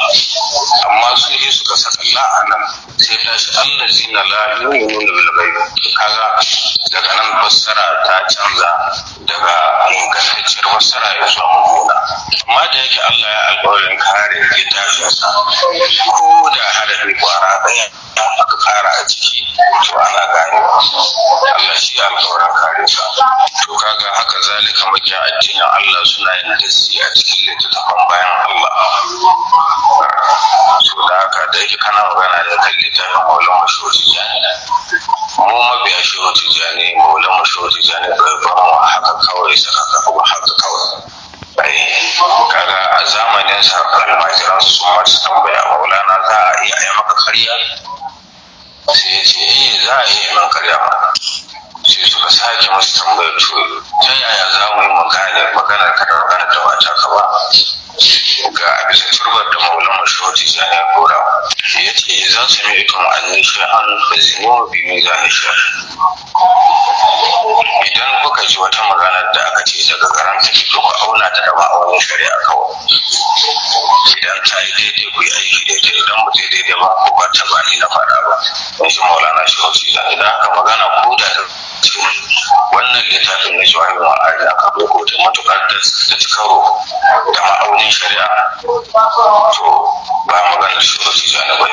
amma su yi suka saka nan sai ta shi Allah zina la yi nuna ghaib kaga daga nan fassara ta canza daga ingantacciyar fassara ya zuwa mummuna amma da yake Allah ya alƙawarin kare littafinsa ko da harafi kwara ɗaya aka kara a ciki to ana gane Allah shi ya alƙawarin kare sa to kaga haka zalika makiya addinin Allah suna yin dasi a cikin littattafan bayan Allah so da haka da yake kana magana da kan littafin wani mu mabiya shi wata jani dai maulan mu so tijani bai ba haka kawai suka ka ba haka kawai ai kaga a zamanin sa almajiran su ma su tambaya maulana za a iya yi maka karya sai ya ce eh za a iya min karya mana sai suka sake masu tambayar to ta yaya za mu yi magana maganar ka da maganar da ba ka ba ga bisa turbar da maulan mashahoti zan ya kora ya ce za su mai ikon annin hannun da zinuwa bi zane shi idan kuka ji wata maganar da aka ce daga garan ta fito ku auna dama da wani shari'a kawai idan ta yi daidai ku yi aiki daidai idan mu zai daidai ba ku ba ta ba na faɗa ba in ji maulana shahoti zan idan aka magana ko da wannan littafin na shawahir ma'ari aka boko da da ta karo da ma'auni ilimin shari'a to ba magana shi ba su zana ba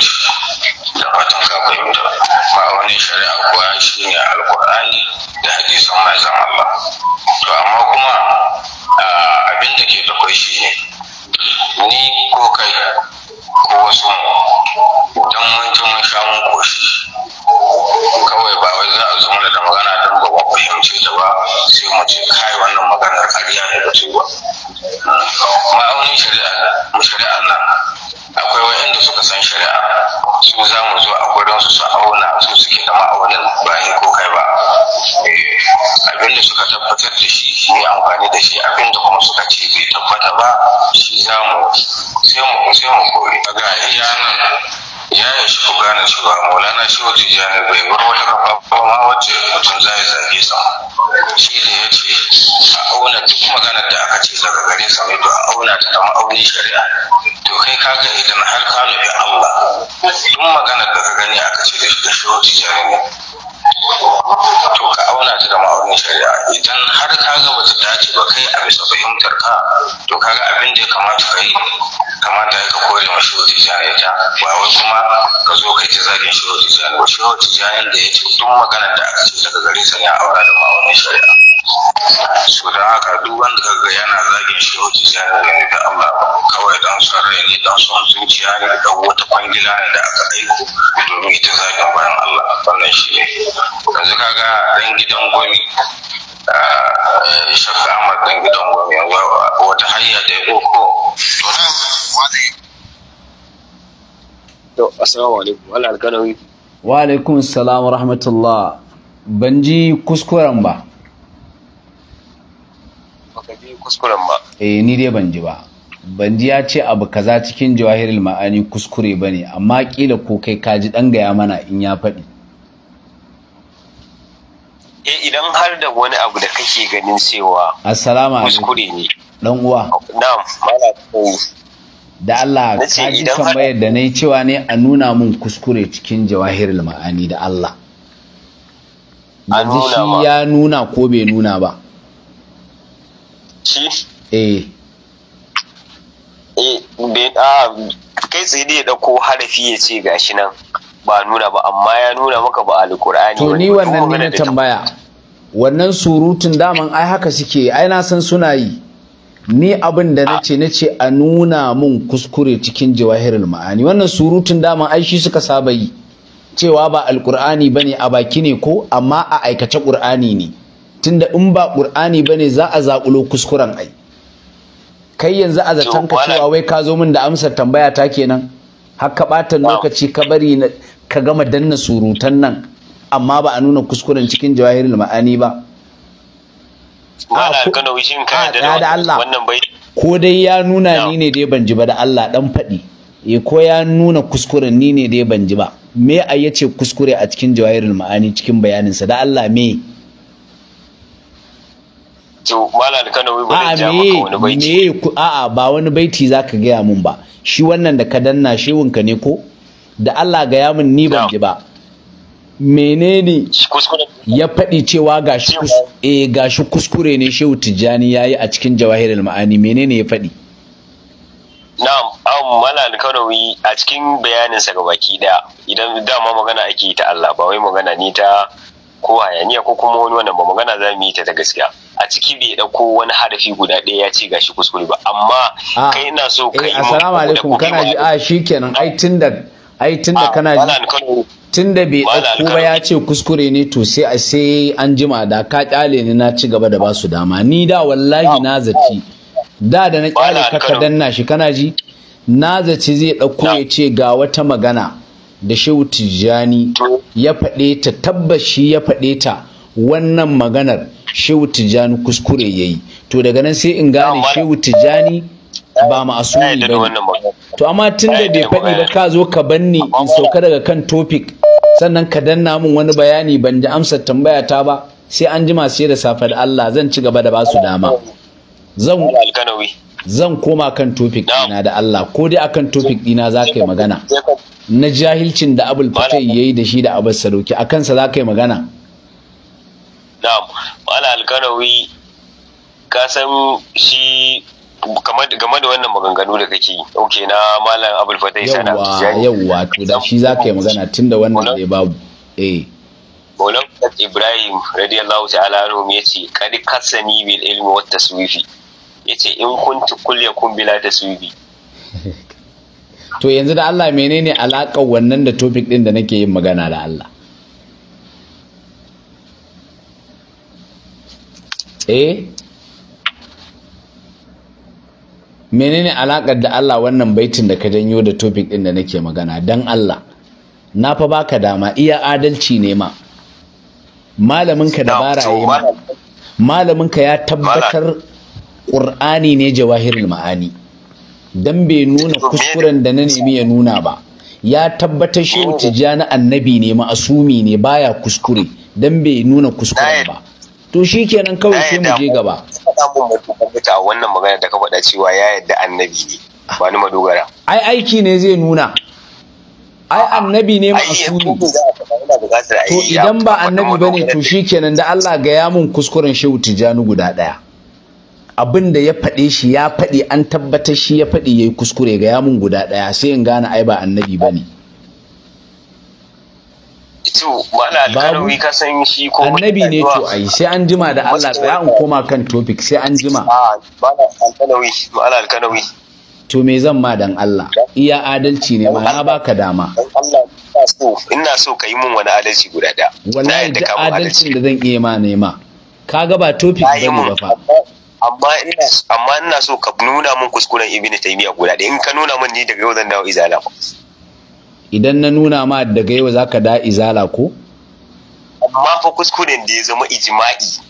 da fatan ka fahimta ba wani shari'a kuwa shi ne alkur'ani da hadisan manzon Allah to amma kuma abin da ke bakwai shi ne ni ko kai ko wasu dan mun ji mun sha mun koshi kawai ba wai za a zo mana da magana don ba ku fahimce ta ba sai mu ce kai wannan maganar ƙarya ne ba ce ba fannonin shari'a shari'a nan akwai wa'anda suka san shari'a su za mu zo a gurin su su auna su suke da ma'aunin bayan ko kai ba eh, abin da suka tabbatar da shi ne amfani da shi abin kuma suka ce bai tabbata ba shi za mu sai mu kore ga iya nan ya yashi ku gane cewa maulana shi wata jani bai bar wata kafa ma wacce mutum za ya zage sa shi da ya ce a auna duk maganar da aka ce daga gare sa mai to a auna ta kama auni shari'a to kai kaga idan har ka nufi Allah duk maganar da ka gani aka ce da shi wata jani to ka auna ta da ma'aunin shari'a idan har ka ga wata dace ba kai a bisa fahimtar ka to kaga abin da ya kamata ka yi kamata ya ka kore ma shi ta ba wai kuma ka zo kai ta zagin shi tijjani ba da ya ce duk maganar da aka ce daga gare sa ne aura da ma'aunin shari'a su da haka duk wanda kaga yana zagin shi hoci sai ne da Allah kawai dan son rai ne dan son zuciya ne da wata kwangila ne da aka aiko domin ita zagin bayan Allah wannan shi ne yanzu kaga dan gidan gomi eh, shakka amma dan gidan gomi wata hanya da ya ko to nan to assalamu alaikum wal alkanawi wa alaikum assalam rahmatullah ban ji kuskuren ba baka kuskuren ba eh ni dai ban ji ba ban ji ya ce abu kaza cikin jawahirul ma'ani kuskure bane amma kila ko kai ka ji dan gaya mana in ya faɗi eh idan har da wani abu da kake ganin cewa assalamu alaikum kuskure ne dan uwa na'am malam da Allah ka ji tambayar da nayi cewa ne a nuna mun kuskure cikin jawahirul ma'ani da Allah yanzu shi ya nuna ko bai nuna ba chief eh eh, eh ah, kai tsaye da ya dauko harafi ya ce gashi nan ba nuna ba amma ya nuna maka ba alkur'ani to ni wannan ne na tambaya wannan surutun daman ai haka suke ai na san suna yi ni abin da na ce na ce a nuna mun kuskure cikin jawahirul ma'ani wannan surutun daman ai shi suka saba yi cewa ba alkur'ani bane a baki ne ko amma a aikace qur'ani ne tunda in ba qur'ani bane za a zakulo kuskuren ai kai yanzu a zaton ka cewa wai ka zo min da amsar tambaya ta kenan har ka ɓata lokaci ka bari ka gama danna surutan nan amma ba a nuna kuskuren cikin jawahirul ma'ani ba Allah ko dai ya nuna ni ne dai ban ji ba da Allah dan faɗi e ko ya nuna kuskuren ni ne dai ban ji ba me a kuskure a cikin jawahirul ma'ani cikin bayaninsa da Allah me to malal wai ba ja maka wani baiti a'a ba wani baiti zaka gaya mun ba shi wannan da ka danna ka ne ko da Allah gaya mun ni ban ji ba menene ya faɗi cewa gashi eh, kuskure ne shehu tijjani yayi a cikin jawahirul ma'ani menene ya faɗi na'am am mala alkanawi a cikin bayaninsa ga baki da idan dama magana ake ta Allah ba wai magana ni ta ko yaniya ko kuma wani wannan ba magana za mu yi ta ta gaskiya a ciki bai dauko wani hadafi guda ɗaya ya ce gashi kuskure ba amma ah, kai ina so kai eh, mu assalamu alaikum kana ji a ah, shikenan ai tunda ai tunda ah, kana ji tunda bai dauko ba ya ce kuskure ne to sai a sai an jima da ka kyale ni na ci gaba da ba su dama ni da wallahi na zaci da da na kyale ka ka shi kana ji na zaci zai dauko ya ce ga wata magana da shehu tijjani ya faɗe ta tabbashi ya faɗe ta wannan maganar shehu tijjani kuskure ya yi to daga nan sai in gane shehu tijjani ba ma'asumi eh, ba to amma tun da eh, bai faɗi ba ka zo ka banni in sauka daga kan topic sannan ka danna min wani bayani ban ji amsar tambaya ta ba sai an jima sai da safar Allah zan ci gaba da ba su dama zan zan koma kan topic dina da Allah ko dai akan topic dina za ka yi magana na jahilcin da abul fatai ya yi da shi da abul sadauki a kansa za ka yi magana na'am mala alkarawi ka san shi game da wannan maganganu da kake ok na malam abul fatai sana yawwa yawwa to da shi za ka yi magana tunda wannan dai babu eh Maulan Ibrahim radiyallahu ta'ala anhu ya ce kad kasani bil ilmi wat taswifi yace in kunti kulle kun bila taswibi <laughs> to yanzu da Allah menene alaƙar wannan da topic din da nake yin magana da Allah eh menene alaƙar da Allah wannan baitin da ka janyo da topic ɗin da nake magana dan Allah na fa baka dama iya adalci ne ma malamin ka baraye ma malamin ka ya tabbatar ƙur'ani ne jawahirul ma'ani dan bai nuna kuskuren da na nemi ya nuna ba ya tabbatar wuce oh. na annabi ne ma'asumi ne baya kuskure dan bai nuna kuskuren ba to shi kenan kawai sai mu je gaba wannan magana da ka faɗa cewa ya yadda annabi ne ah. ba ni madogara ai aiki ne zai nuna ai ah. annabi ne ma'asumi to idan ba annabi bane to shi kenan da Allah ga ya mun kuskuren shehu tijjani guda ɗaya abin da ya faɗe shi ya faɗe an tabbatar shi ya faɗe ya yi kuskure ga yamun guda ɗaya sai in gane ai ba annabi ba ne. annabi ne to ai sai an jima da Allah tsaya in koma kan topic sai an jima. Ah, to me zan ma dan Allah iya adalci ne ma na baka dama. Ina so ka yi min wani adalci guda ɗaya. Wallahi da adalcin da zan iya ma nema. Ka ga ba topic ba ne ba fa. amma ina amma ina so ka nuna min kuskuren ibnu taymiya guda ɗaya in ka nuna min ni daga yau zan dawo izala idan na nuna ma daga yau zaka da izala ko amma fa kuskuren da ya zama ijma'i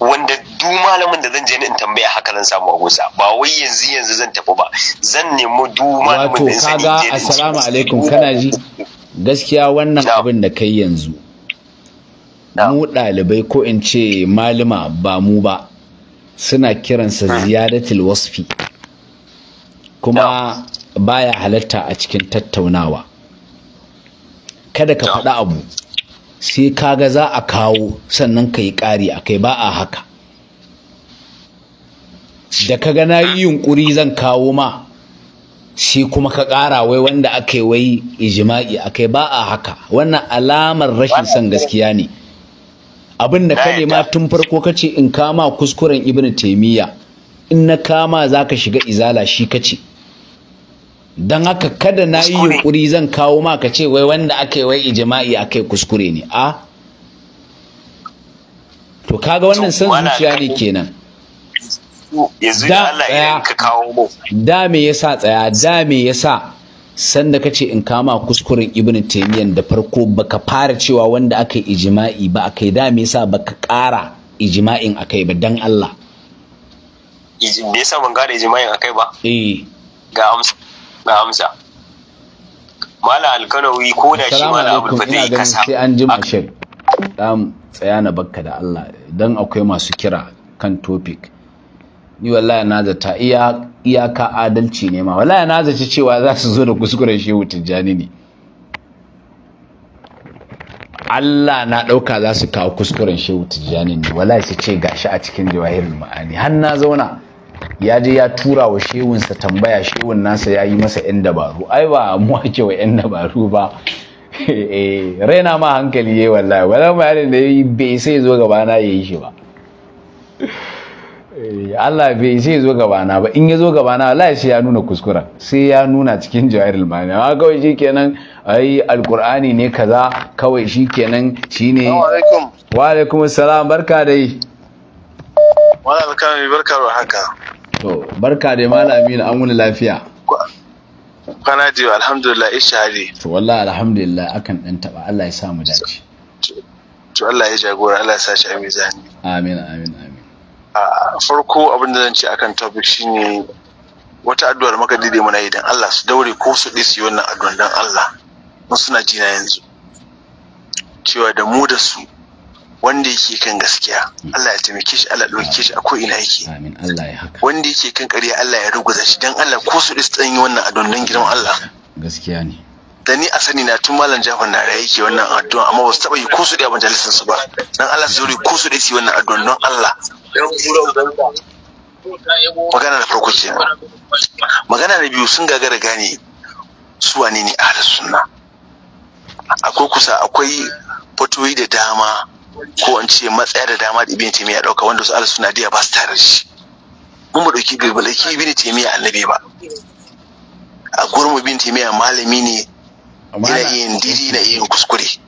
wanda duk malamin da zan je in tambaya haka zan samu agusa ba wai yanzu yanzu zan tafi ba zan nemi duk malamin da zan je wato kaga assalamu alaikum kana ji gaskiya wannan abin da kai yanzu mu ɗalibai ko in ce malama ba mu ba suna kiransa hmm. ziyadatul wasfi kuma baya halatta a cikin tattaunawa kada ka faɗa abu sai kaga za a kawo sannan ka yi ƙari a ba a haka da kaga na yi yunƙuri zan kawo ma sai kuma ka ƙara wai wanda aka yi wai ijima'i Akai kai ba a haka wannan alamar rashin son gaskiya ne abin da ka nema tun farko ka ce in kama kuskuren ibn taimiyya in na kama za ka shiga izala shi ka ce don haka kada na yi yunƙuri zan kawo ma ka ce wai wanda aka yi wai ijima'i aka yi kuskure ne a to kaga wannan san zuciya ne kenan da me yasa tsaya da me yasa sanda ka ce in kama kuskuren ibn taymiyyah da farko baka fara cewa wanda aka yi ijima'i ba akai da me yasa baka ƙara ijma'in akai ba dan Allah me yasa ban ƙara ijma'in akai ba eh ga amsa ga amsa mala alkanawi ko da shi mala abul fadai kasa sai an jima shek dan tsaya na bakka da Allah dan akwai masu kira kan topic ni wallahi na zata iya iyaka adalci ne ma wallahi na zaci cewa za su zo da kuskuren shehu tijjani ne Allah na ɗauka za su kawo kuskuren shehu tijjani ne wallahi su ce gashi a cikin jawahirin ma'ani har na zauna ya je ya tura wa shehunsa tambaya shehun nasa ya yi masa yan dabaru ai ba mu ake wa yan dabaru ba <laughs> eh, raina ma hankali yayi wallahi wallahi ma da yi bai sai zo gaba na yayi shi ba Eh, Allah bai sai zo gabana ba in ya zo gabana Allah sai ya nuna kuskura sai ya nuna cikin jawairul mani amma kawai shikenan ai alqur'ani ne kaza kawai shikenan shine wa alaikum wa alaikum assalam barka dai wa alaikum barka da haka to barka dai malami na an wuni lafiya kana ji alhamdulillah ishari to wallahi alhamdulillah akan dan taba Allah ya sa mu dace to Allah ya jagora Allah ya sa shi a mizani amin amin amin a farko abin da zan ce akan topic shine wata addu'ar da muka dide muna yi dan Allah su daure ko su yi wannan addu'an dan Allah mun suna jina yanzu cewa da mu da su wanda yake kan gaskiya Allah ya taimake shi Allah dauke shi a ko ina yake wanda yake kan ƙarya Allah ya ruguza shi dan Allah ko su disi tsanyi wannan addu'an dan gidan Allah gaskiya ne da ni a sani na tun malam jafar na raye yake wannan addu'a amma ba su taɓa yi ko su a majalisar su ba dan Allah su daure ko su yi wannan addu'an don Allah magana na farko ce magana na biyu sun gagara gane su wane ne ahli sunna akwai kusa akwai fatoyi da dama ko an ce matsaya da dama da ibn taymiya dauka wanda su ahli sunna diya ba su tare shi mun ba dauki bilbalaki ibn taymiya annabi ba a gurin ibn taymiya malami ne yana yin didi na yin kuskure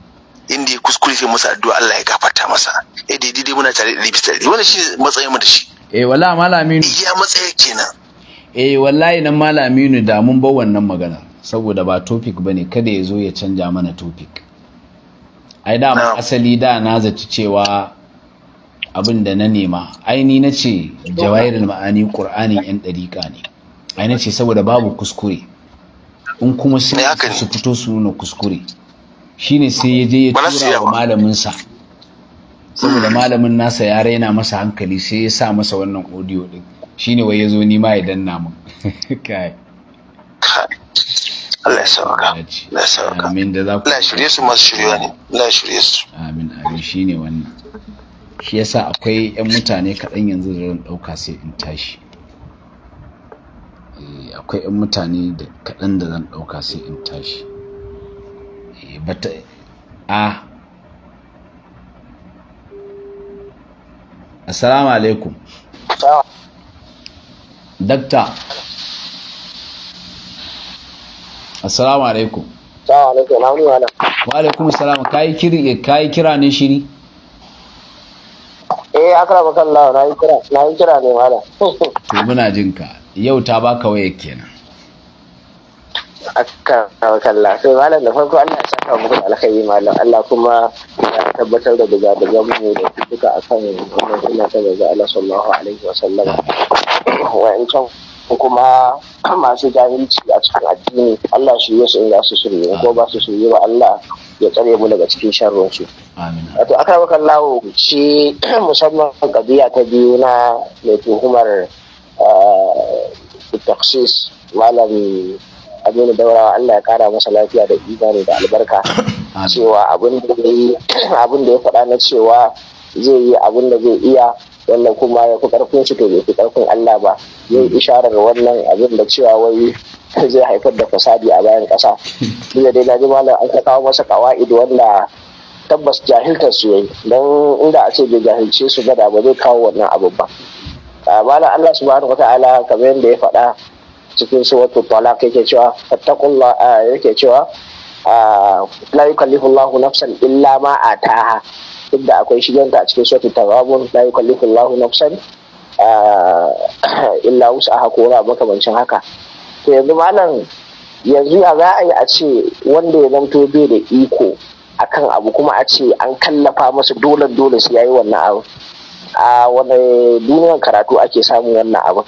inda ya kuskure ke masa addu'a Allah ya gafarta masa eh dai dai muna tare da bisa dai wannan shi matsayin mu da shi eh wallahi malami ya matsaya kenan eh wallahi nan malami ne da mun bar wannan magana saboda ba topic bane kada ya zo ya canja mana topic ai da asali da na zaci cewa abin da na nema aini na ce jawairul ma'ani qur'anin yan dariƙa ne ai ce saboda babu kuskure in kuma sai su fito su nuna kuskure shine sai ya je ya tura wa malamin sa saboda malamin nasa ya raina masa hankali sai ya sa masa wannan audio din shine wai yazo ni ma ya danna mu <laughs> kai Allah ya sauka Allah ya sauka amin da zaku Allah shirye su masu shirye ne Allah shirye su amin amin shine wannan shi yasa akwai yan mutane kaɗan yanzu da ran ɗauka sai in tashi eh, akwai yan mutane da kaɗan da zan ɗauka sai in tashi bata a assalamu alaikum dakta assalamu alaikum wa alaikum salam kayi kiri kayi kira ne shiri eh akra baka Allah na yi kira na yi kira ne wada. <laughs> to muna jinka yau ta baka waye kenan aka kalla sai malam da farko Allah ya saka muku alkhairi malam Allah kuma ya tabbatar da daga daga mu da duka akan wannan sunna ta daga Allah sallallahu alaihi wa sallam wa in can kuma masu jahilci a cikin addini Allah shi ya san za su shirye ko ba su shirye ba Allah ya tsare mu daga cikin sharrin su wato aka baka lawo shi musamman kabiya ta biyu na mai tuhumar eh, taksis malam Aminu Daurawa Allah ya kara masa lafiya da imani da albarka cewa <clears throat> abin da ya faɗa na cewa zai yi abin da zai iya wannan kuma ya fi ƙarfin shi to bai fi ƙarfin Allah ba yin isharar wannan abin da cewa wai <laughs> zai haifar da fasadi a bayan ƙasa <laughs> da dai na ji malam an kawo masa kawa'id wanda tabbas jahiltar su yayi don inda a ce bai jahilce su gada ba zai kawo wannan abu ba ah, malam Allah subhanahu wataala kamar yadda ya faɗa cikin suratul talaq yake cewa fattakullah yake cewa la yukallifu Allah nafsan illa ma ataha duk da akwai shiganta a cikin suratul tawabun la yukallifu Allah nafsan <clears throat> illa wus'aha ko ra makamancin haka to yanzu malam yanzu ya za a yi a ce wanda ya zanto bai da iko akan abu kuma a ce an kallafa masa dole dole su yayi wannan abu a wani duniyar karatu ake samun wannan abu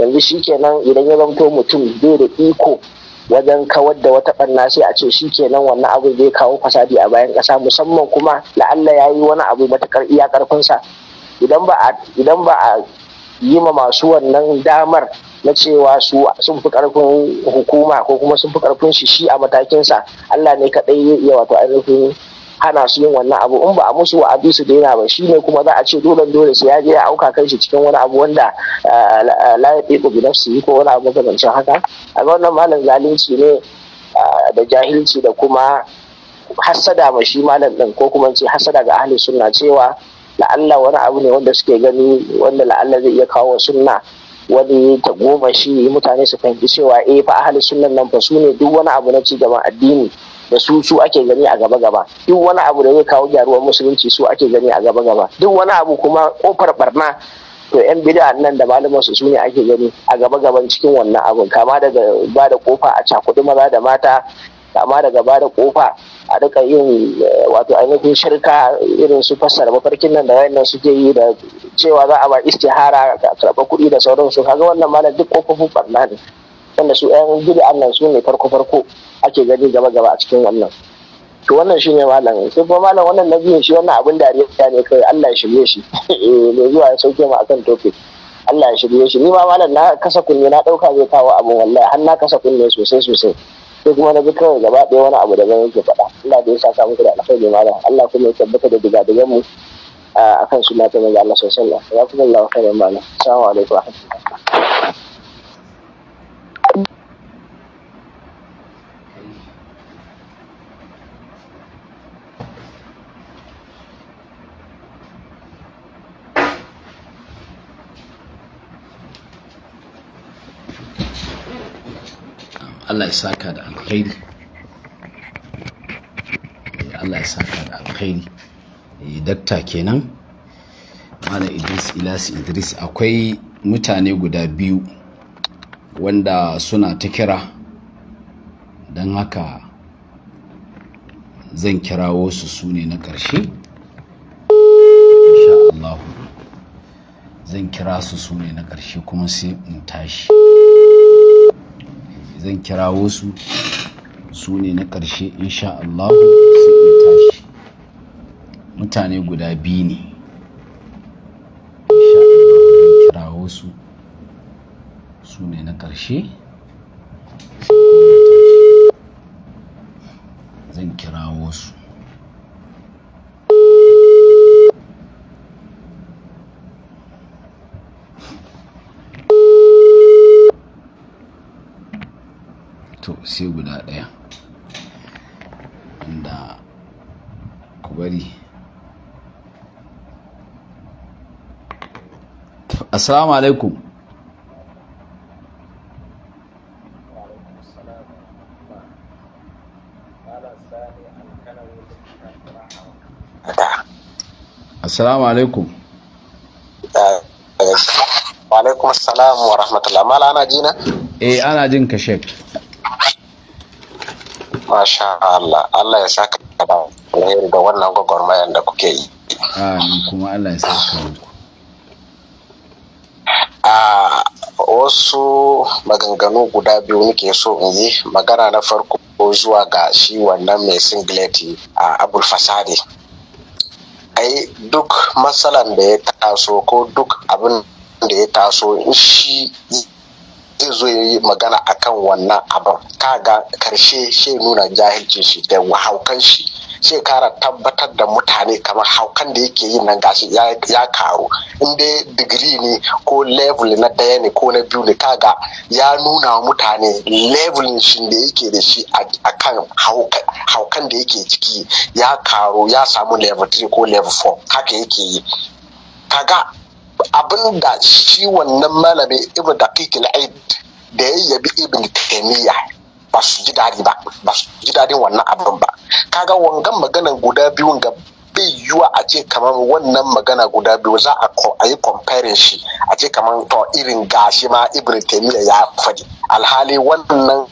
yanzu shikenan idan ya zanto mutum bai da iko wajen kawar da wata barna sai a ce shi kenan wannan abu zai kawo fasadi a bayan ƙasa musamman kuma la'alla ya yi wani abu matakar iya ƙarfinsa idan ba a yi ma masu wannan damar na cewa su sun fi ƙarfin hukuma ko kuma sun fi ƙarfin shi shi a matakinsa allah ne kaɗai ya wato ainihin hana su yin wannan abu in ba a musu wa'adi su daina ba Shi ne kuma za a ce dole dole sai ya je ya auka kan shi cikin wani abu wanda eh, la ya ɗiƙo nafsi ko wani abu makamancin haka a ga wannan malam zalunci ne eh, da jahilci da kuma hassada ma shi malam din ko kuma ce hassada ga ahli sunna cewa la'alla wani abu ne wanda suke gani wanda la'alla zai iya kawo sunna wani ta goma shi mutane su fahimci cewa eh fa ahli sunnan nan fa su ne duk wani abu na ci gaban addini da su su ake gani a gaba gaba duk wani abu da zai kawo gyaruwar musulunci su ake gani a gaba gaba duk wani abu kuma kofar barna to yan bid'a nan da malaman su ne ake gani a gaba gaban cikin wannan abun kama daga ba da kofa a cakudu maza da mata kama daga ba da kofa a duka yin eh, wato ainihin shirka irin su fassara mafarkin nan da wayannan suke yi da cewa za a ba istihara a karɓa kuɗi da sauransu kaga wannan malam duk kofofin barna ne wanda su yan bid'a nan su ne farko farko ake gani gaba gaba a cikin wannan to wannan shi ne malam sai kuma malam wannan na biyun shi wannan abin dariya ne kai. Allah ya shirye shi <laughs> eh, mai zuwa ya sauke mu akan topic Allah ya shirye shi ni ma malam na kasa kunne na dauka zai kawo abin wallahi har na kasa kunne sosai sosai sai kuma na ji kawai gaba ɗaya wani abu da zan yake faɗa Allah da ya sa samu da alkhairi malam Allah kuma ya tabbata da digan mu ah, akan sunna ta manzo Allah sallallahu alaihi wasallam ya kuma Allah khairan malam assalamu alaikum wa rahmatullahi Allah ya saka da alkhairi eh, Allah ya saka da alkhairi eh, dakta kenan Malam Idris Ilas Idris akwai mutane guda biyu wanda suna ta kira don haka zan kirawo su su ne na ƙarshe insha Allah zan kira su su ne na ƙarshe kuma sai in tashi zan kira wasu su ne na ƙarshe insha Allah sai in tashi mutane guda biyu ne insha Allah zan kirawo su su ne na ƙarshe zan kirawo su to sai guda ɗaya inda ku bari assalamu alaikum assalamu alaikum alaikum assalam wa rahmatullah mala ana jina eh ana jin ka sheikh Masha Allah, Allah ya saka da alheri da wannan gwagwarmayar da kuke yi. Amin kuma Allah ya saka A wasu maganganu guda biyu muke so in yi magana na farko zuwa ga shi wannan mai singileti a Abul Fasadi. Ai duk matsalan da ya taso ko duk abin da ya taso in shi zai zo ya yi magana akan wannan abin kaga karshe shi nuna jahilcin shi da haukan shi sai kara tabbatar da mutane kamar haukan da yake yi nan gashi ya karu in digiri ne ko level na daya ne ko na biyu ne kaga ya nuna wa mutane levelin shi da yake da shi a kan haukan da yake ciki ya karu ya samu level 3 ko level 4 haka yake yi kaga abin da shi wannan malami ibn da kai da ya yabi ibn taimiyya ba su ji dadi ba ba su ji dadin wannan abin ba kaga wangan maganan guda biyun ga bai yiwa a ce kamar wannan magana guda biyu za a yi comparing shi a ce kamar to irin gashi ma ibn taimiyya ya faɗi alhali wannan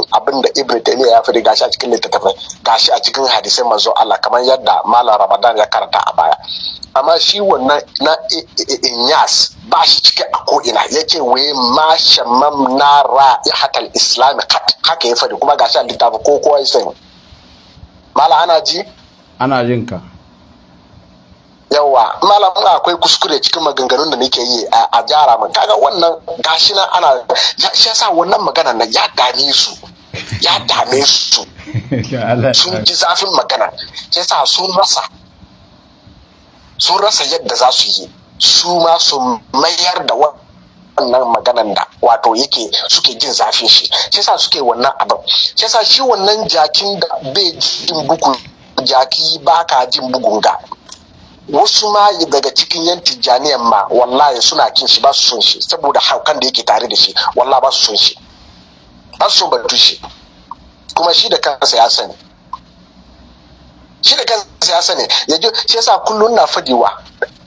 abin da ibnu taymiya ya fadi gashi a cikin littattafai gashi a cikin hadisai manzo Allah kamar yadda malam ramadan ya karanta a baya amma shi wannan na inyas ba shi cike a ko'ina ya ce waye ma shamam na ra'ihatal islami haka ya fadi kuma gashi a littafi ko kowa ya sani malam ana ji ana jinka yawa malam akwai kuskure cikin maganganun da nake yi a gyara min kaga wannan gashi na ana shi yasa wannan magana na ya dame su ya dame su <laughs> sun ji zafin magana yasa sun rasa sun rasa yadda za su yi su ma su mayar da wannan maganan da wato yake suke jin zafin shi shi yasa suke wannan abin shi yasa shi wannan jakin da bai jin bugun jaki ba ka jin bugun ga wasu ma daga cikin yan tijjaniyan ma wallahi suna kin shi ba su son shi saboda haukan da yake tare da shi wallahi ba su son shi ba su son batu shi kuma shi da kansa ya sani shi da kansa ya sani ya ji shi yasa kullum na fadiwa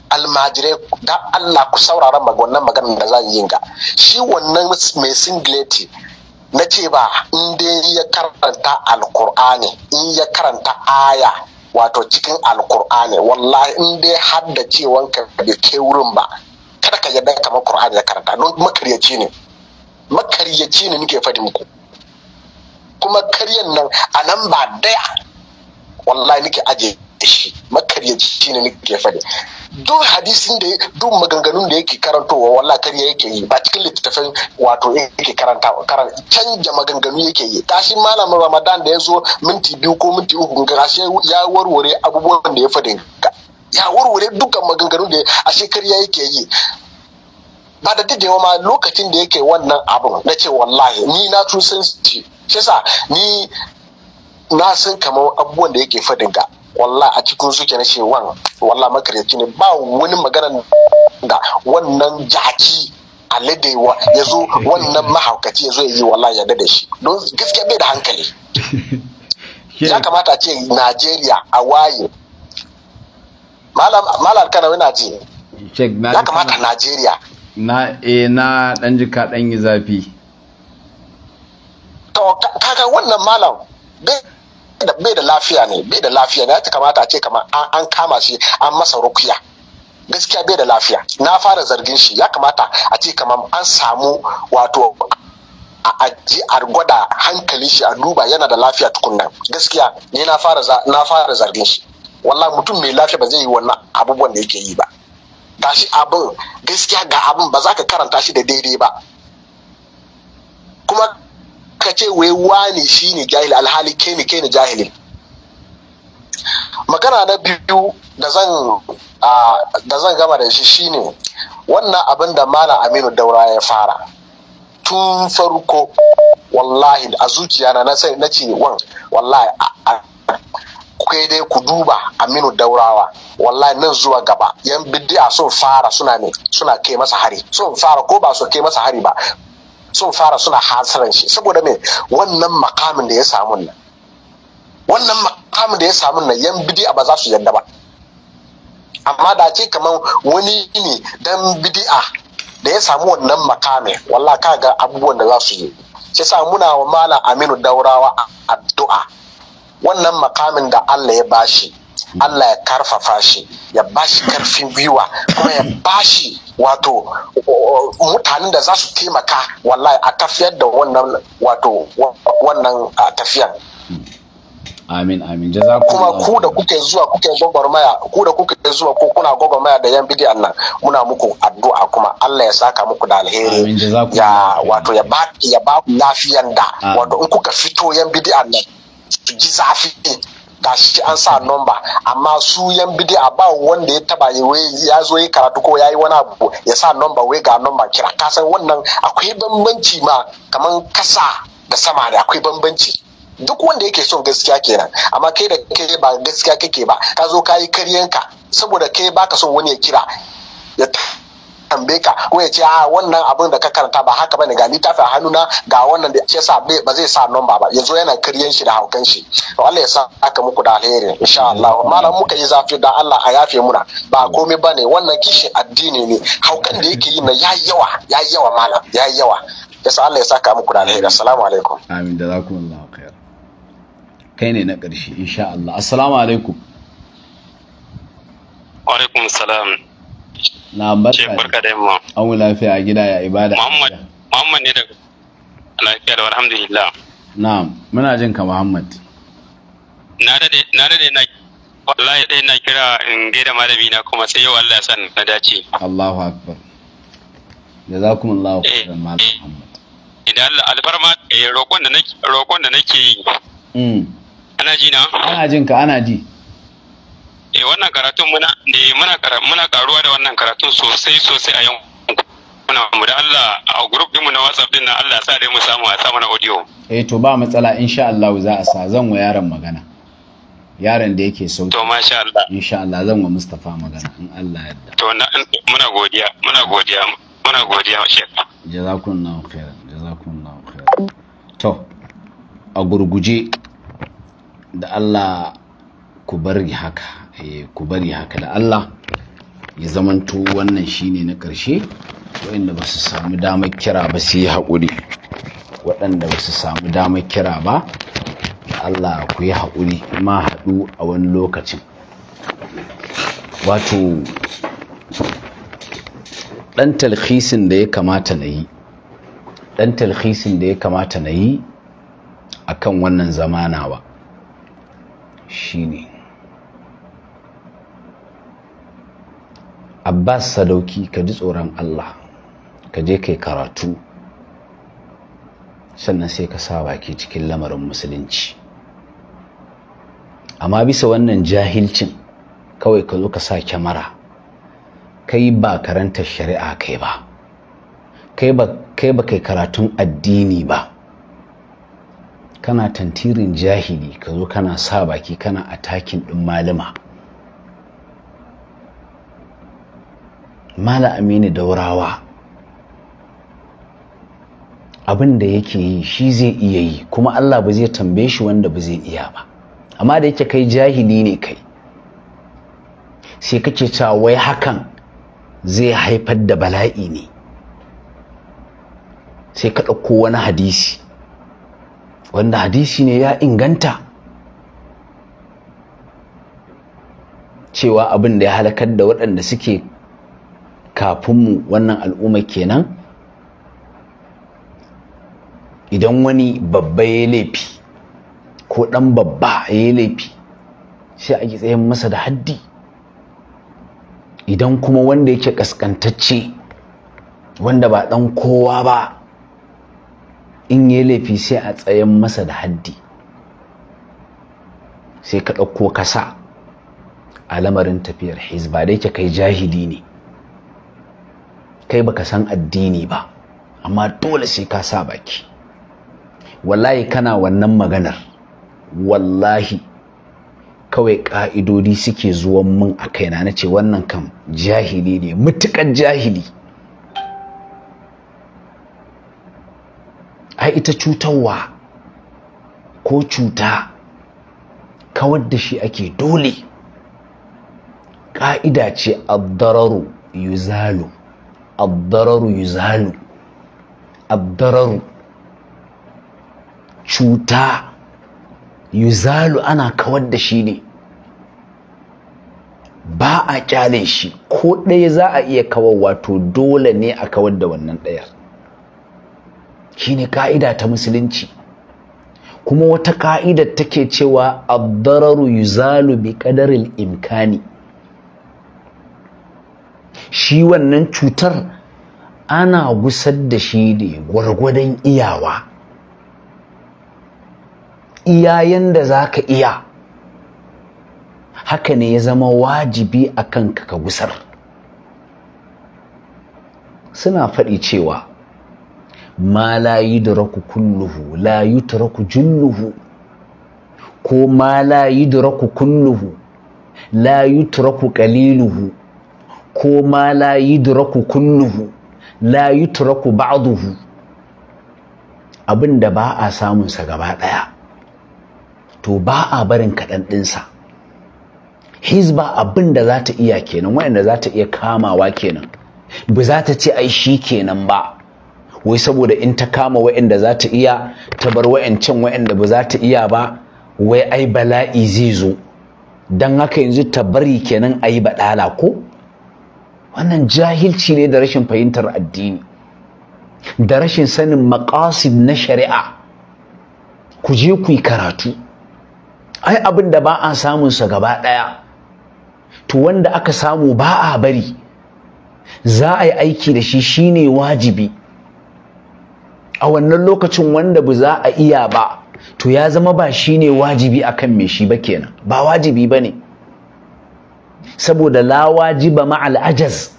almajirai da Allah ku saurara wannan maganar da za yi ga shi wannan mai singleti na ce ba in dai ya karanta alkur'ani in ya karanta aya wato cikin alkur'ani wallahi in dai har da cewa ka bai kai wurin ba kada ka yadda kamar qur'ani da karanta don makaryaci ne makaryaci ne nake faɗi muku kuma karyan nan a nan ba daya wallahi nake ajiye. da shi makaryaci ne nake faɗi duk hadisin da duk maganganun da yake karantowa walla karya yake yi ba cikin littattafan wato yake karanta karanta canja maganganu yake yi kashi malamin ramadan da ya zo minti biyu ko minti uku kashi ya warware abubuwan da ya faɗi ya warware dukkan maganganun da a shekarya yake yi ba da dadewa ma lokacin da yake wannan abu na ce wallahi ni na tun san shi sa ni na san kamar abubuwan da yake faɗin ga wallah a cikin suke na ce wan wallah makaryaci ne ba wani magana da wannan jaki aladewa ya zo wannan mahaukaci ya zo ya yi wallah ya da shi don gaskiya bai da hankali <laughs> ya kamata a ce najeriya a waye malam kana wani ce. ya kamata najeriya na e na dan jika dan yi zafi to kaga wannan malam bai da lafiya ne bai da lafiya ne ya kamata ce kamar an kama shi an masa rukiya gaskiya bai da lafiya na fara zargin shi ya kamata a ce kamar an samu wato a ji, a gwada hankali shi a duba yana da lafiya tukunna gaskiya ni na fara na fara zargin shi wallahi mutum mai lafiya ba zai yi wannan abubuwan da yake yi ba tashi abin gaskiya ga abin ba za ka karanta shi da daidai ba kuma ka ce wai wani ne jahili alhali ke ne ke ne jahilin magana na biyu da zan gama da shi shi ne. wannan abin da mana aminu daura ya fara tun farko wallahi a zuciya na nasai na ce wan wallahi kai dai ku duba aminu daurawa wallahi nan zuwa gaba yan bid'a sun fara suna ne suna kai masa hari sun fara ko ba su kai masa hari ba sun fara suna hasaran shi saboda me wannan makamin da ya samu nan wannan makamin da ya samu nan yan bidi'a ba za su yadda ba amma da ce kamar wani ne dan bidi'a da ya samu wannan makamin walla ka ga abubuwan da za su yi shi sa muna wa malam aminu daurawa a addu'a wannan makamin da allah ya bashi Allah ya karfafa shi ya bashi karfin gwiwa kuma ya bashi wato uh, mutanen da za su taimaka wallahi a tafiyar da wannan wato wannan uh, tafiyan amin amin kuma ku da kuke zuwa kuke gwagwarmaya ku da kuke zuwa ko kuna gwagwarmaya da yan bidiyan nan muna muku addu'a kuma Allah ya saka muku da alheri ya wato ya ba ya ba ku lafiyan da wato in kuka fito yan bidiyan nan su ji zafi gashi an sa nomba amma su yan a ba wanda ya taba ya zo yi karatu ko ya yi wani abu ya sa nomba wai ga nomba kira kasan wannan akwai bambanci ma kaman kasa da sama da akwai bambanci duk wanda yake son gaskiya kenan amma kai da kai ba gaskiya kake ba ka zo ka yi karyanka saboda kai baka son wani ya kira ya tambaye ka ko ya ce a ah, wannan abin da ka karanta ba haka bane ga littafi a hannuna ga wannan da ya sa ba zai sa nomba ba yanzu yana kiryan shi da haukan shi to Allah ya sa aka muku da alheri insha Allah malam muka yi zafi da Allah a yafe muna ba komai bane wannan kishin addini ne haukan da yake yi na yayi yawa yayi yawa malam yayi yawa sa Allah ya saka muku da alheri assalamu alaikum amin da Allah khair kai ne na ƙarshe insha Allah assalamu alaikum wa alaikum salam na barka barka da yamma an wu lafiya a gida ya ibada muhammad muhammad ne daga lafiya da alhamdulillah na'am muna jin ka muhammad na dade na dade na wallahi dai na kira in gaida malami na kuma sai yau Allah ya san na dace Allahu akbar jazakumullahu eh, khairan malam eh. muhammad idan Allah alfarma eh, roƙon da nake roƙon da nake yi mm. ana ji na ana jin ka ana ji eh wannan karatun muna ne eh, muna muna karuwa da wannan karatun sosai sosai a yankuna mu da Allah a group din mu na WhatsApp din na Allah sa dai mu samu a samu na audio eh to ba matsala insha Allah za a sa zan wa yaron magana yaron da yake sauki to masha Allah insha Allah zan wa Mustafa magana in Allah yarda to muna godiya muna godiya muna godiya shekara jazakumullahu khairan jazakumullahu khairan to a gurguje da Allah ku bari haka eh, ku bari haka da Allah ya zamanto wannan shine na ƙarshe waɗanda ba su samu damar kira ba su yi haƙuri waɗanda ba su samu damar kira ba da Allah ku yi haƙuri ma haɗu a wani lokacin wato ɗan talhisin da ya kamata na yi ɗan talhisin da ya kamata na yi a kan wannan zamanawa shi ne abbas sadauki ka ji tsoron allah ka je kai karatu sannan sai ka sa baki cikin lamarin musulunci amma bisa wannan jahilcin kawai ka zo ka sa kyamara kai ba karanta shari'a kai ba kai ba kai karatun addini ba kana tantirin jahili ka zo kana sa baki kana atakin ɗin malama mala aminu daurawa abin da yake yi shi zai iya yi kuma allah ba zai tambaye shi wanda ba zai iya ba amma da yake kai jahili ne kai sai kake cewa wai hakan zai haifar da bala'i ne sai ka ɗauko wani hadisi wanda hadisi ne ya inganta cewa abin da ya halakar da waɗanda suke kafin mu wannan al'umma kenan idan wani babba ya laifi ko dan babba ya laifi sai a tsayin masa da haddi idan kuma wanda yake kaskantacce wanda ba dan kowa ba in ya laifi sai a tsayin masa da haddi sai ka ɗauko sa a lamarin tafiyar hizba da yake kai jahili ne kai baka san addini ba amma dole sai ka sa baki wallahi kana wannan maganar wallahi kawai ƙa'idodi suke zuwan min a kaina na ce wannan kam jahili ne mutukan jahili ai ita cutarwa ko cuta kawar da shi ake dole ƙa'ida ce addararu yuzalu abdararu Yuzalu abdararu cuta yuzalu ana kawar da shi ne ba a kyale shi ko ɗaya za a iya kawar wato dole ne a kawar da wannan ɗayar shine ka'ida ta musulunci kuma wata ka'idar take cewa abdararu yuzalu bi ƙadaril imkani shi wannan cutar ana gusar da shi ne gwargwadon iyawa iyayen da za ka iya haka ne ya zama wajibi a kanka ka gusar suna faɗi cewa ma la yudraku kulluhu la yutraku julluhu ko ma la yudraku kulluhu la yutraku qaliluhu ko ma la duraku kulluhu layi yutraku ba'duhu abin da ba a samun sa gaba ɗaya to ba a barin kaɗan ɗinsa hizba abin da za ta iya kenan wayanda za ta iya kamawa kenan ba za ta ce ai shi kenan ba wai saboda in ta kama wayanda za ta iya ta bar wayancan wayanda ba za ta iya ba wai ai bala'i zai zo don haka yanzu ta bari kenan ai baɗala ko wannan jahilci ne da rashin fahimtar addini da rashin sanin maqasid na shari'a ku je ku yi karatu ai abin da ba a samun sa gaba daya to wanda aka samu ba a bari za a yi aiki da shi shine wajibi a wannan lokacin wanda bu za a iya ba to ya zama ba shine wajibi akan me shi ba kenan ba wajibi bane saboda la wajiba ma'al ajaz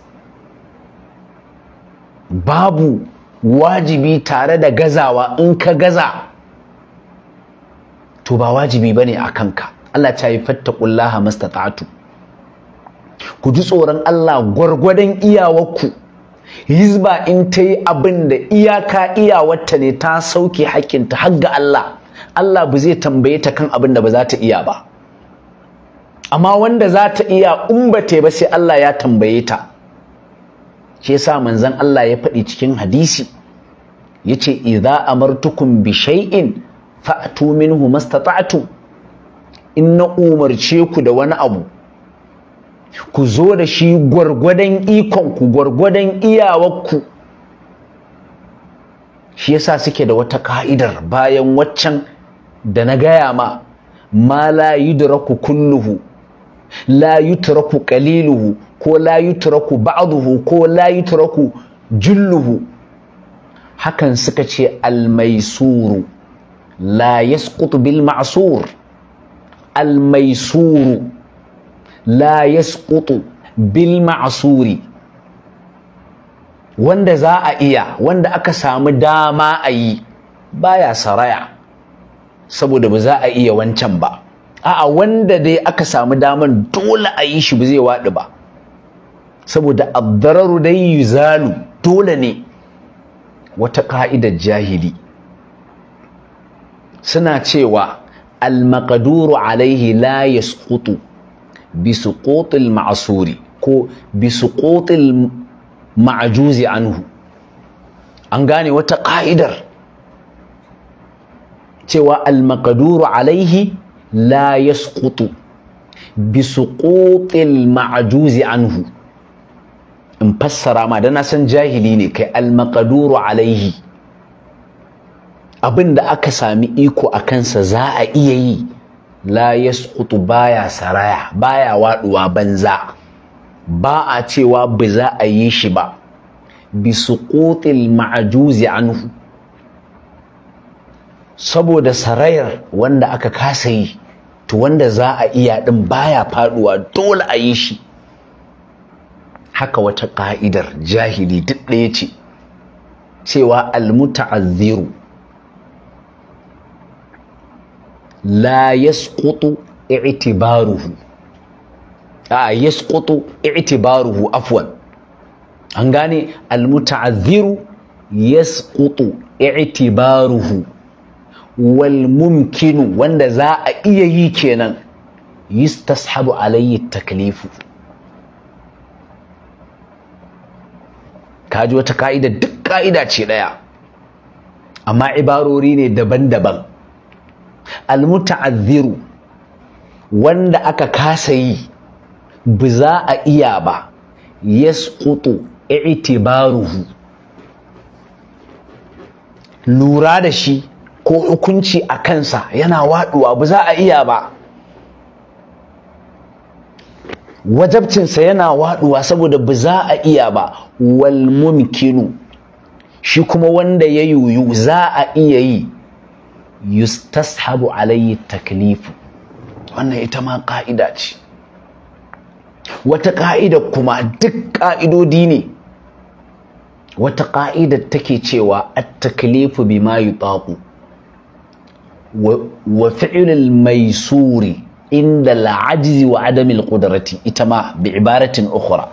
babu wajibi tare da gazawa in ka gaza to ba wajibi bane a kanka Allah ta yi fattaqullaha mastata'tu ku ji tsoron Allah gwargwadon iyawarku hizba in ta yi abin da iyaka iyawarta ne ta sauke hakinta har ga Allah Allah ba zai tambaye ta kan abin da ba za ta iya ba amma wanda za ta iya in ba ba sai Allah ya tambaye ta shi yasa manzon Allah ya faɗi cikin hadisi yace idza amartukum bi shay'in fa'tu minhu ta'atu. in na umarce ku da wani abu ku zo da shi gwargwadon ikonku gwargwadon iyawarku shi yasa suke da wata ka'idar bayan waccan da na gaya ma ma la yudraku kulluhu la yutraku qaliluhu ko la yutraku ba'duhu ko la yutraku julluhu hakan suka ce almaisuru la yasqutu bil ma'sur almaisuru la yasqutu bil ma'suri wanda za a iya wanda aka samu dama a yi baya saraya saboda ba za a iya wancan ba a'a wanda dai aka samu daman dole a yi shi ba zai waɗi ba saboda abdararu dai yuzalu dole ne wata ka'idar jahili suna cewa almakaduru alaihi la sukutu bisu suqutil ma'asuri ko bi suqutil ma'juzi anhu an gane wata ka'idar cewa almakaduru alaihi la bisu bi suqutil ma'juzi anhu in fassara ma da na san jahili ne kai Almakaduru alaihi abin da aka sami iko a kansa za a iya yi la yasqutu baya saraya baya waduwa banza ba a cewa ba za a yi shi ba bi suqutil ma'juzi anhu saboda sarayar wanda aka kasa yi to wanda za a iya din baya faduwa dole a yi shi haka wata ƙa'idar jahili duk ɗaya ce cewa almuta'azziru la yasqutu i'tibaruhu a yasqutu i'tibaruhu afwan an gane almuta'azziru yasqutu i'tibaruhu wal mumkinu wanda za a iya yi kenan yistashabu alayhi taklifu kaji wata ka'ida duk ka'ida ce ɗaya amma ibarori ne daban-daban almuta'azziru wanda aka kasa yi ba za a iya ba yasqutu i'tibaruhu lura da shi ko hukunci a kansa yana waɗuwa ba za a iya ba wajabcinsa yana waduwa saboda ba za a iya ba wal mumkinu shi kuma wanda ya yuyu za a iya yi yustashabu alayhi taklifu wannan ita ma ka'ida ce wata ka'ida kuma duk ka'idodi ne wata ka'ida take cewa at-taklifu bima yutaqu wa fi'lul maisuri inda la'ajizi wa adamin qudrati ita ma bi ibaratin ukura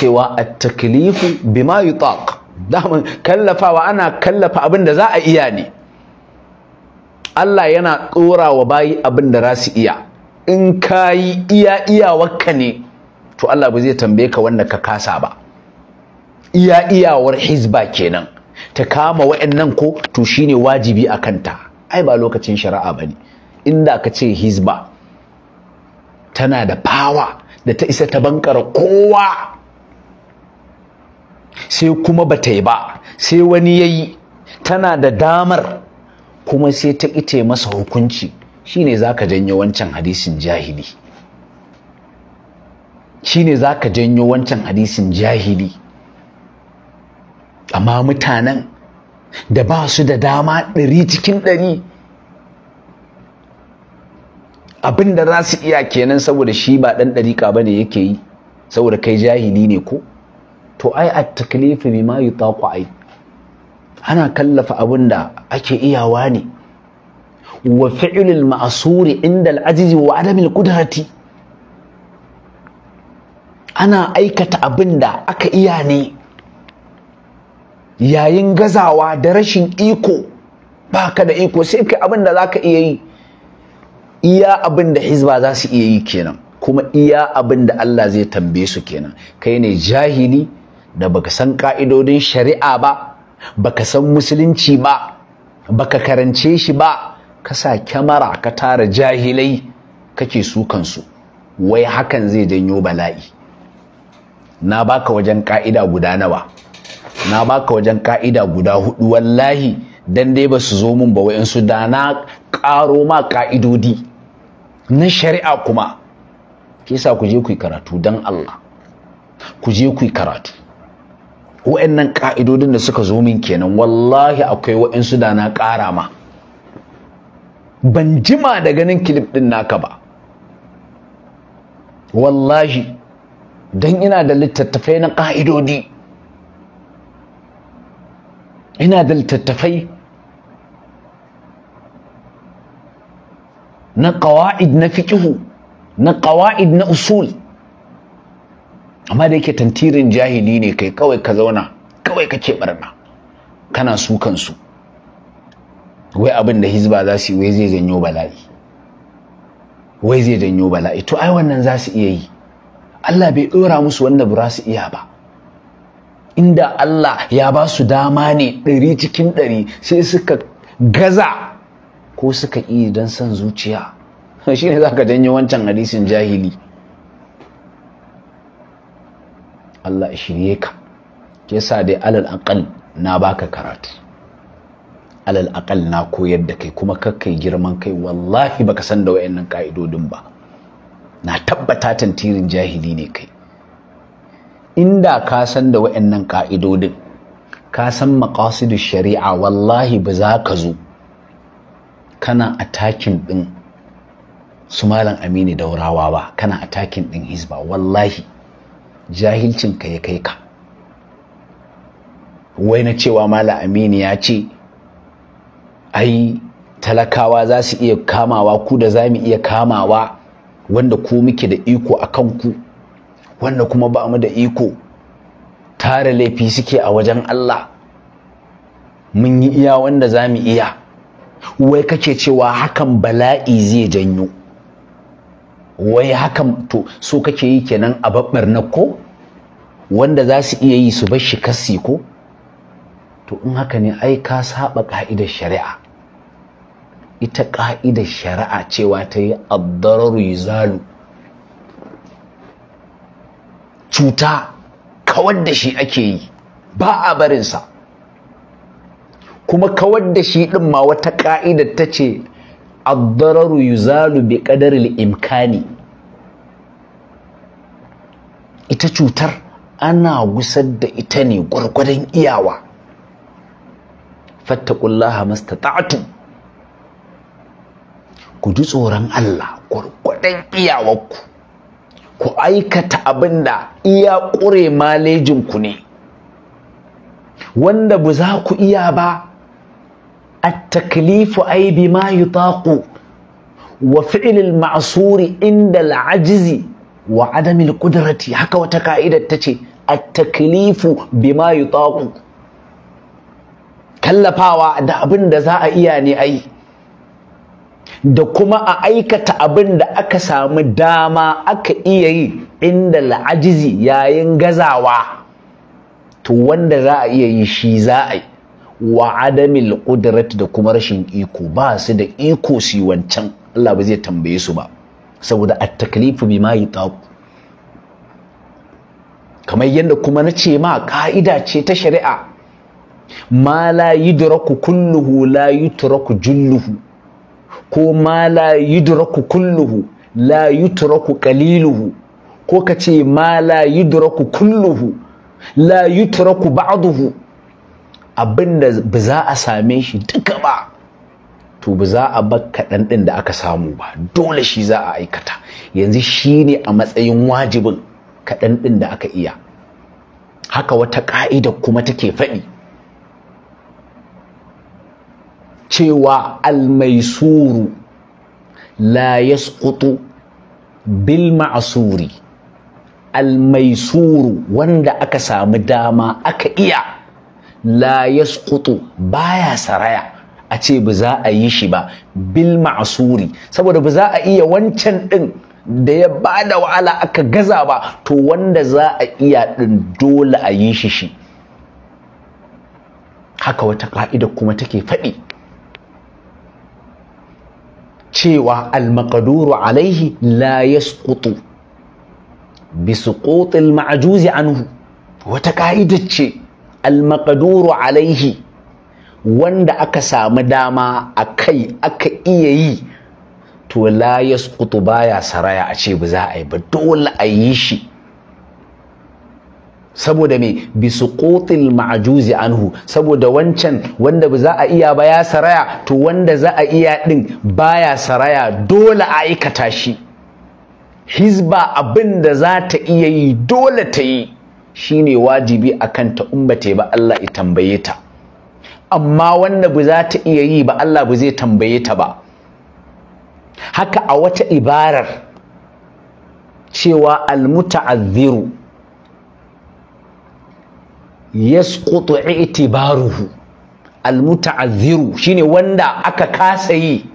cewa a taklifu bima yutaq daman kallafawa ana kallafa abin da za a iya ne Allah yana tsora wa bayi abin da za su iya in ka yi iya iyawarka ne to Allah ba zai tambaye ka wanda ka kasa ba iya iyawar hizba kenan ta kama wa'annan ko to shine wajibi a kanta ai ba lokacin shari'a ba ne. inda ka ce hizba tana da fawa da ta isa ta bankara kowa sai kuma ba ta yi ba sai wani ya yi tana da damar kuma sai ta ite masa hukunci Shi ne za ka janyo wancan hadisin jahili Shi ne za ka janyo wancan hadisin jahili amma mutanen da ba su da dama ɗari cikin ɗari abin da za su iya kenan saboda shi ba ɗan ɗariƙa ba ne yake yi saboda kai jahili ne ko to ai a taklifi mai ai ana kallafa abin da ake iyawa ne wa fi'lul ma'suri inda al'ajizi wa adamil qudrati ana aikata abin da aka iya ne yayin gazawa da rashin iko baka da iko sai kai abin da za ka iya yi iya abin da hizba za su iya yi kenan kuma iya abin da Allah zai tambaye su kenan kai ne jahili da baka san ka'idodin shari'a ba baka san musulunci ba baka karance shi ba ka sa kyamara ka tara jahilai kake su kansu wai hakan zai janyo bala'i na baka wajen ka'ida guda nawa na baka wajen ka'ida guda hudu wallahi dan dai ba su zo mun ba wa'insu da na ƙaro ma ka'idodi. na shari'a kuma ke sa ku je ku yi karatu don Allah ku je ku yi karatu wa'annan ƙa'idodin da suka zo min kenan wallahi akwai su da na ƙara ma ban jima da ganin kilif ɗin naka ba wallahi don ina da littattafai na ƙa'idodi ina da littattafai na ƙawa'id na fiƙihu na ƙawa'id na usul amma da yake tantirin jahili ne kai kawai ka zauna kawai kake barna kana su kansu wai abin da hizba za su yi wai zai janyo bala'i wai zai janyo bala'i to ai wannan za su iya yi Allah bai ɗora musu wanda ba su iya ba inda Allah ya ba su dama ne ɗari cikin ɗari sai suka gaza ko suka yi don son zuciya <laughs> shi ne za ka janye wancan hadisin jahili Allah ya shirye ka ke sa dai alal aqal na baka karatu alal aqal na koyar da kai kuma kakai girman kai wallahi baka san da wayannan ka'idodin ba na tabbata tantirin jahili ne kai inda ka san da wayannan ka'idodin ka san maqasidu shari'a wallahi ba za ka zo kana attacking din su malam aminu daurawa ba kana attacking din hisba wallahi jahilcin ka ya kai ka wai na cewa malam aminu ya ce ai talakawa za su iya kamawa ku da zamu iya kamawa wanda ku muke da iko a kanku wanda kuma ba mu da iko tare laifi suke a wajen Allah mun yi iya wanda zamu iya wai kake cewa hakan bala'i zai janyo wai hakan to so kake yi kenan a babbar na ko wanda za su iya yi su bar shi kasi ko to in haka ne ai ka saba ka'idar shari'a ita ka'idar shari'a cewa ta yi addararu yuzalu cuta kawar da shi ake yi ba a barinsa kuma kawar da shi ɗin ma wata ƙa'idar ta ce addararu yuzalu bi ƙadaril imkani ita cutar ana gusar da ita ne gwargwadon iyawa fattakullaha mastata'tu ku ji tsoron Allah gwargwadon iyawarku ku aikata abin da iya ƙure malejinku ne wanda ba za ku iya ba التكليف أي بما يطاق وفعل المعصور عند العجز وعدم القدرة حكا وتكائدة تشي التكليف بما يطاق kallafawa da abin da za a iya ne ayi, da kuma a aikata abin da aka samu dama aka iya yi inda la'ajizi yayin gazawa to wanda za a iya yi shi za a yi wa adamil qudrat da kuma rashin iko ba su da iko su wancan Allah ba zai tambaye su ba saboda at-taklifu bima kamar yadda kuma na ce ma ka'ida ce ta shari'a ma la yudraku kulluhu la yutraku julluhu ko ma la yudraku kulluhu la yutraku qaliluhu ko ka ce ma la yudraku kulluhu la yutraku ba'duhu abin da ba za a same shi duka ba to ba za a bar kaɗan ɗin da aka samu ba dole shi za a aikata yanzu shi ne a matsayin wajibin kaɗan ɗin da aka iya haka wata ƙa'ida kuma take faɗi cewa almaisuru la yasqutu bil ma'suri almaisuru wanda aka samu dama aka iya la yasqutu baya saraya a ce ba za a yi shi ba bil ma'suri saboda ba za a iya wancan din da ya bada wahala aka gaza ba to wanda za a iya din dole a yi shi shi haka wata ka'ida kuma take faɗi cewa al-maqduru alaihi la yasqutu bi suqutil ma'juzi anhu wata ka'idar ce almakaduru alaihi wanda aka samu dama a kai aka iya yi to la yasqutu baya saraya a ce ba za a yi ba dole a yi shi saboda me bi suqutil ma'juzi anhu saboda wancan wanda ba za a iya ba ya saraya to wanda za a iya din baya saraya dole a aikata shi hizba abinda da za ta iya yi dole ta yi shine wajibi akan ta umbate ba Allah ya tambaye ta amma wanda bu za ta iya yi ba Allah bu zai tambaye ta ba haka a wata ibarar cewa almuta'azziru yasqutu i'tibaruhu almuta'azziru shine wanda aka kasa yi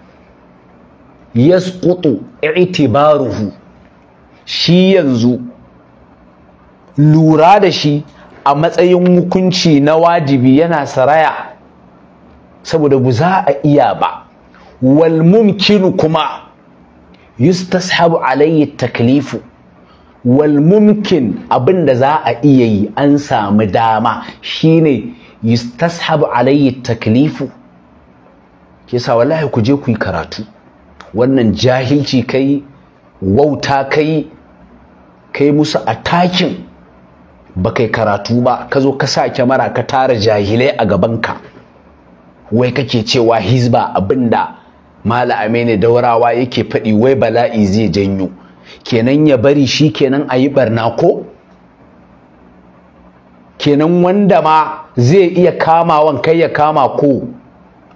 yasqutu i'tibaruhu shi yanzu lura da shi a matsayin hukunci na wajibi yana saraya saboda bu za a iya ba wal mumkinu kuma yustashabu alayhi taklifu wal mumkin abin da za a iya yi an samu dama shine yustashabu alayhi taklifu sa wallahi ku je ku yi karatu wannan jahilci kai wauta kai kai musu takin. ba kai karatu ba ka zo ka sa kyamara ka tara jahilai a gaban ka. wai kake cewa hizba abinda mala amene daurawa yake faɗi wai bala'i zai janyo kenan ya bari shi kenan a yi barna ko kenan wanda ma zai iya kamawan kai ya kama ko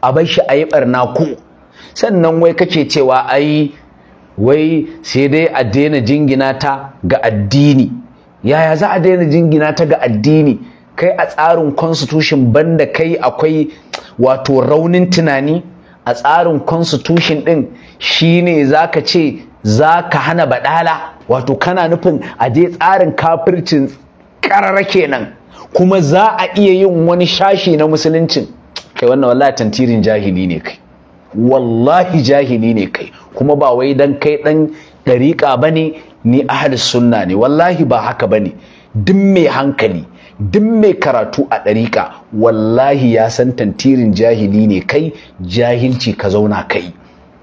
a bar shi a yi barna ko sannan wai kake cewa ai wai sai dai a daina jingina ta ga addini yaya za a daina jingina ta ga addini kai a tsarin constitution banda kai akwai wato raunin tunani a tsarin constitution din shine zaka ce zaka hana badala wato kana nufin a je tsarin kafircin karara kenan kuma za a iya yin wani shashi na musuluncin kai wannan wallahi tantirin jahili ne kai wallahi jahili ne kai kuma ba wai dan kai dan dariƙa bane ni ahli sunna ne wallahi ba haka bane duk mai hankali duk mai karatu a ɗariƙa wallahi ya san tantirin jahili ne kai jahilci ka zauna kai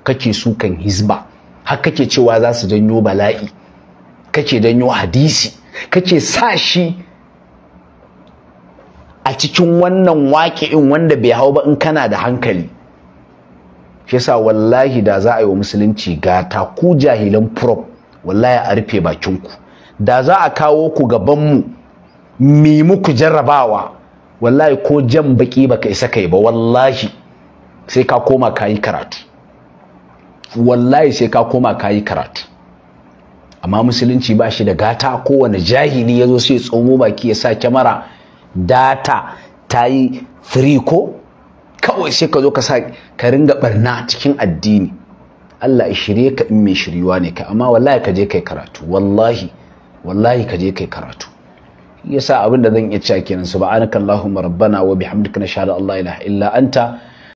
kake sukan hizba har kake cewa za su janyo bala'i kake janyo hadisi kake sa shi a cikin wannan waƙi'in wanda bai hau ba in kana da hankali shi yasa wallahi da za a yi wa musulunci gata ku jahilan prop wallahi a rufe bakinku da za a kawo ku gaban mu, mi muku jarrabawa wallahi ko jan baki baka isa kai ba wallahi sai ka koma kayi karatu wallahi sai ka koma kayi karatu amma musulunci ba shi da gata kowane jahili ya zo sai tsomo baki ya sa kyamara data ta yi free ko kawai sai ka zo ka sa ka ringa barna cikin addini Allah ya shirye ka in mai shiryuwa ne ka amma wallahi ka je kai karatu wallahi wallahi ka je kai karatu yasa abin da zan iya cewa kenan subhanakallahumma rabbana wa bihamdika nashhadu an la ilaha illa anta